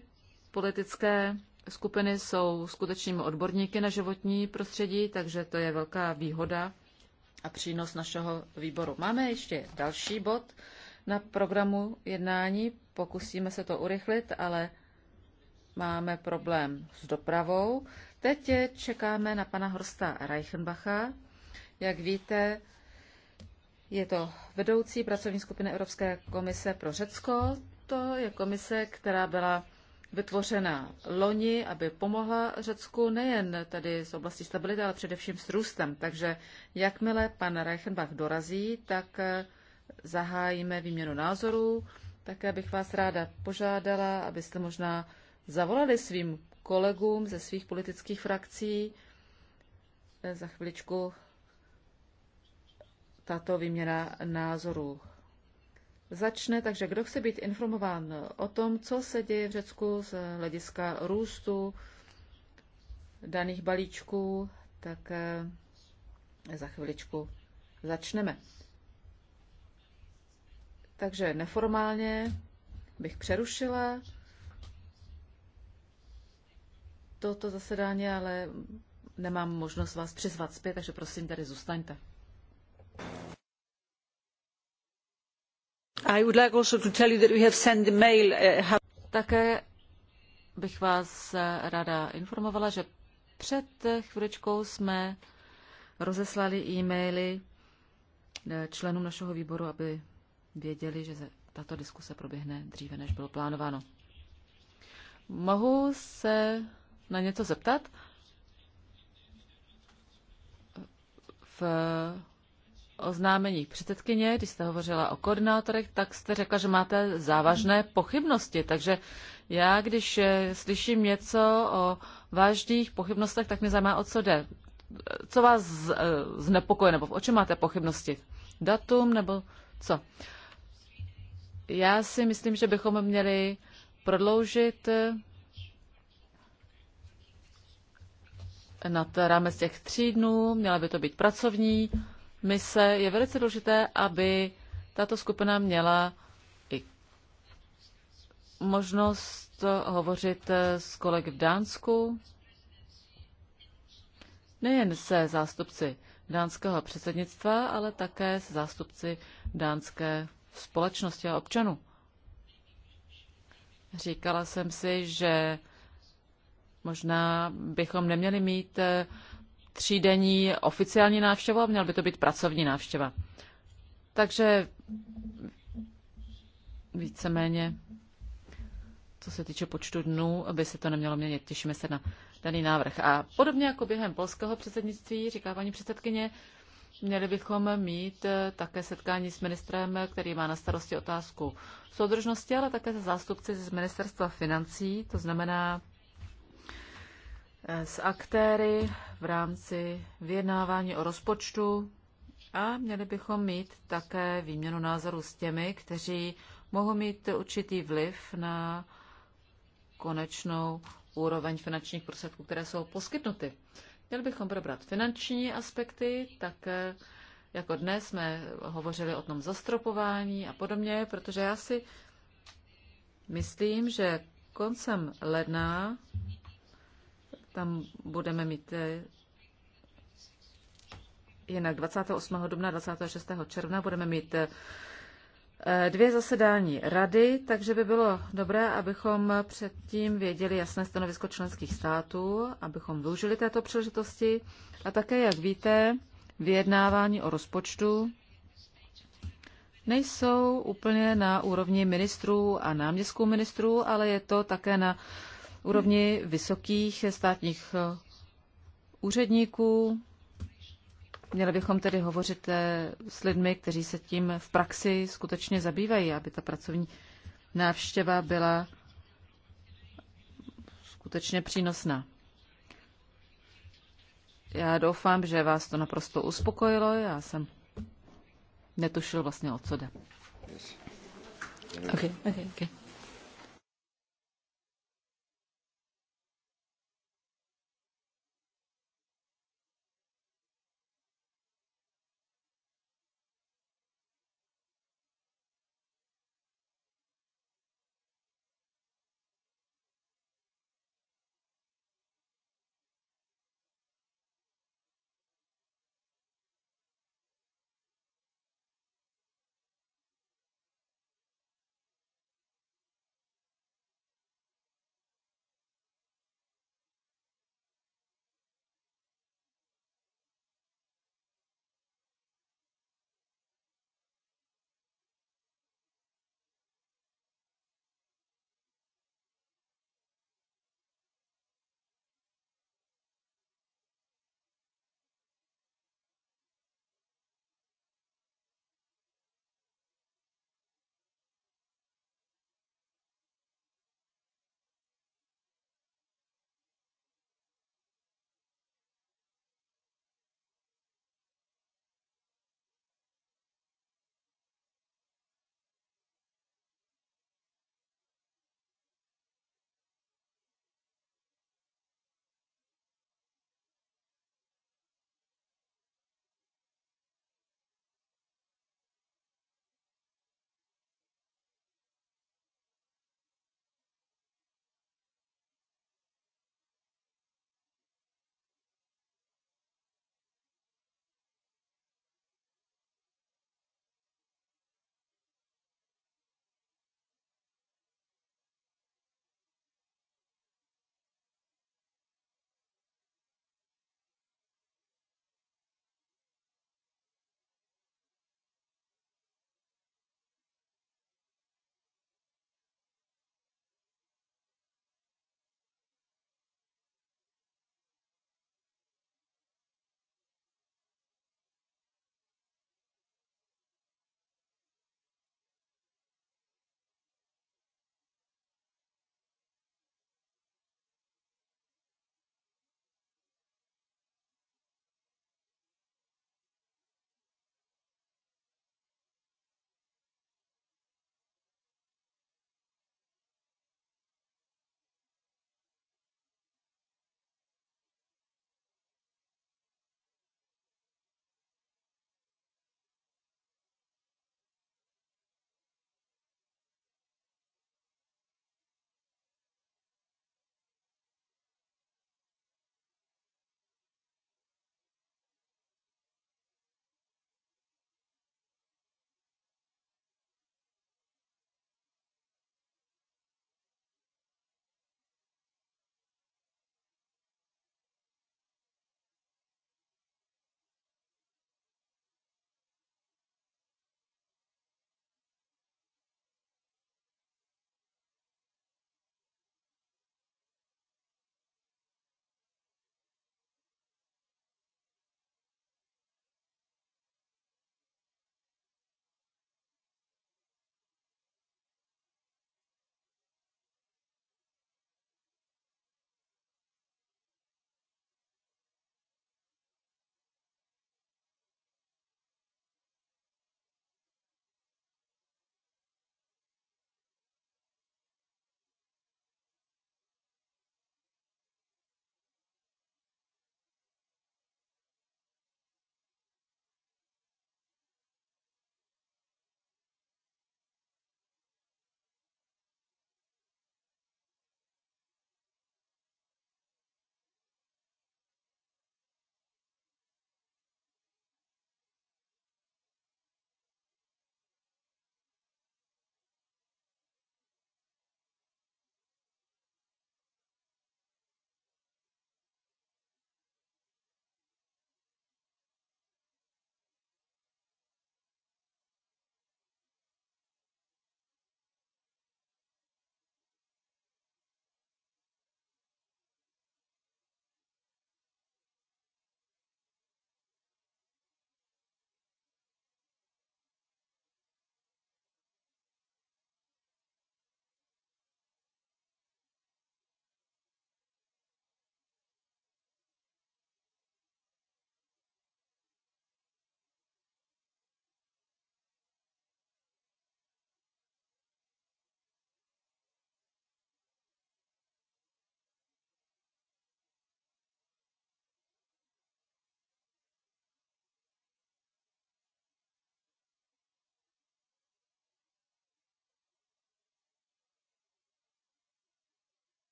politické skupiny jsou skutečnými odborníky na životní prostředí, takže to je velká výhoda a přínos našeho výboru. Máme ještě další bod na programu jednání, pokusíme se to urychlit, ale máme problém s dopravou. Teď čekáme na pana Horsta Reichenbacha. Jak víte, je to vedoucí pracovní skupiny Evropské komise pro Řecko. To je komise, která byla vytvořena loni, aby pomohla Řecku nejen tady z oblasti stability, ale především s růstem. Takže jakmile pan Reichenbach dorazí, tak eh, zahájíme výměnu názorů. Také bych vás ráda požádala, abyste možná zavolali svým kolegům ze svých politických frakcí. Eh, za chviličku tato výměna názorů začne, takže kdo chce být informován o tom, co se děje v Řecku z hlediska růstu daných balíčků, tak eh, za chviličku začneme. Takže neformálně bych přerušila tohoto zasedání, ale nemám možnost vás přizvat zpět, takže prosím, tady zůstaňte. I would like also to tell you that we have sent the mail, uh, Také bych vás ráda informovala, že před chvíličkou jsme rozeslali e-maily eh, členům našeho výboru, aby věděli, že tato diskuse proběhne dříve, než bylo plánováno. Mohu se na něco zeptat? V oznámení předsedkyně, když jste hovořila o koordinátorech, tak jste řekla, že máte závažné pochybnosti. Takže já, když eh, slyším něco o vážných pochybnostech, tak mě zajímá, o co jde. Co vás eh, znepokoje, nebo o čem máte pochybnosti? Datum nebo co? Já si myslím, že bychom měli prodloužit nad rámec těch tří dnů, měla by to být pracovní mise. Je velice důležité, aby tato skupina měla i možnost hovořit s kolegy v Dánsku, nejen se zástupci dánského předsednictva, ale také se zástupci dánské společnosti a občanů. Říkala jsem si, že Možná bychom neměli mít eh, třídenní oficiální návštěvu, a měl by to být pracovní návštěva. Takže víceméně, co se týče počtu dnů, by se to nemělo měnit. Těšíme se na daný návrh. A podobně jako během polského předsednictví, říká paní předsedkyně, Měli bychom mít eh, také setkání s ministrem, který má na starosti otázku soudržnosti, ale také se zástupci z ministerstva financí, to znamená s aktéry v rámci vyjednávání o rozpočtu a měli bychom mít také výměnu názoru s těmi, kteří mohou mít určitý vliv na konečnou úroveň finančních prostředků, které jsou poskytnuty. Měli bychom probrat finanční aspekty, tak eh, jako dnes jsme hovořili o tom zastropování a podobně, protože já si myslím, že koncem ledna tam budeme mít eh, jinak 28. dubna, 26. června budeme mít eh, dvě zasedání rady, takže by bylo dobré, abychom předtím věděli jasné stanovisko členských států, abychom využili této příležitosti. A také, jak víte, vyjednávání o rozpočtu nejsou úplně na úrovni ministrů a náměstků ministrů, ale je to také na úrovni vysokých státních eh, úředníků. Měli bychom tedy hovořit eh, s lidmi, kteří se tím v praxi skutečně zabývají, aby ta pracovní návštěva byla skutečně přínosná. Já doufám, že vás to naprosto uspokojilo. Já jsem netušil vlastně, o co jde. Okay, okay, okay.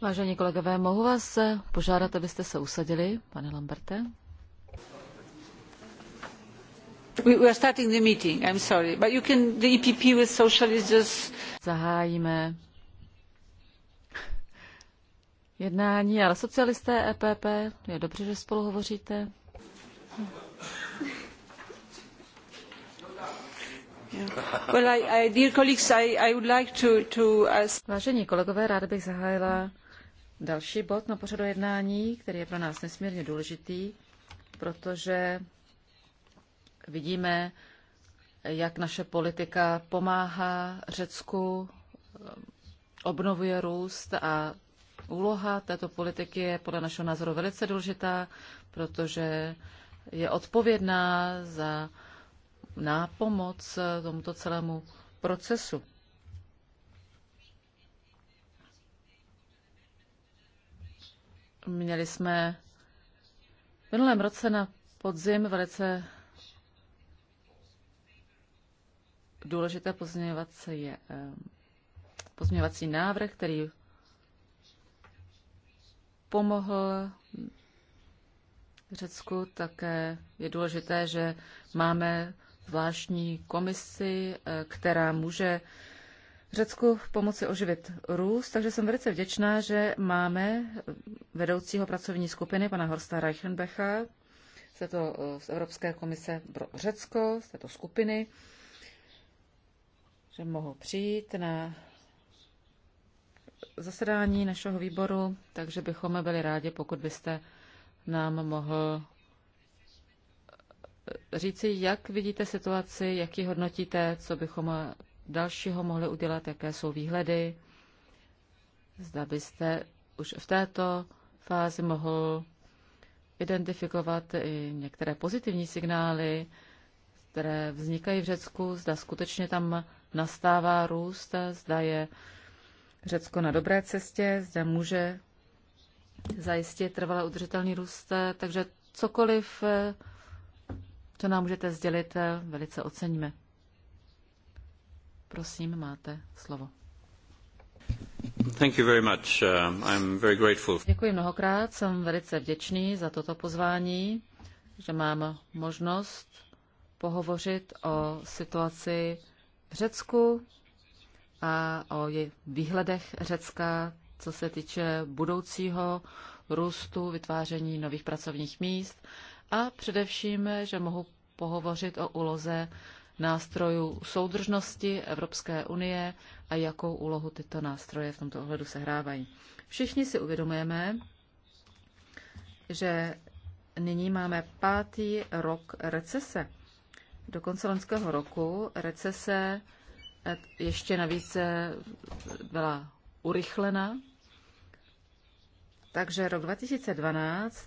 Vážení kolegové, mohu vás eh, požádat, abyste se usadili, pane Lamberte? We are starting the meeting, I'm sorry, but you can, the EPP with socialists Zahájíme jednání, ale socialisté EPP, je dobře, že spolu hovoříte. Hm. Vážení kolegové, ráda bych zahájila další bod na pořadu jednání, který je pro nás nesmírně důležitý, protože vidíme, jak naše politika pomáhá Řecku, obnovuje růst a úloha této politiky je podle našeho názoru velice důležitá, protože je odpovědná za na pomoc eh, tomuto celému procesu. Měli jsme v minulém roce na podzim velice důležité pozměňovací, je, eh, pozměňovací návrh, který pomohl Řecku. Také je důležité, že máme zvláštní komisi, eh, která může Řecku pomoci oživit růst, takže jsem velice vděčná, že máme vedoucího pracovní skupiny, pana Horsta Reichenbecha, z, této, eh, z Evropské komise pro Řecko, z této skupiny, že mohu přijít na zasedání našeho výboru, takže bychom byli rádi, pokud byste nám mohl říci, jak vidíte situaci, jak ji hodnotíte, co bychom dalšího mohli udělat, jaké jsou výhledy. Zda byste už v této fázi mohl identifikovat i některé pozitivní signály, které vznikají v Řecku, zda skutečně tam nastává růst, zda je Řecko na dobré cestě, zda může zajistit trvalé udržitelný růst. Takže cokoliv co nám můžete sdělit, eh, velice oceníme. Prosím, máte slovo. Thank you very much. Uh, I'm very grateful. Děkuji mnohokrát, jsem velice vděčný za toto pozvání, že mám možnost pohovořit o situaci v Řecku a o výhledech Řecka, co se týče budoucího růstu, vytváření nových pracovních míst a především, že mohu pohovořit o úloze nástrojů soudržnosti Evropské unie a jakou úlohu tyto nástroje v tomto ohledu sehrávají. Všichni si uvědomujeme, že nyní máme pátý rok recese. Do konce loňského roku recese eh, ještě navíc eh, byla urychlena, takže rok 2012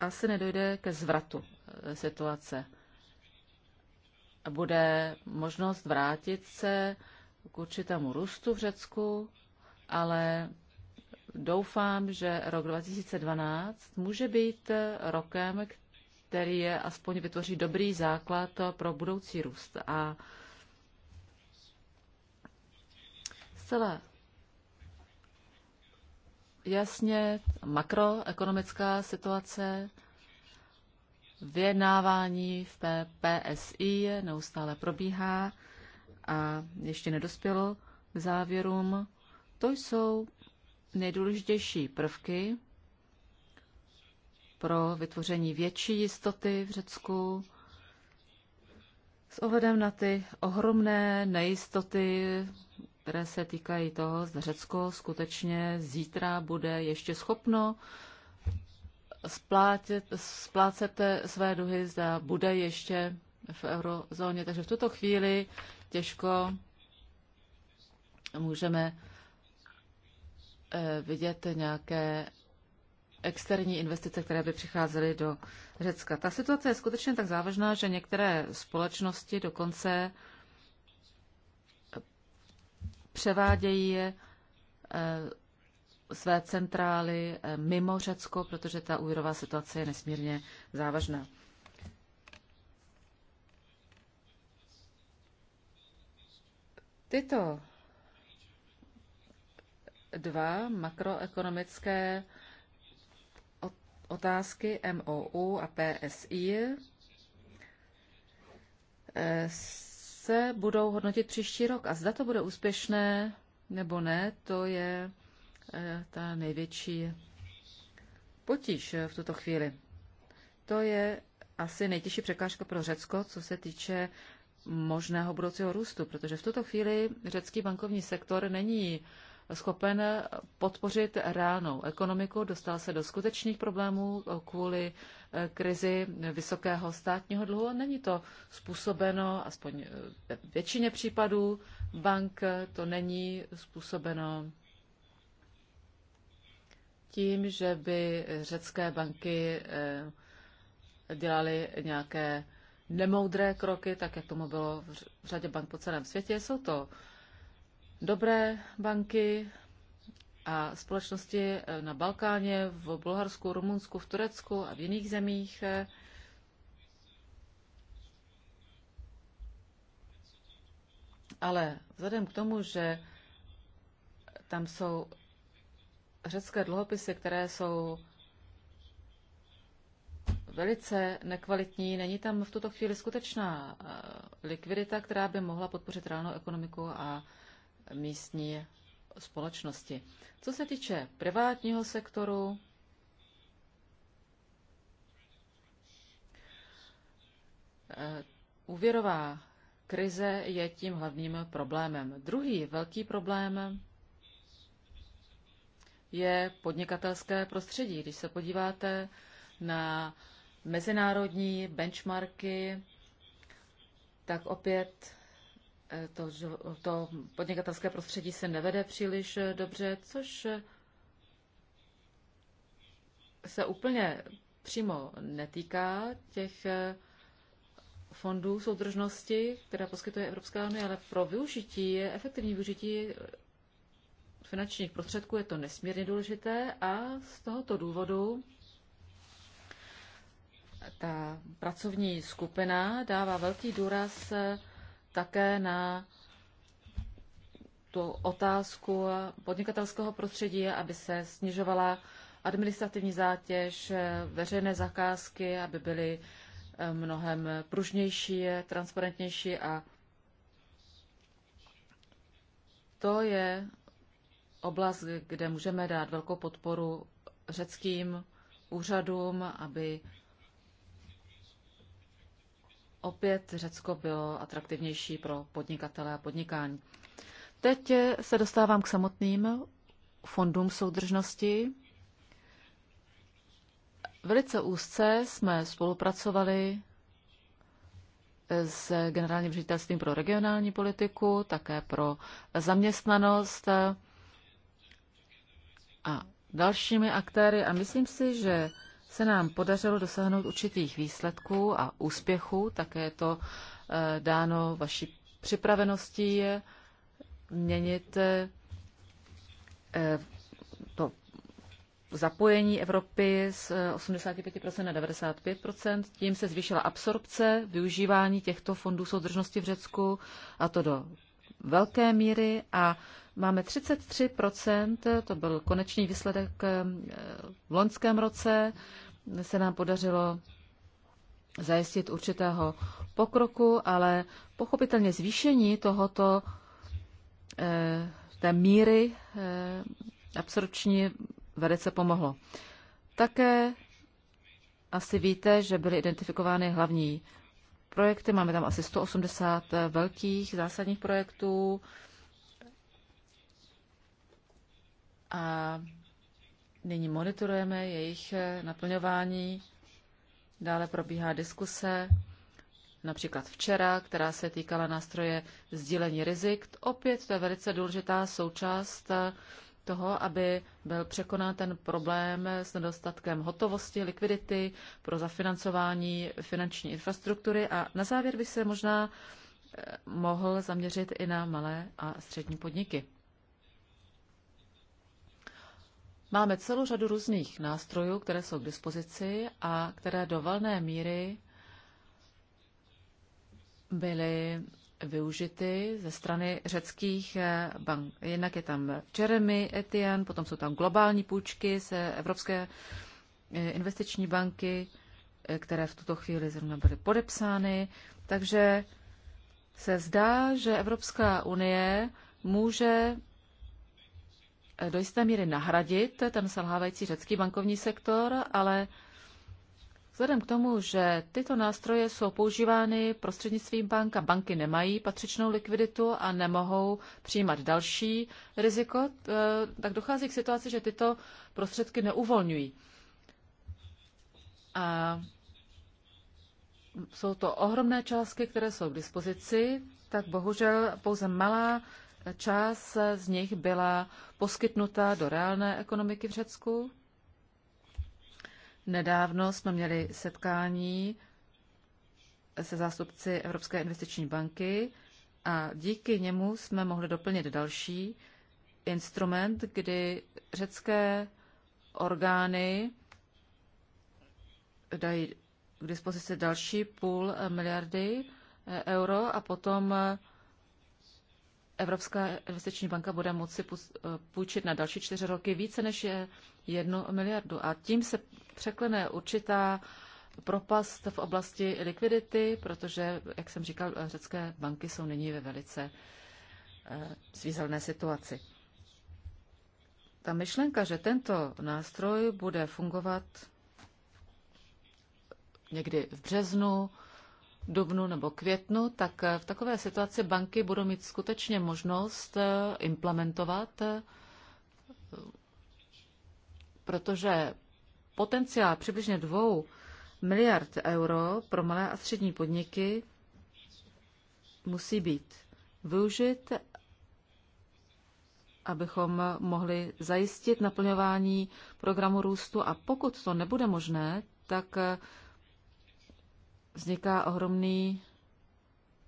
asi nedojde ke zvratu e, situace. Bude možnost vrátit se k určitému růstu v Řecku, ale doufám, že rok 2012 může být rokem, který je aspoň vytvoří dobrý základ pro budoucí růst. A zcela jasně makroekonomická situace, vyjednávání v PSI neustále probíhá a ještě nedospělo k závěrům. To jsou nejdůležitější prvky pro vytvoření větší jistoty v Řecku s ohledem na ty ohromné nejistoty, které se týkají toho, zda Řecko skutečně zítra bude ještě schopno splátět, splácet své dluhy, zda bude ještě v eurozóně. Takže v tuto chvíli těžko můžeme eh, vidět nějaké externí investice, které by přicházely do Řecka. Ta situace je skutečně tak závažná, že některé společnosti dokonce převádějí eh, své centrály eh, mimo Řecko, protože ta úvěrová situace je nesmírně závažná. Tyto dva makroekonomické otázky MOU a PSI eh, se budou hodnotit příští rok. A zda to bude úspěšné nebo ne, to je eh, ta největší potíž eh, v tuto chvíli. To je asi nejtěžší překážka pro Řecko, co se týče možného budoucího růstu, protože v tuto chvíli řecký bankovní sektor není schopen podpořit reálnou ekonomiku, dostal se do skutečných problémů kvůli eh, krizi vysokého státního dluhu. Není to způsobeno, aspoň eh, ve většině případů bank, eh, to není způsobeno tím, že by řecké banky dělaly nějaké nemoudré kroky, tak jak tomu bylo v řadě bank po celém světě. Jsou to dobré banky a společnosti eh, na Balkáně, v Bulharsku, Rumunsku, v Turecku a v jiných zemích. Eh, ale vzhledem k tomu, že tam jsou řecké dluhopisy, které jsou velice nekvalitní. Není tam v tuto chvíli skutečná eh, likvidita, která by mohla podpořit reálnou ekonomiku a místní společnosti. Co se týče privátního sektoru, eh, úvěrová krize je tím hlavním problémem. Druhý velký problém je podnikatelské prostředí. Když se podíváte na mezinárodní benchmarky, tak opět to, to podnikatelské prostředí se nevede příliš eh, dobře, což eh, se úplně přímo netýká těch eh, fondů soudržnosti, které poskytuje Evropská unie, ale pro využití, efektivní využití finančních prostředků je to nesmírně důležité a z tohoto důvodu ta pracovní skupina dává velký důraz také na tu otázku podnikatelského prostředí, aby se snižovala administrativní zátěž, veřejné zakázky, aby byly eh, mnohem pružnější, transparentnější a to je oblast, kde můžeme dát velkou podporu řeckým úřadům, aby opět Řecko bylo atraktivnější pro podnikatele a podnikání. Teď se dostávám k samotným fondům soudržnosti. Velice úzce jsme spolupracovali s generálním ředitelstvím pro regionální politiku, také pro zaměstnanost a dalšími aktéry a myslím si, že se nám podařilo dosáhnout určitých výsledků a úspěchů. Také je to eh, dáno vaší připraveností měnit eh, to zapojení Evropy z 85% eh, na 95%. Tím se zvýšila absorpce využívání těchto fondů soudržnosti v Řecku a to do velké míry a Máme 33%, to byl konečný výsledek eh, v loňském roce, se nám podařilo zajistit určitého pokroku, ale pochopitelně zvýšení tohoto eh, té míry eh, absorpční velice pomohlo. Také asi víte, že byly identifikovány hlavní projekty. Máme tam asi 180 velkých zásadních projektů, a nyní monitorujeme jejich naplňování. Dále probíhá diskuse, například včera, která se týkala nástroje sdílení rizik. Opět to je velice důležitá součást toho, aby byl překonán ten problém s nedostatkem hotovosti, likvidity pro zafinancování finanční infrastruktury. A na závěr by se možná eh, mohl zaměřit i na malé a střední podniky. Máme celou řadu různých nástrojů, které jsou k dispozici a které do valné míry byly využity ze strany řeckých eh, bank. Jednak je tam Jeremy Etienne, potom jsou tam globální půjčky z Evropské eh, investiční banky, eh, které v tuto chvíli zrovna byly podepsány. Takže se zdá, že Evropská unie může do jisté míry nahradit ten selhávající řecký bankovní sektor, ale vzhledem k tomu, že tyto nástroje jsou používány prostřednictvím bank a banky nemají patřičnou likviditu a nemohou přijímat další riziko, eh, tak dochází k situaci, že tyto prostředky neuvolňují. A jsou to ohromné částky, které jsou k dispozici, tak bohužel pouze malá Část z nich byla poskytnuta do reálné ekonomiky v Řecku. Nedávno jsme měli setkání se zástupci Evropské investiční banky a díky němu jsme mohli doplnit další instrument, kdy řecké orgány dají k dispozici další půl miliardy eh, euro a potom Evropská investiční banka bude moci eh, půjčit na další čtyři roky více než je jednu miliardu. A tím se překlene určitá propast v oblasti likvidity, protože, jak jsem říkal, eh, řecké banky jsou nyní ve velice eh, svízelné situaci. Ta myšlenka, že tento nástroj bude fungovat někdy v březnu dubnu nebo květnu, tak v takové situaci banky budou mít skutečně možnost eh, implementovat, eh, protože potenciál přibližně dvou miliard euro pro malé a střední podniky musí být využit, abychom mohli zajistit naplňování programu růstu a pokud to nebude možné, tak eh, vzniká ohromný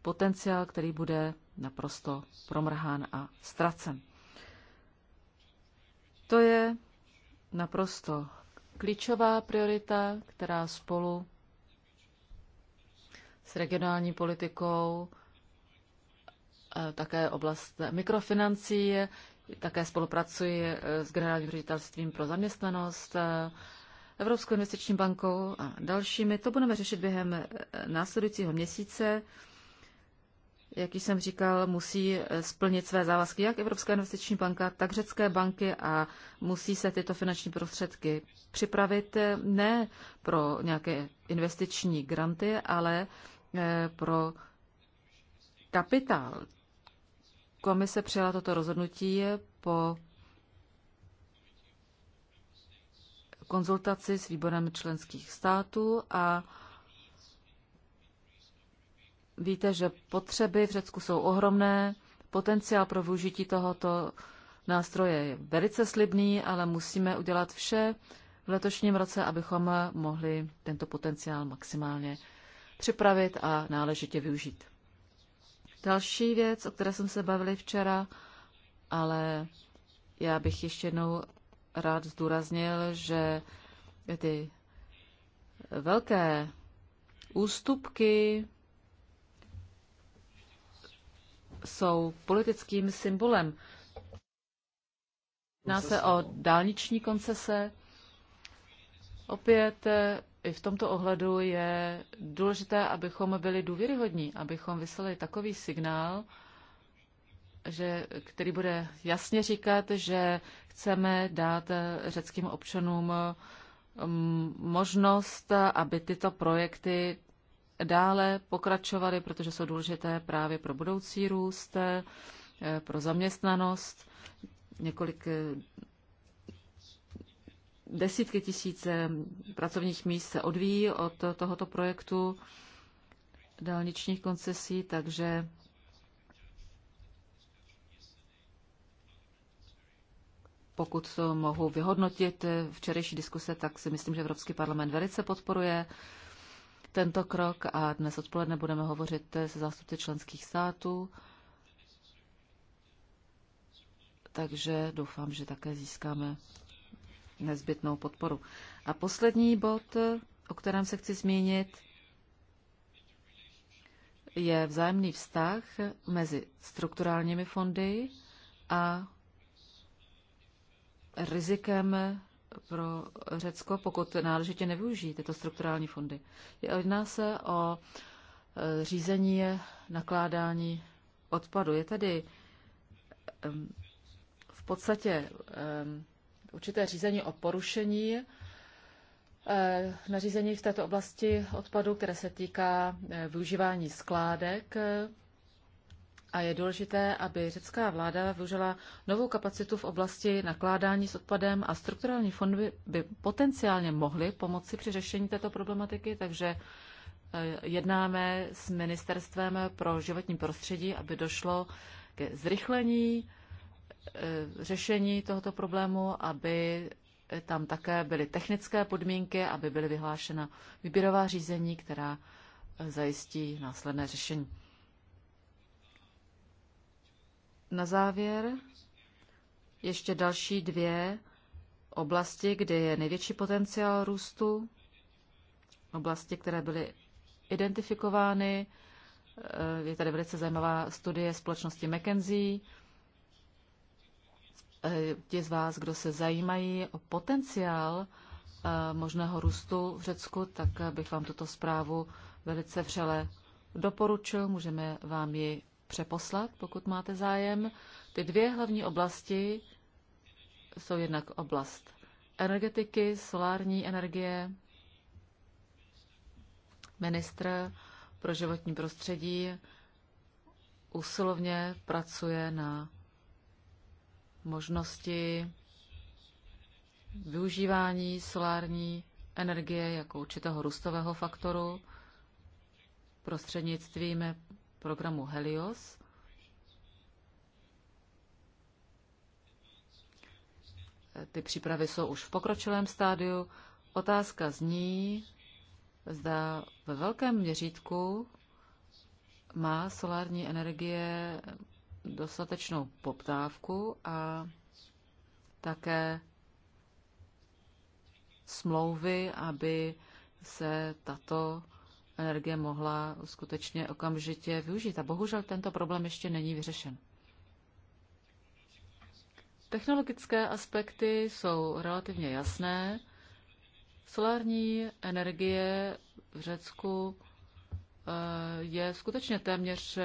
potenciál, který bude naprosto promrhán a ztracen. To je naprosto klíčová priorita, která spolu s regionální politikou, eh, také oblast mikrofinancí, také spolupracuji eh, s generálním ředitelstvím pro zaměstnanost, eh, Evropskou investiční bankou a dalšími. To budeme řešit během eh, následujícího měsíce. Jak jsem říkal, musí eh, splnit své závazky jak Evropská investiční banka, tak řecké banky a musí se tyto finanční prostředky připravit eh, ne pro nějaké investiční granty, ale pro kapitál. Komise přijala toto rozhodnutí po konzultaci s výborem členských států a víte, že potřeby v Řecku jsou ohromné, potenciál pro využití tohoto nástroje je velice slibný, ale musíme udělat vše v letošním roce, abychom mohli tento potenciál maximálně připravit a náležitě využít. Další věc, o které jsem se bavili včera, ale já bych ještě jednou rád zdůraznil, že ty velké ústupky jsou politickým symbolem. Jedná se o dálniční koncese. Opět eh, i v tomto ohledu je důležité, abychom byli důvěryhodní, abychom vyslali takový signál, že, který bude jasně říkat, že chceme dát eh, řeckým občanům mm, možnost, aby tyto projekty dále pokračovaly, protože jsou důležité právě pro budoucí růst, eh, pro zaměstnanost. Několik eh, desítky tisíc pracovních míst se odvíjí od tohoto projektu dálničních koncesí, takže pokud to mohu vyhodnotit eh, včerejší diskuse, tak si myslím, že Evropský parlament velice podporuje tento krok a dnes odpoledne budeme hovořit eh, se zástupci členských států. Takže doufám, že také získáme nezbytnou podporu. A poslední bod, eh, o kterém se chci zmínit, je vzájemný vztah mezi strukturálními fondy a rizikem pro Řecko, pokud náležitě nevyužijí tyto strukturální fondy. Jedná se o e, řízení nakládání odpadu. Je tedy v podstatě určité řízení o porušení e, nařízení v této oblasti odpadu, které se týká e, využívání skládek a je důležité, aby řecká vláda využila novou kapacitu v oblasti nakládání s odpadem a strukturální fondy by potenciálně mohly pomoci při řešení této problematiky, takže eh, jednáme s Ministerstvem pro životní prostředí, aby došlo ke zrychlení eh, řešení tohoto problému, aby tam také byly technické podmínky, aby byly vyhlášena výběrová řízení, která eh, zajistí následné řešení. Na závěr ještě další dvě oblasti, kde je největší potenciál růstu, oblasti, které byly identifikovány. Eh, je tady velice zajímavá studie společnosti McKenzie. Eh, ti z vás, kdo se zajímají o potenciál eh, možného růstu v Řecku, tak bych vám tuto zprávu velice vřele doporučil. Můžeme vám ji přeposlat, pokud máte zájem. Ty dvě hlavní oblasti jsou jednak oblast energetiky, solární energie. Ministr pro životní prostředí usilovně pracuje na možnosti využívání solární energie jako určitého růstového faktoru prostřednictvím programu Helios. Ty přípravy jsou už v pokročilém stádiu. Otázka zní, zda ve velkém měřítku má solární energie dostatečnou poptávku a také smlouvy, aby se tato energie mohla skutečně okamžitě využít. A bohužel tento problém ještě není vyřešen. Technologické aspekty jsou relativně jasné. Solární energie v Řecku eh, je skutečně téměř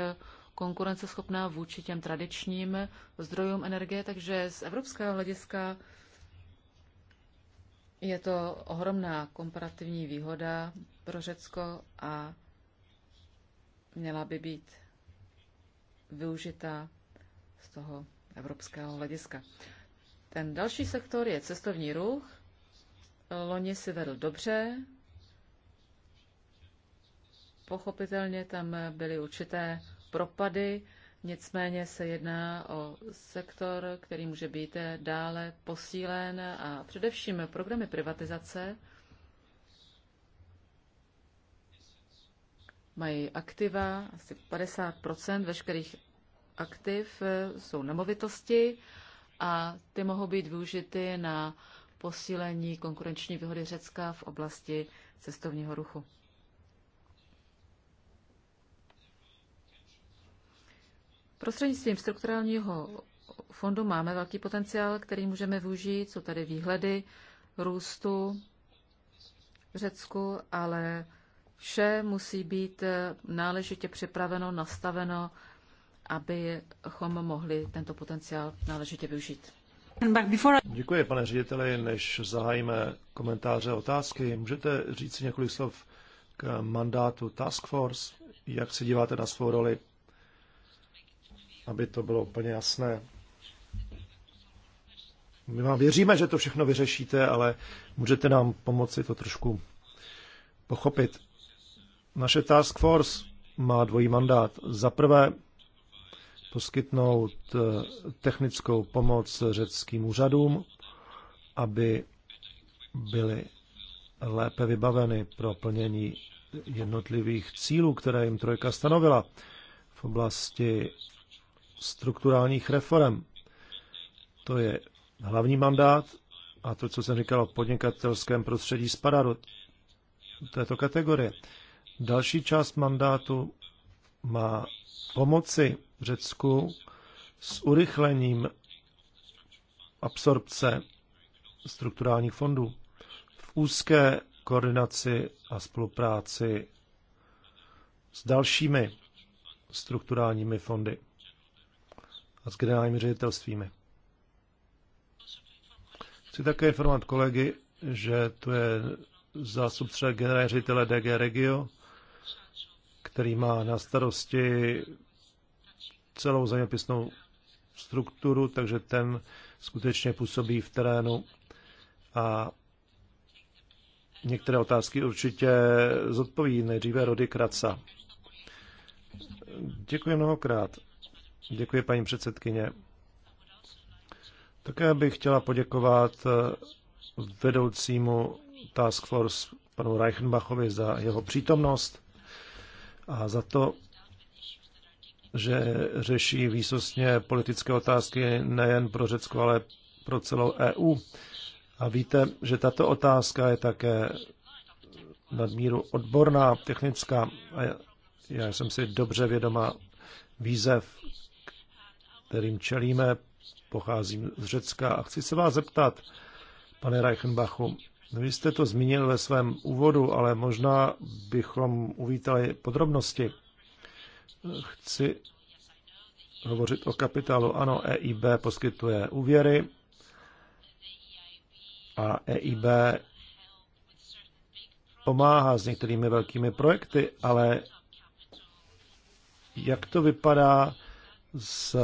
konkurenceschopná vůči těm tradičním zdrojům energie, takže z evropského hlediska je to ohromná komparativní výhoda pro Řecko a měla by být využita z toho evropského hlediska. Ten další sektor je cestovní ruch. Loni si vedl dobře. Pochopitelně tam byly určité propady, nicméně se jedná o sektor, který může být dále posílen a především programy privatizace mají aktiva, asi 50 veškerých aktiv eh, jsou nemovitosti a ty mohou být využity na posílení konkurenční výhody Řecka v oblasti cestovního ruchu. Prostřednictvím strukturálního fondu máme velký potenciál, který můžeme využít. Jsou tady výhledy růstu v Řecku, ale Vše musí být eh, náležitě připraveno, nastaveno, abychom mohli tento potenciál náležitě využít. Děkuji, pane řediteli. Než zahájíme komentáře a otázky, můžete říct několik slov k mandátu Task Force? Jak se díváte na svou roli? Aby to bylo úplně jasné. My vám věříme, že to všechno vyřešíte, ale můžete nám pomoci to trošku pochopit. Naše task force má dvojí mandát. Za prvé poskytnout eh, technickou pomoc řeckým úřadům, aby byly lépe vybaveny pro plnění jednotlivých cílů, které jim Trojka stanovila v oblasti strukturálních reform. To je hlavní mandát a to, co jsem říkal o podnikatelském prostředí, spadá do této kategorie. Další část mandátu má pomoci Řecku s urychlením absorpce strukturálních fondů v úzké koordinaci a spolupráci s dalšími strukturálními fondy a s generálními ředitelstvími. Chci také informovat kolegy, že to je zástupce generální ředitele DG Regio který má na starosti celou zeměpisnou strukturu, takže ten skutečně působí v terénu a některé otázky určitě zodpoví nejdříve Rody Kraca. Děkuji mnohokrát. Děkuji, paní předsedkyně. Také bych chtěla poděkovat vedoucímu Task Force panu Reichenbachovi za jeho přítomnost a za to, že řeší výsostně politické otázky nejen pro Řecko, ale pro celou EU. A víte, že tato otázka je také nadmíru odborná, technická a já jsem si dobře vědoma výzev, kterým čelíme, pocházím z Řecka a chci se vás zeptat, pane Reichenbachu, vy jste to zmínil ve svém úvodu, ale možná bychom uvítali podrobnosti. Chci hovořit o kapitálu. Ano, EIB poskytuje úvěry a EIB pomáhá s některými velkými projekty, ale jak to vypadá s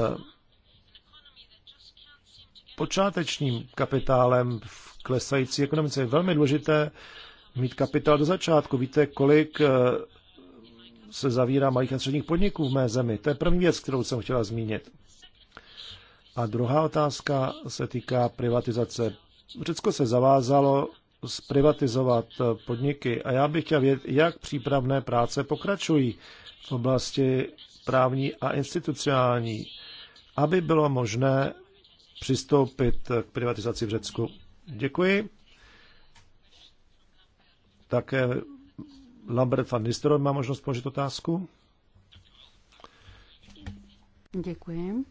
počátečním kapitálem v klesající ekonomice. Je velmi důležité mít kapitál do začátku. Víte, kolik eh, se zavírá malých a středních podniků v mé zemi. To je první věc, kterou jsem chtěla zmínit. A druhá otázka se týká privatizace. Řecko se zavázalo zprivatizovat eh, podniky a já bych chtěl vědět, jak přípravné práce pokračují v oblasti právní a institucionální, aby bylo možné přistoupit k privatizaci v Řecku. Děkuji. Také Lambert van Nistelrooy má možnost položit otázku. Děkuji.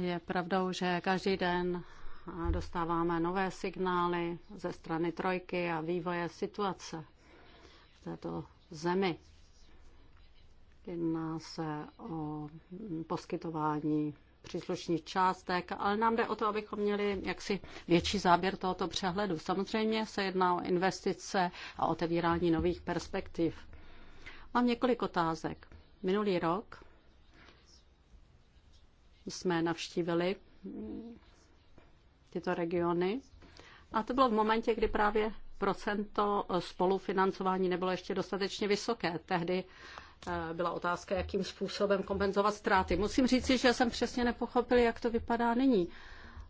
Je pravdou, že každý den dostáváme nové signály ze strany trojky a vývoje situace v této zemi. Jedná se o poskytování příslušných částek, ale nám jde o to, abychom měli jaksi větší záběr tohoto přehledu. Samozřejmě se jedná o investice a otevírání nových perspektiv. Mám několik otázek. Minulý rok jsme navštívili tyto regiony a to bylo v momentě, kdy právě procento spolufinancování nebylo ještě dostatečně vysoké. Tehdy Eh, byla otázka, jakým způsobem kompenzovat ztráty. Musím říci, že jsem přesně nepochopil, jak to vypadá nyní.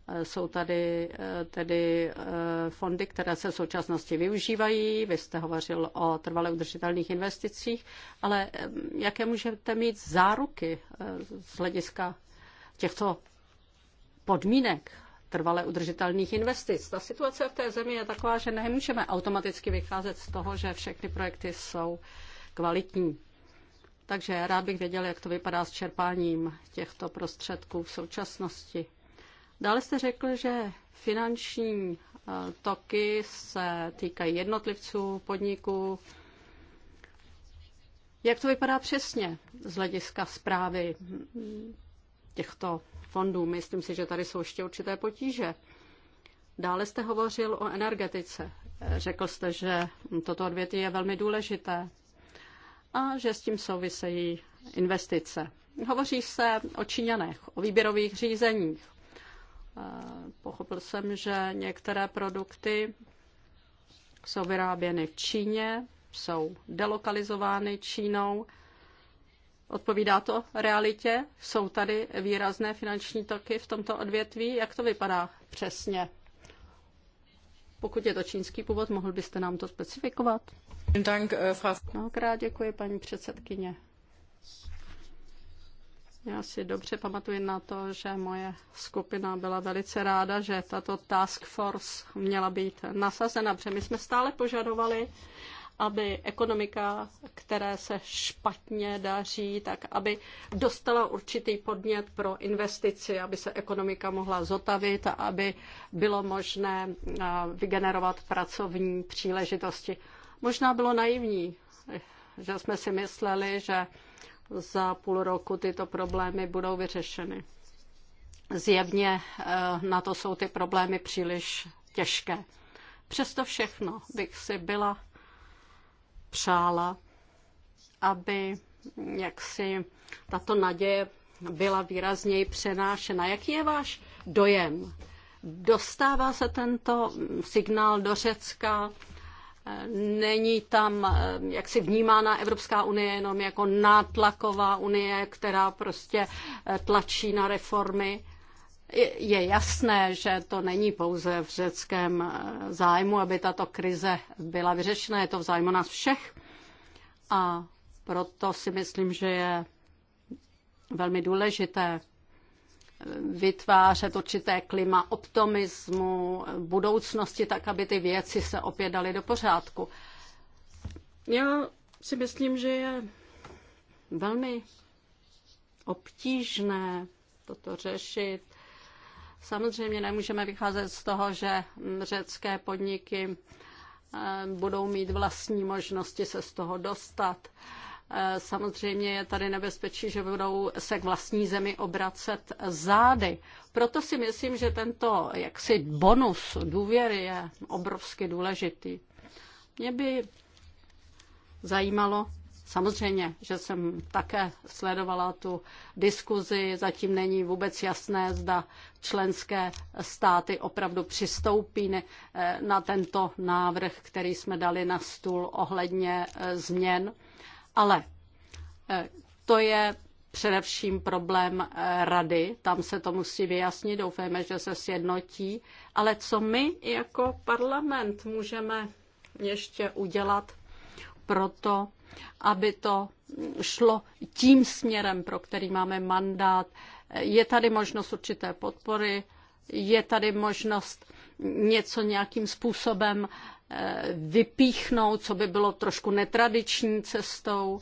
Eh, jsou tady eh, tedy fondy, které se v současnosti využívají. Vy jste hovořil o trvale udržitelných investicích, ale jaké můžete mít záruky z hlediska těchto podmínek trvale udržitelných investic. Ta situace v té zemi je taková, že nemůžeme automaticky vycházet z toho, že všechny projekty jsou kvalitní. Takže rád bych věděl, jak to vypadá s čerpáním těchto prostředků v současnosti. Dále jste řekl, že finanční eh, toky se týkají jednotlivců, podniků. Jak to vypadá přesně z hlediska zprávy těchto fondů? Myslím si, že tady jsou ještě určité potíže. Dále jste hovořil o energetice. Eh, řekl jste, že toto odvětví je velmi důležité a že s tím souvisejí investice. Hovoří se o Číňanech, o výběrových řízeních. Eh, pochopil jsem, že některé produkty jsou vyráběny v Číně, jsou delokalizovány Čínou. Odpovídá to realitě? Jsou tady výrazné finanční toky v tomto odvětví? Jak to vypadá přesně? Pokud je to čínský původ, mohl byste nám to specifikovat? Eh, Mnohokrát děkuji, paní předsedkyně. Já si dobře pamatuji na to, že moje skupina byla velice ráda, že tato task force měla být nasazena, protože my jsme stále požadovali, aby ekonomika, které se špatně daří, tak aby dostala určitý podnět pro investici, aby se ekonomika mohla zotavit a aby bylo možné eh, vygenerovat pracovní příležitosti. Možná bylo naivní, že jsme si mysleli, že za půl roku tyto problémy budou vyřešeny. Zjevně eh, na to jsou ty problémy příliš těžké. Přesto všechno bych si byla přála, aby jaksi tato naděje byla výrazněji přenášena. Jaký je váš dojem? Dostává se tento signál do Řecka? Není tam, eh, jak si vnímána Evropská unie, jenom jako nátlaková unie, která prostě eh, tlačí na reformy. Je jasné, že to není pouze v řeckém eh, zájmu, aby tato krize byla vyřešena, je to v zájmu nás všech. A proto si myslím, že je velmi důležité vytvářet určité klima optimismu, budoucnosti, tak aby ty věci se opět daly do pořádku. Já si myslím, že je velmi obtížné toto řešit. Samozřejmě nemůžeme vycházet z toho, že řecké podniky eh, budou mít vlastní možnosti se z toho dostat. Eh, samozřejmě je tady nebezpečí, že budou se k vlastní zemi obracet zády. Proto si myslím, že tento jaksi bonus důvěry je obrovsky důležitý. Mě by zajímalo, Samozřejmě, že jsem také sledovala tu diskuzi. Zatím není vůbec jasné, zda členské státy opravdu přistoupí eh, na tento návrh, který jsme dali na stůl ohledně eh, změn. Ale eh, to je především problém eh, rady, tam se to musí vyjasnit, doufejme, že se sjednotí, ale co my jako parlament můžeme ještě udělat pro to, aby to šlo tím směrem, pro který máme mandát. Eh, je tady možnost určité podpory, je tady možnost něco nějakým způsobem vypíchnout, co by bylo trošku netradiční cestou.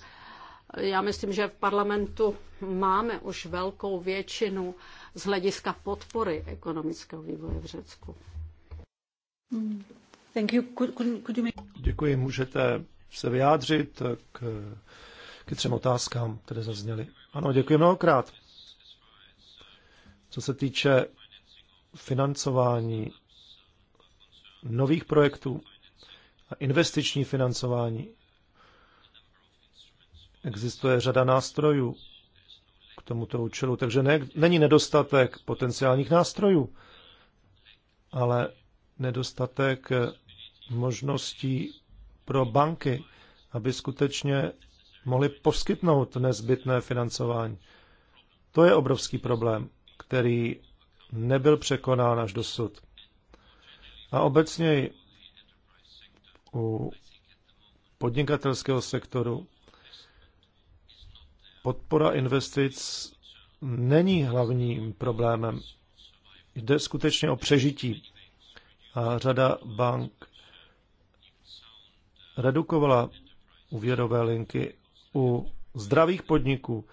Já myslím, že v parlamentu máme už velkou většinu z hlediska podpory ekonomického vývoje v Řecku. Thank you. Could, could you make... Děkuji. Můžete se vyjádřit k, k třem otázkám, které zazněly. Ano, děkuji mnohokrát. Co se týče financování nových projektů, a investiční financování. Existuje řada nástrojů k tomuto účelu, takže ne, není nedostatek potenciálních nástrojů, ale nedostatek možností pro banky, aby skutečně mohli poskytnout nezbytné financování. To je obrovský problém, který nebyl překonán až dosud. A obecněji u podnikatelského sektoru. Podpora investic není hlavním problémem. Jde skutečně o přežití. A řada bank redukovala úvěrové linky u zdravých podniků,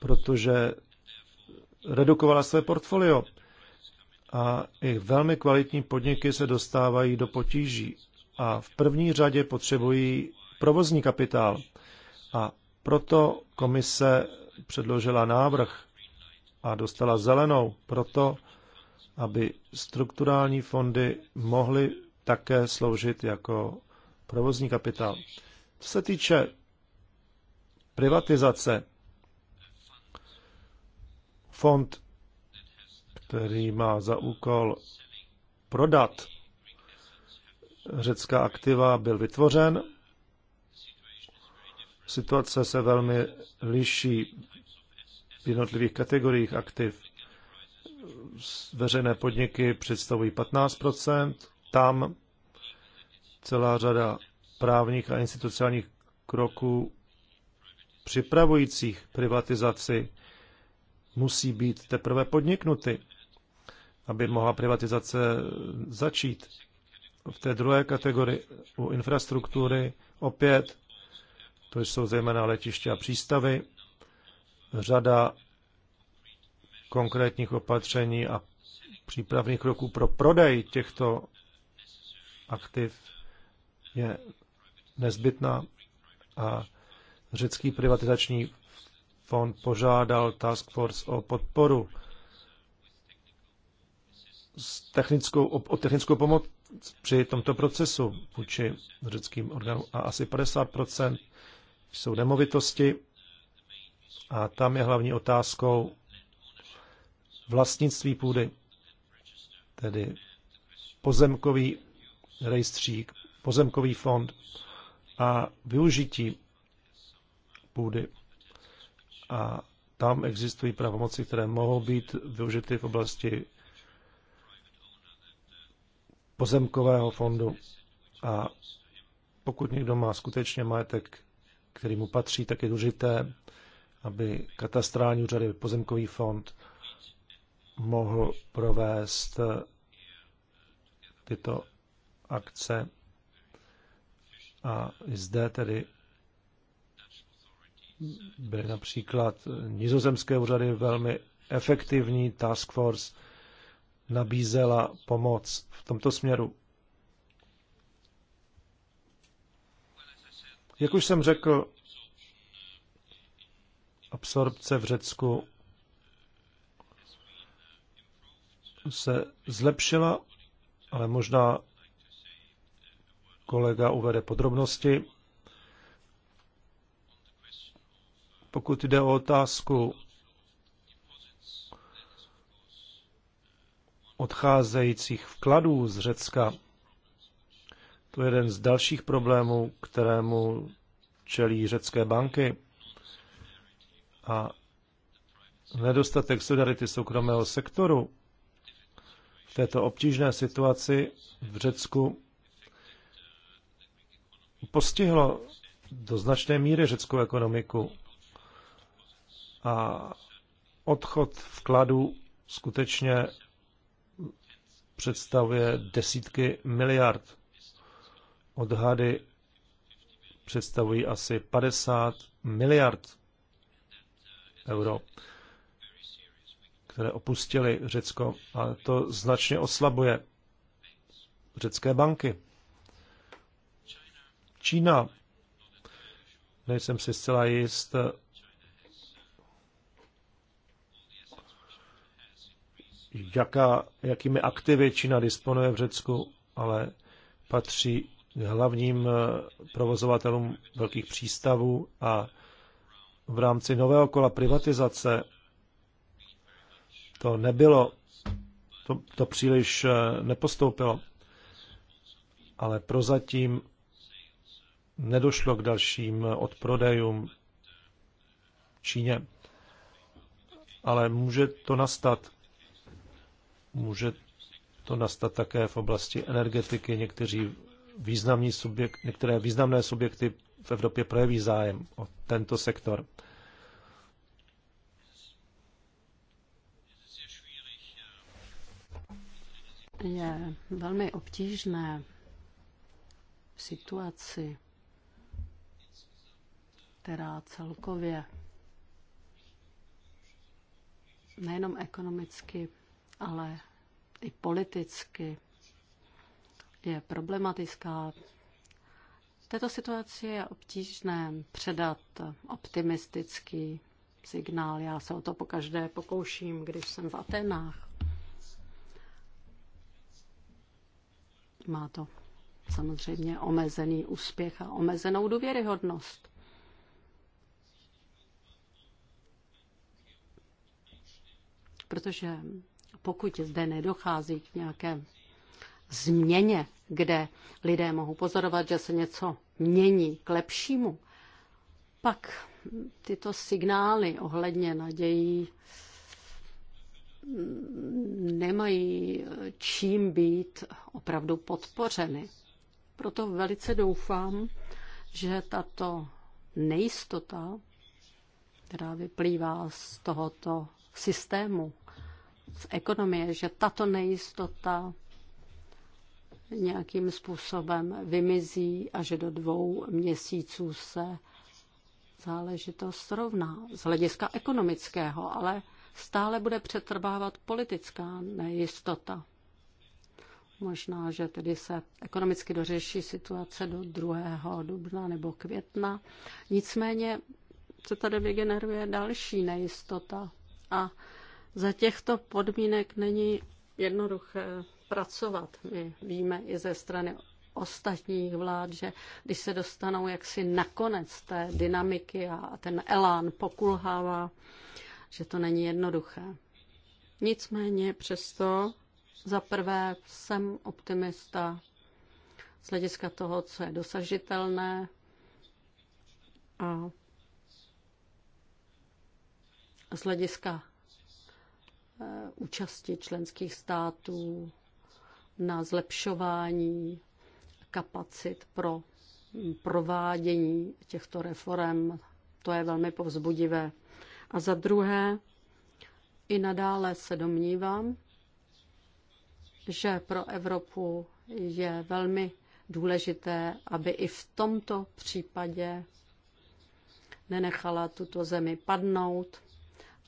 protože redukovala své portfolio. A i velmi kvalitní podniky se dostávají do potíží a v první řadě potřebují provozní kapitál. A proto komise předložila návrh a dostala zelenou proto, aby strukturální fondy mohly také sloužit jako provozní kapitál. Co se týče privatizace, fond, který má za úkol prodat řecká aktiva byl vytvořen. Situace se velmi liší v jednotlivých kategoriích aktiv. Veřejné podniky představují 15 tam celá řada právních a institucionálních kroků připravujících privatizaci musí být teprve podniknuty, aby mohla privatizace začít v té druhé kategorii u infrastruktury opět, to jsou zejména letiště a přístavy, řada konkrétních opatření a přípravných kroků pro prodej těchto aktiv je nezbytná a řecký privatizační fond požádal Task Force o podporu s technickou, o, o technickou pomoc při tomto procesu vůči řeckým orgánům a asi 50% jsou nemovitosti a tam je hlavní otázkou vlastnictví půdy, tedy pozemkový rejstřík, pozemkový fond a využití půdy. A tam existují pravomoci, které mohou být využity v oblasti pozemkového fondu. A pokud někdo má skutečně majetek, který mu patří, tak je důležité, aby katastrální úřady, pozemkový fond mohl provést eh, tyto akce. A zde tedy byly například eh, nizozemské úřady velmi efektivní task force, nabízela pomoc v tomto směru. Jak už jsem řekl, absorpce v Řecku se zlepšila, ale možná kolega uvede podrobnosti. Pokud jde o otázku odcházejících vkladů z Řecka. To je jeden z dalších problémů, kterému čelí řecké banky. A nedostatek solidarity soukromého sektoru v této obtížné situaci v Řecku postihlo do značné míry řeckou ekonomiku a odchod vkladu skutečně představuje desítky miliard. Odhady představují asi 50 miliard euro, které opustili Řecko. A to značně oslabuje řecké banky. Čína, nejsem si zcela jist, jaká, jakými aktivy Čína disponuje v Řecku, ale patří hlavním eh, provozovatelům velkých přístavů a v rámci nového kola privatizace to nebylo, to, to příliš eh, nepostoupilo, ale prozatím nedošlo k dalším eh, odprodejům Číně. Ale může to nastat. Může to nastat také v oblasti energetiky. Někteří významní subjekt, některé významné subjekty v Evropě projeví zájem o tento sektor. Je velmi obtížné v situaci, která celkově nejenom ekonomicky ale i politicky je problematická. V této situaci je obtížné předat optimistický signál. Já se o to pokaždé pokouším, když jsem v Atenách. Má to samozřejmě omezený úspěch a omezenou důvěryhodnost. Protože pokud zde nedochází k nějaké změně, kde lidé mohou pozorovat, že se něco mění k lepšímu, pak tyto signály ohledně nadějí mm, nemají čím být opravdu podpořeny. Proto velice doufám, že tato nejistota, která vyplývá z tohoto systému z ekonomie, že tato nejistota nějakým způsobem vymizí a že do dvou měsíců se záležitost rovná z hlediska ekonomického, ale stále bude přetrvávat politická nejistota. Možná, že tedy se ekonomicky dořeší situace do 2. dubna nebo května. Nicméně se tady vygeneruje další nejistota a za těchto podmínek není jednoduché pracovat. My víme i ze strany ostatních vlád, že když se dostanou jaksi nakonec té dynamiky a ten elán pokulhává, že to není jednoduché. Nicméně přesto za prvé jsem optimista z hlediska toho, co je dosažitelné a z hlediska Eh, účasti členských států na zlepšování kapacit pro provádění těchto reform. To je velmi povzbudivé. A za druhé, i nadále se domnívám, že pro Evropu je velmi důležité, aby i v tomto případě nenechala tuto zemi padnout,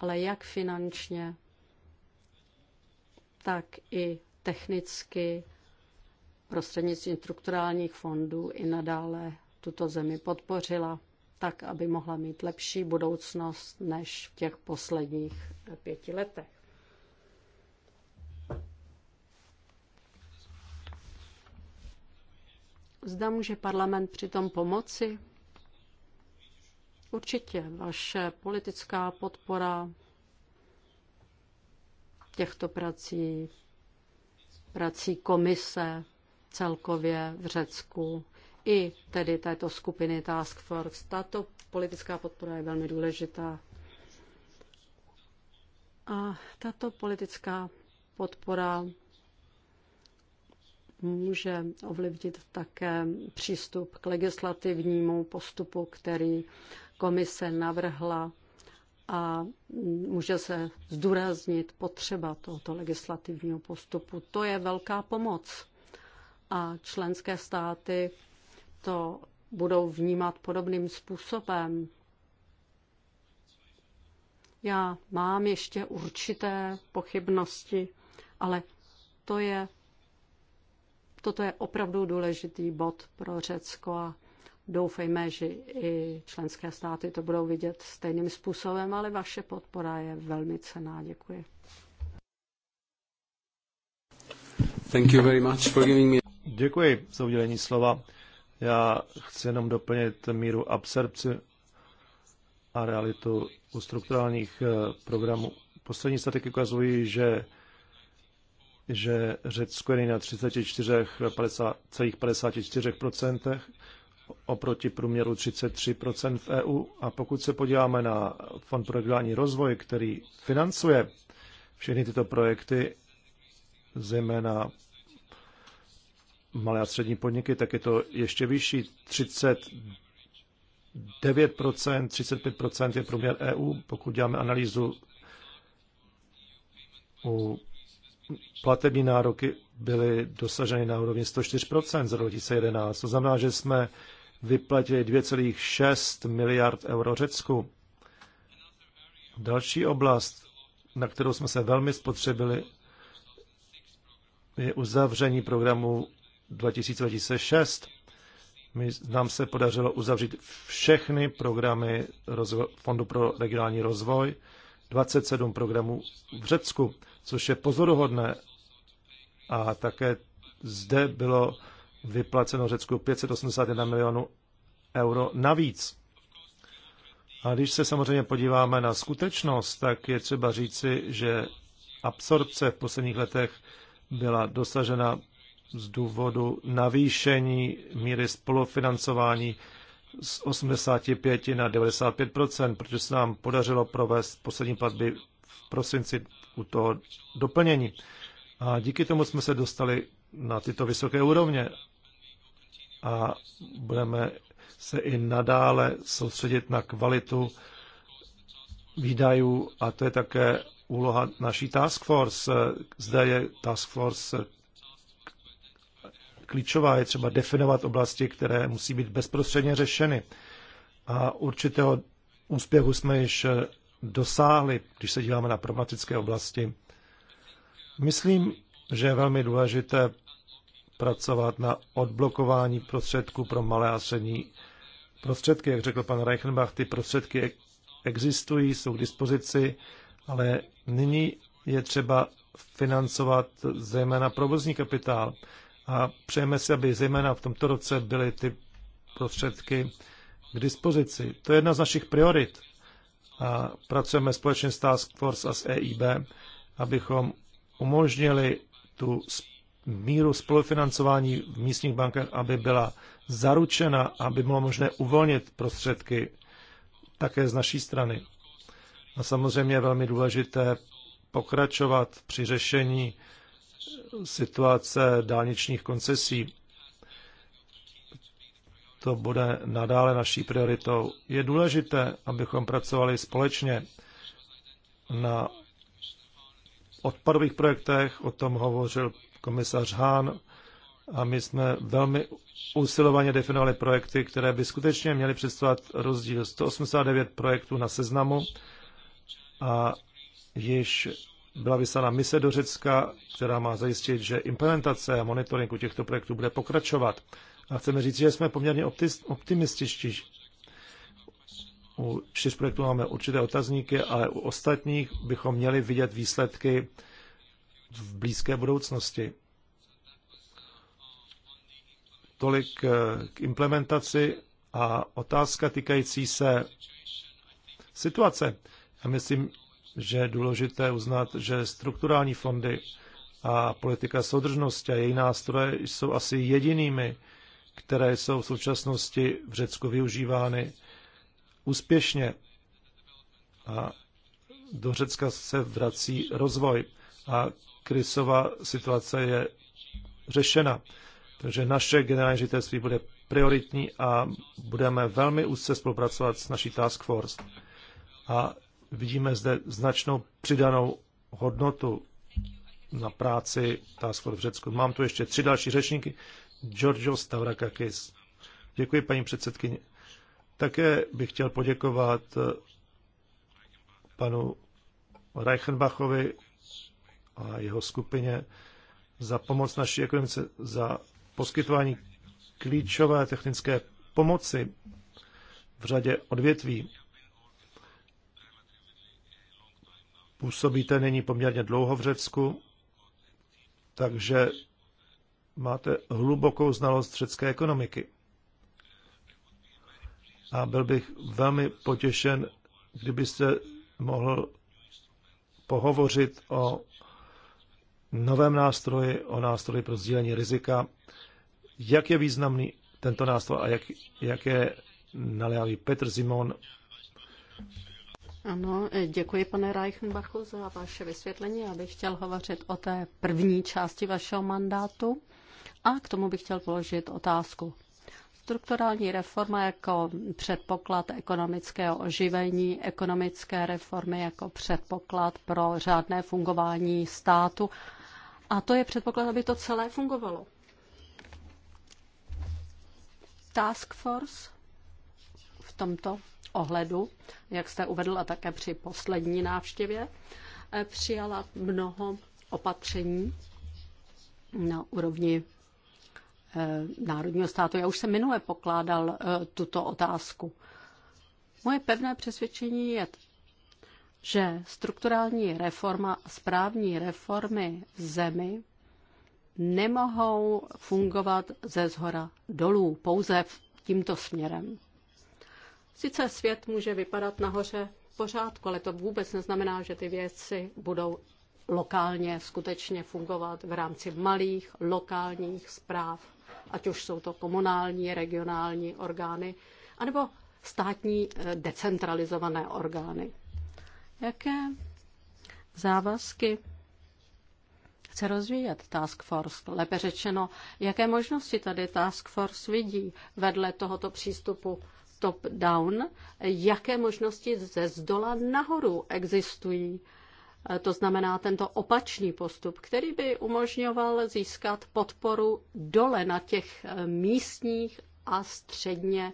ale jak finančně, tak i technicky prostřednictvím strukturálních fondů i nadále tuto zemi podpořila, tak aby mohla mít lepší budoucnost než v těch posledních eh, pěti letech. Zda může parlament přitom pomoci? Určitě vaše politická podpora těchto prací, prací komise celkově v Řecku i tedy této skupiny Task Force. Tato politická podpora je velmi důležitá. A tato politická podpora může ovlivnit také přístup k legislativnímu postupu, který komise navrhla a může se zdůraznit potřeba tohoto legislativního postupu. To je velká pomoc a členské státy to budou vnímat podobným způsobem. Já mám ještě určité pochybnosti, ale to je, toto je opravdu důležitý bod pro Řecko a Doufejme, že i členské státy to budou vidět stejným způsobem, ale vaše podpora je velmi cená. Děkuji. Thank you very much for giving me... Děkuji za udělení slova. Já chci jenom doplnit míru absorpce a realitu u strukturálních eh, programů. Poslední statiky ukazují, že, že Řecko je na 34,54% oproti průměru 33% v EU. A pokud se podíváme na Fond pro regionální rozvoj, který financuje všechny tyto projekty, zejména malé a střední podniky, tak je to ještě vyšší. 39%, 35% je průměr EU. Pokud děláme analýzu u platební nároky byly dosaženy na úrovni 104% roku 2011. To znamená, že jsme vyplatili 2,6 miliard euro Řecku. Další oblast, na kterou jsme se velmi spotřebili, je uzavření programu 2026. My, nám se podařilo uzavřít všechny programy rozvo- Fondu pro regionální rozvoj, 27 programů v Řecku, což je pozoruhodné. A také zde bylo vyplaceno Řecku 581 milionů euro navíc. A když se samozřejmě podíváme na skutečnost, tak je třeba říci, že absorpce v posledních letech byla dosažena z důvodu navýšení míry spolufinancování z 85 na 95 protože se nám podařilo provést poslední platby v prosinci u toho doplnění. A díky tomu jsme se dostali na tyto vysoké úrovně. A budeme se i nadále soustředit na kvalitu výdajů a to je také úloha naší task force. Zde je task force klíčová, je třeba definovat oblasti, které musí být bezprostředně řešeny. A určitého úspěchu jsme již dosáhli, když se díváme na problematické oblasti. Myslím, že je velmi důležité pracovat na odblokování prostředků pro malé a střední prostředky. Jak řekl pan Reichenbach, ty prostředky existují, jsou k dispozici, ale nyní je třeba financovat zejména provozní kapitál. A přejeme si, aby zejména v tomto roce byly ty prostředky k dispozici. To je jedna z našich priorit. A pracujeme společně s Task Force a s EIB, abychom umožnili tu míru spolufinancování v místních bankách, aby byla zaručena, aby bylo možné uvolnit prostředky také z naší strany. A samozřejmě je velmi důležité pokračovat při řešení situace dálničních koncesí. To bude nadále naší prioritou. Je důležité, abychom pracovali společně na odpadových projektech, o tom hovořil komisař Hahn a my jsme velmi usilovaně definovali projekty, které by skutečně měly představovat rozdíl 189 projektů na seznamu a již byla vysána mise do Řecka, která má zajistit, že implementace a monitoring u těchto projektů bude pokračovat. A chceme říct, že jsme poměrně optimističtí, u čtyř projektů máme určité otazníky, ale u ostatních bychom měli vidět výsledky v blízké budoucnosti. Tolik eh, k implementaci a otázka týkající se situace. Já myslím, že je důležité uznat, že strukturální fondy a politika soudržnosti a její nástroje jsou asi jedinými, které jsou v současnosti v Řecku využívány úspěšně a do Řecka se vrací rozvoj a krysová situace je řešena. Takže naše generální ředitelství bude prioritní a budeme velmi úzce spolupracovat s naší task force. A vidíme zde značnou přidanou hodnotu na práci task force v Řecku. Mám tu ještě tři další řečníky. Georgios Stavrakakis. Děkuji, paní předsedkyně. Také bych chtěl poděkovat eh, panu Reichenbachovi a jeho skupině za pomoc naší ekonomice, za poskytování klíčové technické pomoci v řadě odvětví. Působíte nyní poměrně dlouho v Řecku, takže máte hlubokou znalost řecké ekonomiky a byl bych velmi potěšen, kdybyste mohl pohovořit o novém nástroji, o nástroji pro sdílení rizika, jak je významný tento nástroj a jak, jak je naléhavý Petr Simon. Ano, děkuji pane Reichenbachu za vaše vysvětlení. Já bych chtěl hovořit o té první části vašeho mandátu a k tomu bych chtěl položit otázku. Strukturální reforma jako předpoklad ekonomického oživení, ekonomické reformy jako předpoklad pro řádné fungování státu. A to je předpoklad, aby to celé fungovalo. Task Force v tomto ohledu, jak jste uvedl a také při poslední návštěvě, eh, přijala mnoho opatření na úrovni Eh, národního státu. Já už jsem minule pokládal eh, tuto otázku. Moje pevné přesvědčení je, že strukturální reforma a správní reformy v zemi nemohou fungovat ze zhora dolů, pouze v tímto směrem. Sice svět může vypadat nahoře v pořádku, ale to vůbec neznamená, že ty věci budou lokálně skutečně fungovat v rámci malých lokálních zpráv ať už jsou to komunální, regionální orgány, anebo státní eh, decentralizované orgány. Jaké závazky chce rozvíjet Task Force? Lépe řečeno, jaké možnosti tady Task Force vidí vedle tohoto přístupu top-down? Jaké možnosti ze zdola nahoru existují? to znamená tento opačný postup, který by umožňoval získat podporu dole na těch eh, místních a středně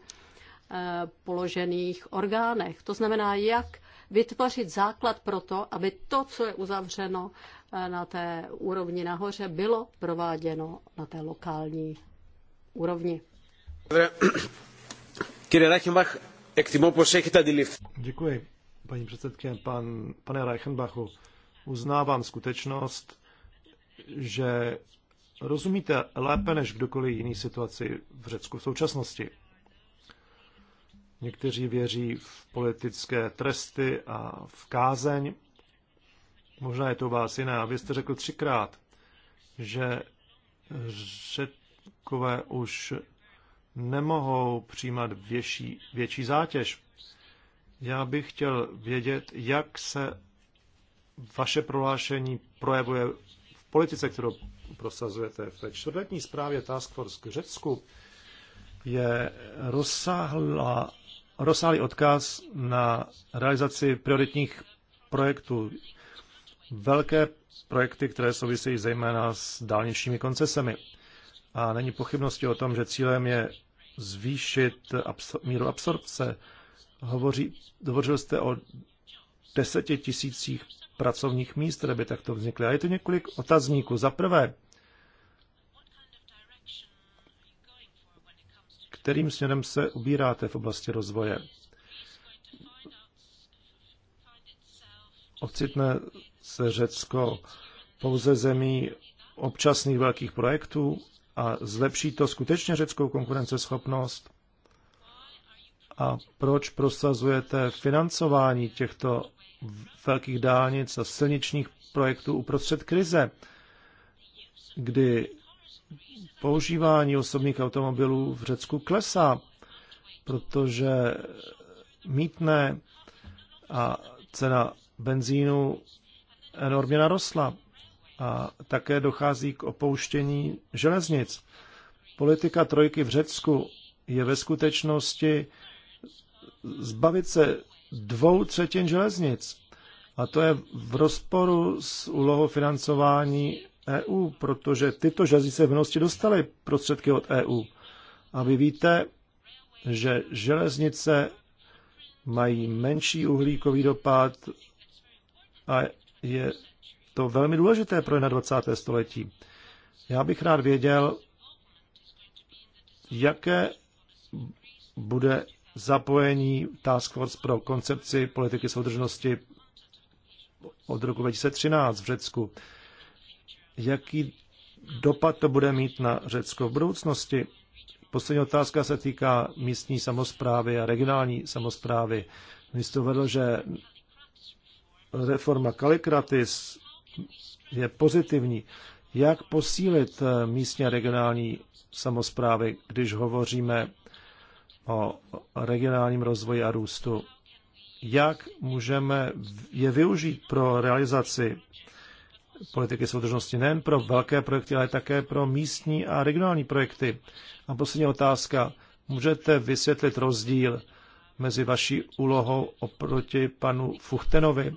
eh, položených orgánech. To znamená, jak vytvořit základ pro to, aby to, co je uzavřeno eh, na té úrovni nahoře, bylo prováděno na té lokální úrovni. Děkuji paní předsedkyně, pan, pane Reichenbachu. Uznávám skutečnost, že rozumíte lépe než kdokoliv jiný situaci v Řecku v současnosti. Někteří věří v politické tresty a v kázeň. Možná je to u vás jiné. A vy jste řekl třikrát, že Řekové už nemohou přijímat větší, větší zátěž. Já bych chtěl vědět, jak se vaše prohlášení projevuje v politice, kterou prosazujete. V čtvrtletní zprávě Task Force k Řecku je rozsáhlá, rozsáhlý odkaz na realizaci prioritních projektů. Velké projekty, které souvisejí zejména s dálničními koncesemi. A není pochybnosti o tom, že cílem je zvýšit absor- míru absorpce Hovoří, hovořil jste o deseti tisících pracovních míst, které by takto vznikly. A je to několik otazníků. Za prvé, kterým směrem se ubíráte v oblasti rozvoje? Ocitne se Řecko pouze zemí občasných velkých projektů a zlepší to skutečně řeckou konkurenceschopnost? a proč prosazujete financování těchto velkých dálnic a silničních projektů uprostřed krize, kdy používání osobních automobilů v Řecku klesá, protože mítné a cena benzínu enormně narostla a také dochází k opouštění železnic. Politika trojky v Řecku je ve skutečnosti zbavit se dvou třetin železnic. A to je v rozporu s úlohou financování EU, protože tyto železnice v minulosti dostaly prostředky od EU. A vy víte, že železnice mají menší uhlíkový dopad a je to velmi důležité pro 21. století. Já bych rád věděl, jaké bude zapojení Task Force pro koncepci politiky soudržnosti od roku 2013 v Řecku. Jaký dopad to bude mít na Řecko v budoucnosti? Poslední otázka se týká místní samozprávy a regionální samozprávy. Vy jste že reforma Kalikratis je pozitivní. Jak posílit místní a regionální samozprávy, když hovoříme o regionálním rozvoji a růstu. Jak můžeme je využít pro realizaci politiky soudržnosti nejen pro velké projekty, ale také pro místní a regionální projekty. A poslední otázka. Můžete vysvětlit rozdíl mezi vaší úlohou oproti panu Fuchtenovi?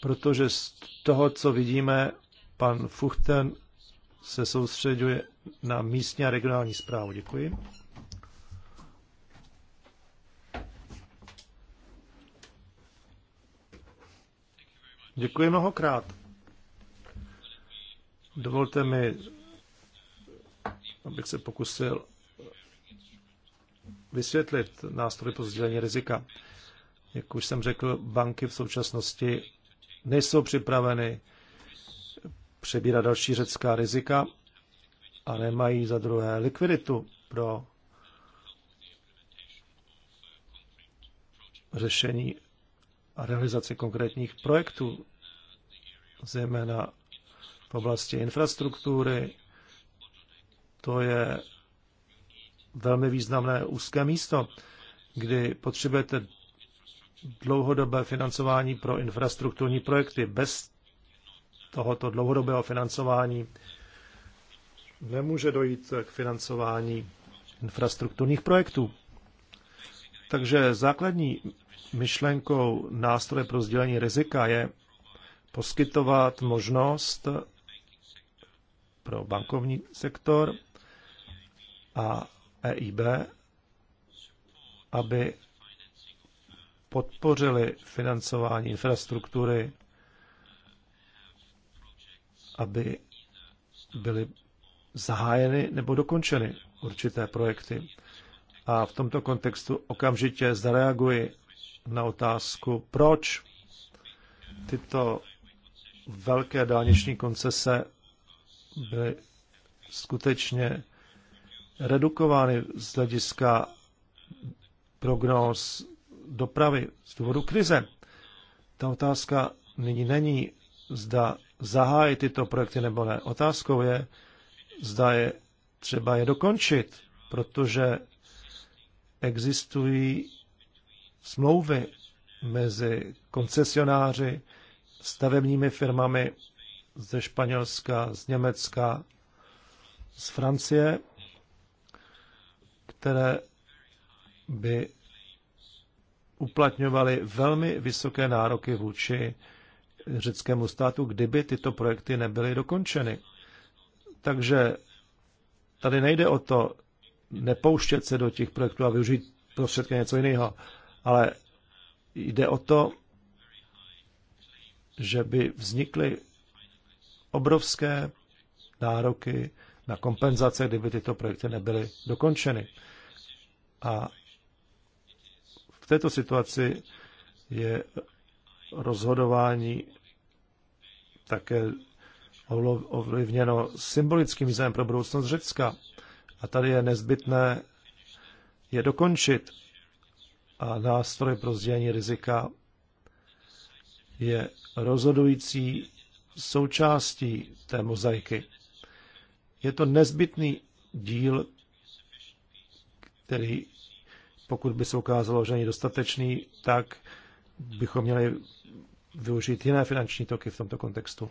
Protože z toho, co vidíme, pan Fuchten se soustředuje na místní a regionální zprávu. Děkuji. Děkuji mnohokrát. Dovolte mi, abych se pokusil vysvětlit nástroj pro sdílení rizika. Jak už jsem řekl, banky v současnosti nejsou připraveny přebírat další řecká rizika a nemají za druhé likviditu pro řešení a realizaci konkrétních projektů, zejména v oblasti infrastruktury. To je velmi významné úzké místo, kdy potřebujete dlouhodobé financování pro infrastrukturní projekty. Bez tohoto dlouhodobého financování nemůže dojít k financování infrastrukturních projektů. Takže základní myšlenkou nástroje pro sdílení rizika je poskytovat možnost pro bankovní sektor a EIB, aby podpořili financování infrastruktury, aby byly zahájeny nebo dokončeny určité projekty. A v tomto kontextu okamžitě zareaguji na otázku, proč tyto velké dálniční koncese byly skutečně redukovány z hlediska prognóz dopravy z důvodu krize. Ta otázka nyní není, zda zahájit tyto projekty nebo ne. Otázkou je, zda je třeba je dokončit, protože existují smlouvy mezi koncesionáři, stavebními firmami ze Španělska, z Německa, z Francie, které by uplatňovaly velmi vysoké nároky vůči řeckému státu, kdyby tyto projekty nebyly dokončeny. Takže tady nejde o to nepouštět se do těch projektů a využít prostředky něco jiného, ale jde o to, že by vznikly obrovské nároky na kompenzace, kdyby tyto projekty nebyly dokončeny. A v této situaci je rozhodování také ovlivněno symbolickým zájem pro budoucnost Řecka. A tady je nezbytné je dokončit a nástroj pro sdělení rizika je rozhodující součástí té mozaiky. Je to nezbytný díl, který, pokud by se ukázalo, že není dostatečný, tak bychom měli využít jiné finanční toky v tomto kontextu.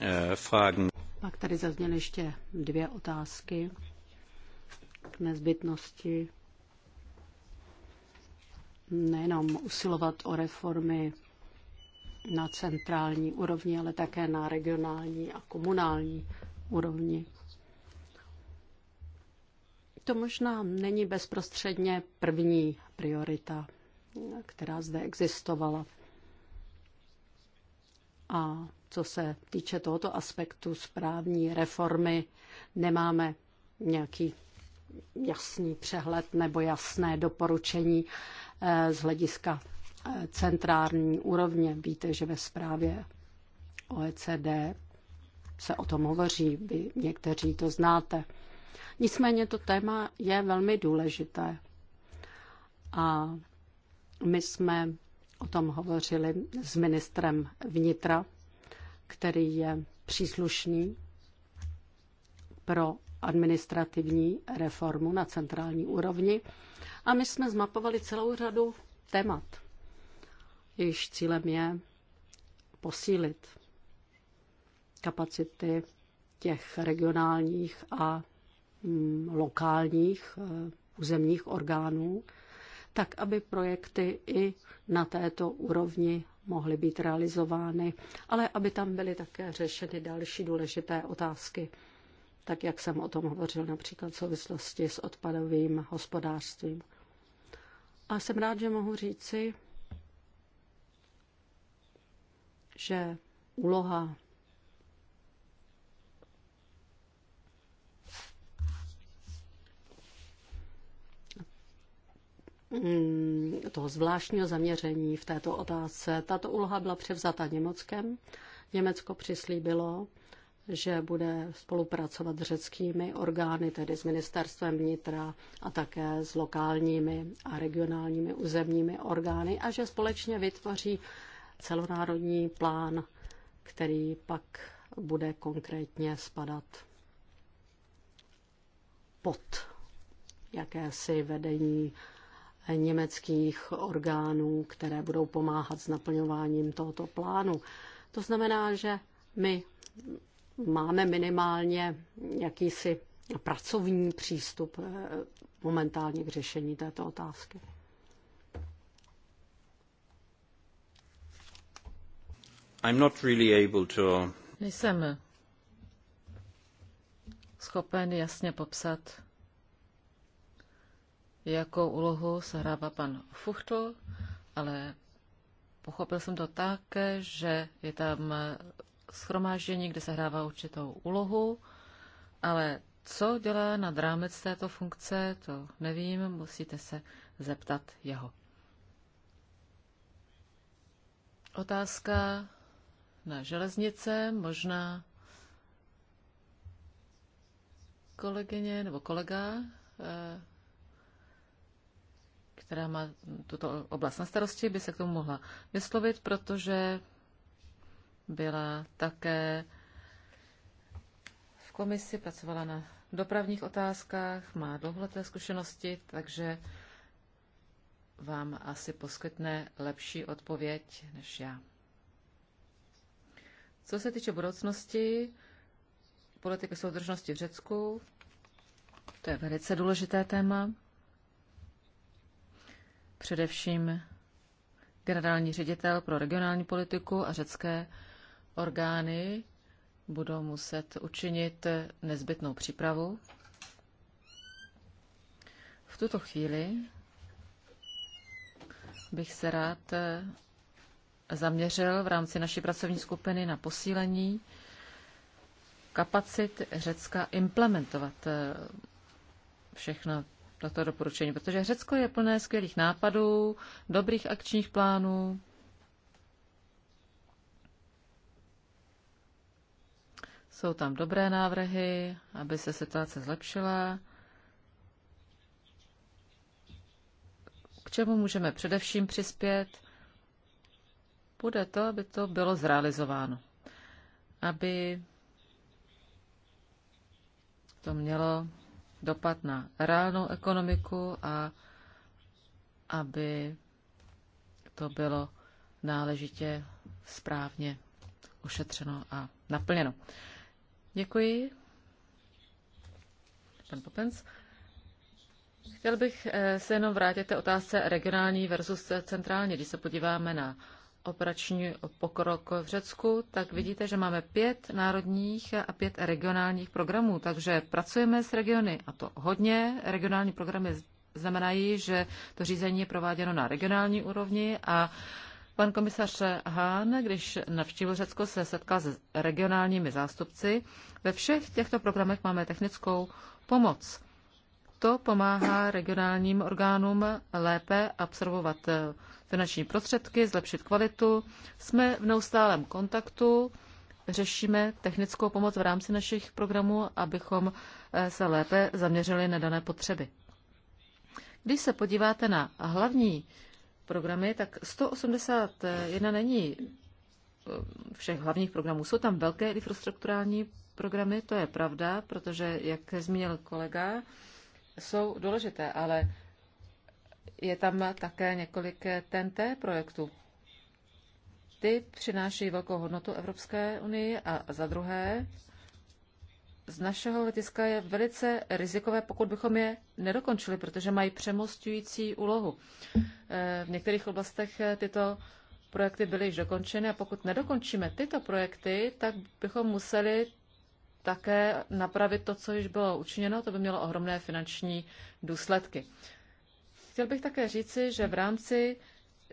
Eh, Fragen. Pak tady zazněly ještě dvě otázky nezbytnosti nejenom usilovat o reformy na centrální úrovni, ale také na regionální a komunální úrovni. To možná není bezprostředně první priorita, která zde existovala. A co se týče tohoto aspektu správní reformy, nemáme nějaký jasný přehled nebo jasné doporučení eh, z hlediska eh, centrální úrovně. Víte, že ve zprávě OECD se o tom hovoří, vy někteří to znáte. Nicméně to téma je velmi důležité. A my jsme o tom hovořili s ministrem vnitra, který je příslušný pro administrativní reformu na centrální úrovni a my jsme zmapovali celou řadu témat. Jejíž cílem je posílit kapacity těch regionálních a mm, lokálních e, územních orgánů, tak aby projekty i na této úrovni mohly být realizovány, ale aby tam byly také řešeny další důležité otázky tak jak jsem o tom hovořil například v souvislosti s odpadovým hospodářstvím. A jsem rád, že mohu říci, že úloha mm, toho zvláštního zaměření v této otázce. Tato úloha byla převzata Německem. Německo přislíbilo, že bude spolupracovat s řeckými orgány, tedy s ministerstvem vnitra a také s lokálními a regionálními územními orgány a že společně vytvoří celonárodní plán, který pak bude konkrétně spadat pod jakési vedení německých orgánů, které budou pomáhat s naplňováním tohoto plánu. To znamená, že my máme minimálně jakýsi pracovní přístup eh, momentálně k řešení této otázky. I'm not really able to... Uh, Nejsem schopen jasně popsat, jakou úlohu sehrává pan Fuchtl, ale pochopil jsem to tak, že je tam schromáždění, kde se hrává určitou úlohu, ale co dělá na rámec této funkce, to nevím, musíte se zeptat jeho. Otázka na železnice, možná kolegyně nebo kolega, eh, která má tuto oblast na starosti, by se k tomu mohla vyslovit, protože byla také v komisi, pracovala na dopravních otázkách, má dlouholeté zkušenosti, takže vám asi poskytne lepší odpověď než já. Co se týče budoucnosti, politiky soudržnosti v Řecku, to je velice důležité téma. Především generální ředitel pro regionální politiku a řecké orgány budou muset učinit nezbytnou přípravu. V tuto chvíli bych se rád zaměřil v rámci naší pracovní skupiny na posílení kapacit Řecka implementovat eh, všechno toto doporučení, protože Řecko je plné skvělých nápadů, dobrých akčních plánů, Jsou tam dobré návrhy, aby se situace zlepšila. K čemu můžeme především přispět? Bude to, aby to bylo zrealizováno. Aby to mělo dopad na reálnou ekonomiku a aby to bylo náležitě správně ošetřeno a naplněno. Děkuji. Pan Popenc. Chtěl bych eh, se jenom vrátit té otázce regionální versus centrální. Když se podíváme na operační pokrok v Řecku, tak vidíte, že máme pět národních a pět regionálních programů, takže pracujeme s regiony a to hodně. Regionální programy znamenají, že to řízení je prováděno na regionální úrovni a Pan komisař Hahn, když navštívil Řecko, se setkal s regionálními zástupci. Ve všech těchto programech máme technickou pomoc. To pomáhá regionálním orgánům lépe absorbovat eh, finanční prostředky, zlepšit kvalitu. Jsme v neustálém kontaktu, řešíme technickou pomoc v rámci našich programů, abychom eh, se lépe zaměřili na dané potřeby. Když se podíváte na hlavní programy, tak 181 není eh, všech hlavních programů. Jsou tam velké infrastrukturální programy, to je pravda, protože, jak zmínil kolega, jsou důležité, ale je tam také několik TNT eh, projektů. Ty přináší velkou hodnotu Evropské unii a za druhé z našeho letiska je velice rizikové, pokud bychom je nedokončili, protože mají přemostující úlohu. Eh, v některých oblastech eh, tyto projekty byly již dokončeny a pokud nedokončíme tyto projekty, tak bychom museli také napravit to, co již bylo učiněno, to by mělo ohromné finanční důsledky. Chtěl bych také říci, že v rámci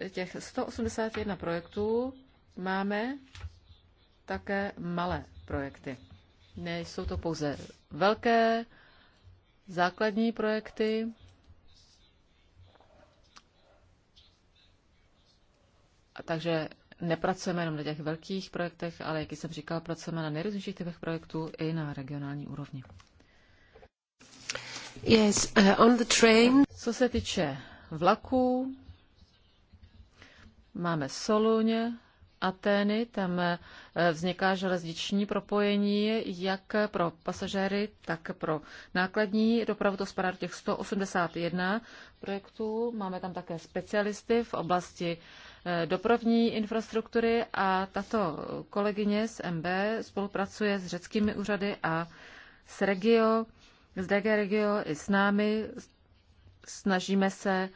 těch 181 projektů máme také malé projekty. Nejsou to pouze velké základní projekty, A takže nepracujeme jenom na těch velkých projektech, ale jak jsem říkal, pracujeme na nejrůznějších typech projektů i na regionální úrovni. Yes, uh, on the train. Co se týče vlaků, máme Soluně, Atény, tam eh, vzniká železniční propojení jak pro pasažéry, tak pro nákladní dopravu. To spadá do těch 181 projektů. Máme tam také specialisty v oblasti eh, dopravní infrastruktury a tato kolegyně z MB spolupracuje s řeckými úřady a s Regio, s DG Regio i s námi. Snažíme se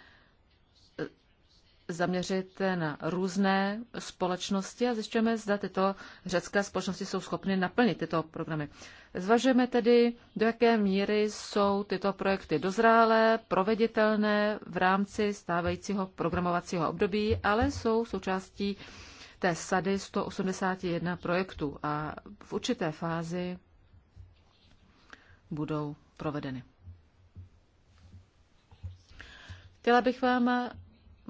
zaměřit na různé společnosti a zjišťujeme, zda tyto řecké společnosti jsou schopny naplnit tyto programy. Zvažujeme tedy, do jaké míry jsou tyto projekty dozrálé, proveditelné v rámci stávajícího programovacího období, ale jsou součástí té sady 181 projektů a v určité fázi budou provedeny. Chtěla bych vám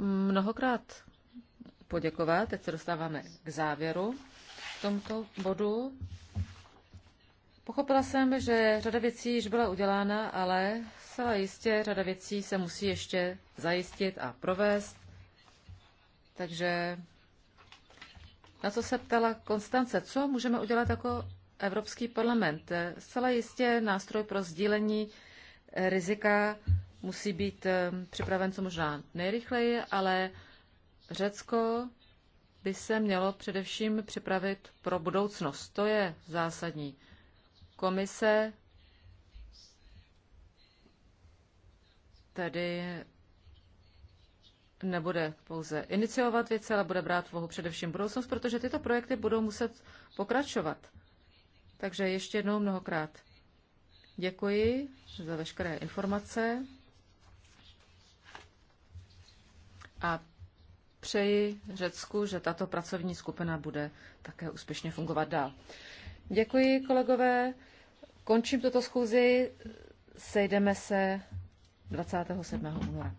mnohokrát poděkovat. Teď se dostáváme k závěru v tomto bodu. Pochopila jsem, že řada věcí již byla udělána, ale zcela jistě řada věcí se musí ještě zajistit a provést. Takže na co se ptala Konstance, co můžeme udělat jako Evropský parlament? Zcela jistě nástroj pro sdílení rizika musí být eh, připraven co možná nejrychleji, ale Řecko by se mělo především připravit pro budoucnost. To je zásadní. Komise tedy nebude pouze iniciovat věci, ale bude brát v úvahu především budoucnost, protože tyto projekty budou muset pokračovat. Takže ještě jednou mnohokrát děkuji za veškeré informace. a přeji Řecku, že tato pracovní skupina bude také úspěšně fungovat dál. Děkuji, kolegové. Končím toto schůzi. Sejdeme se 27. února.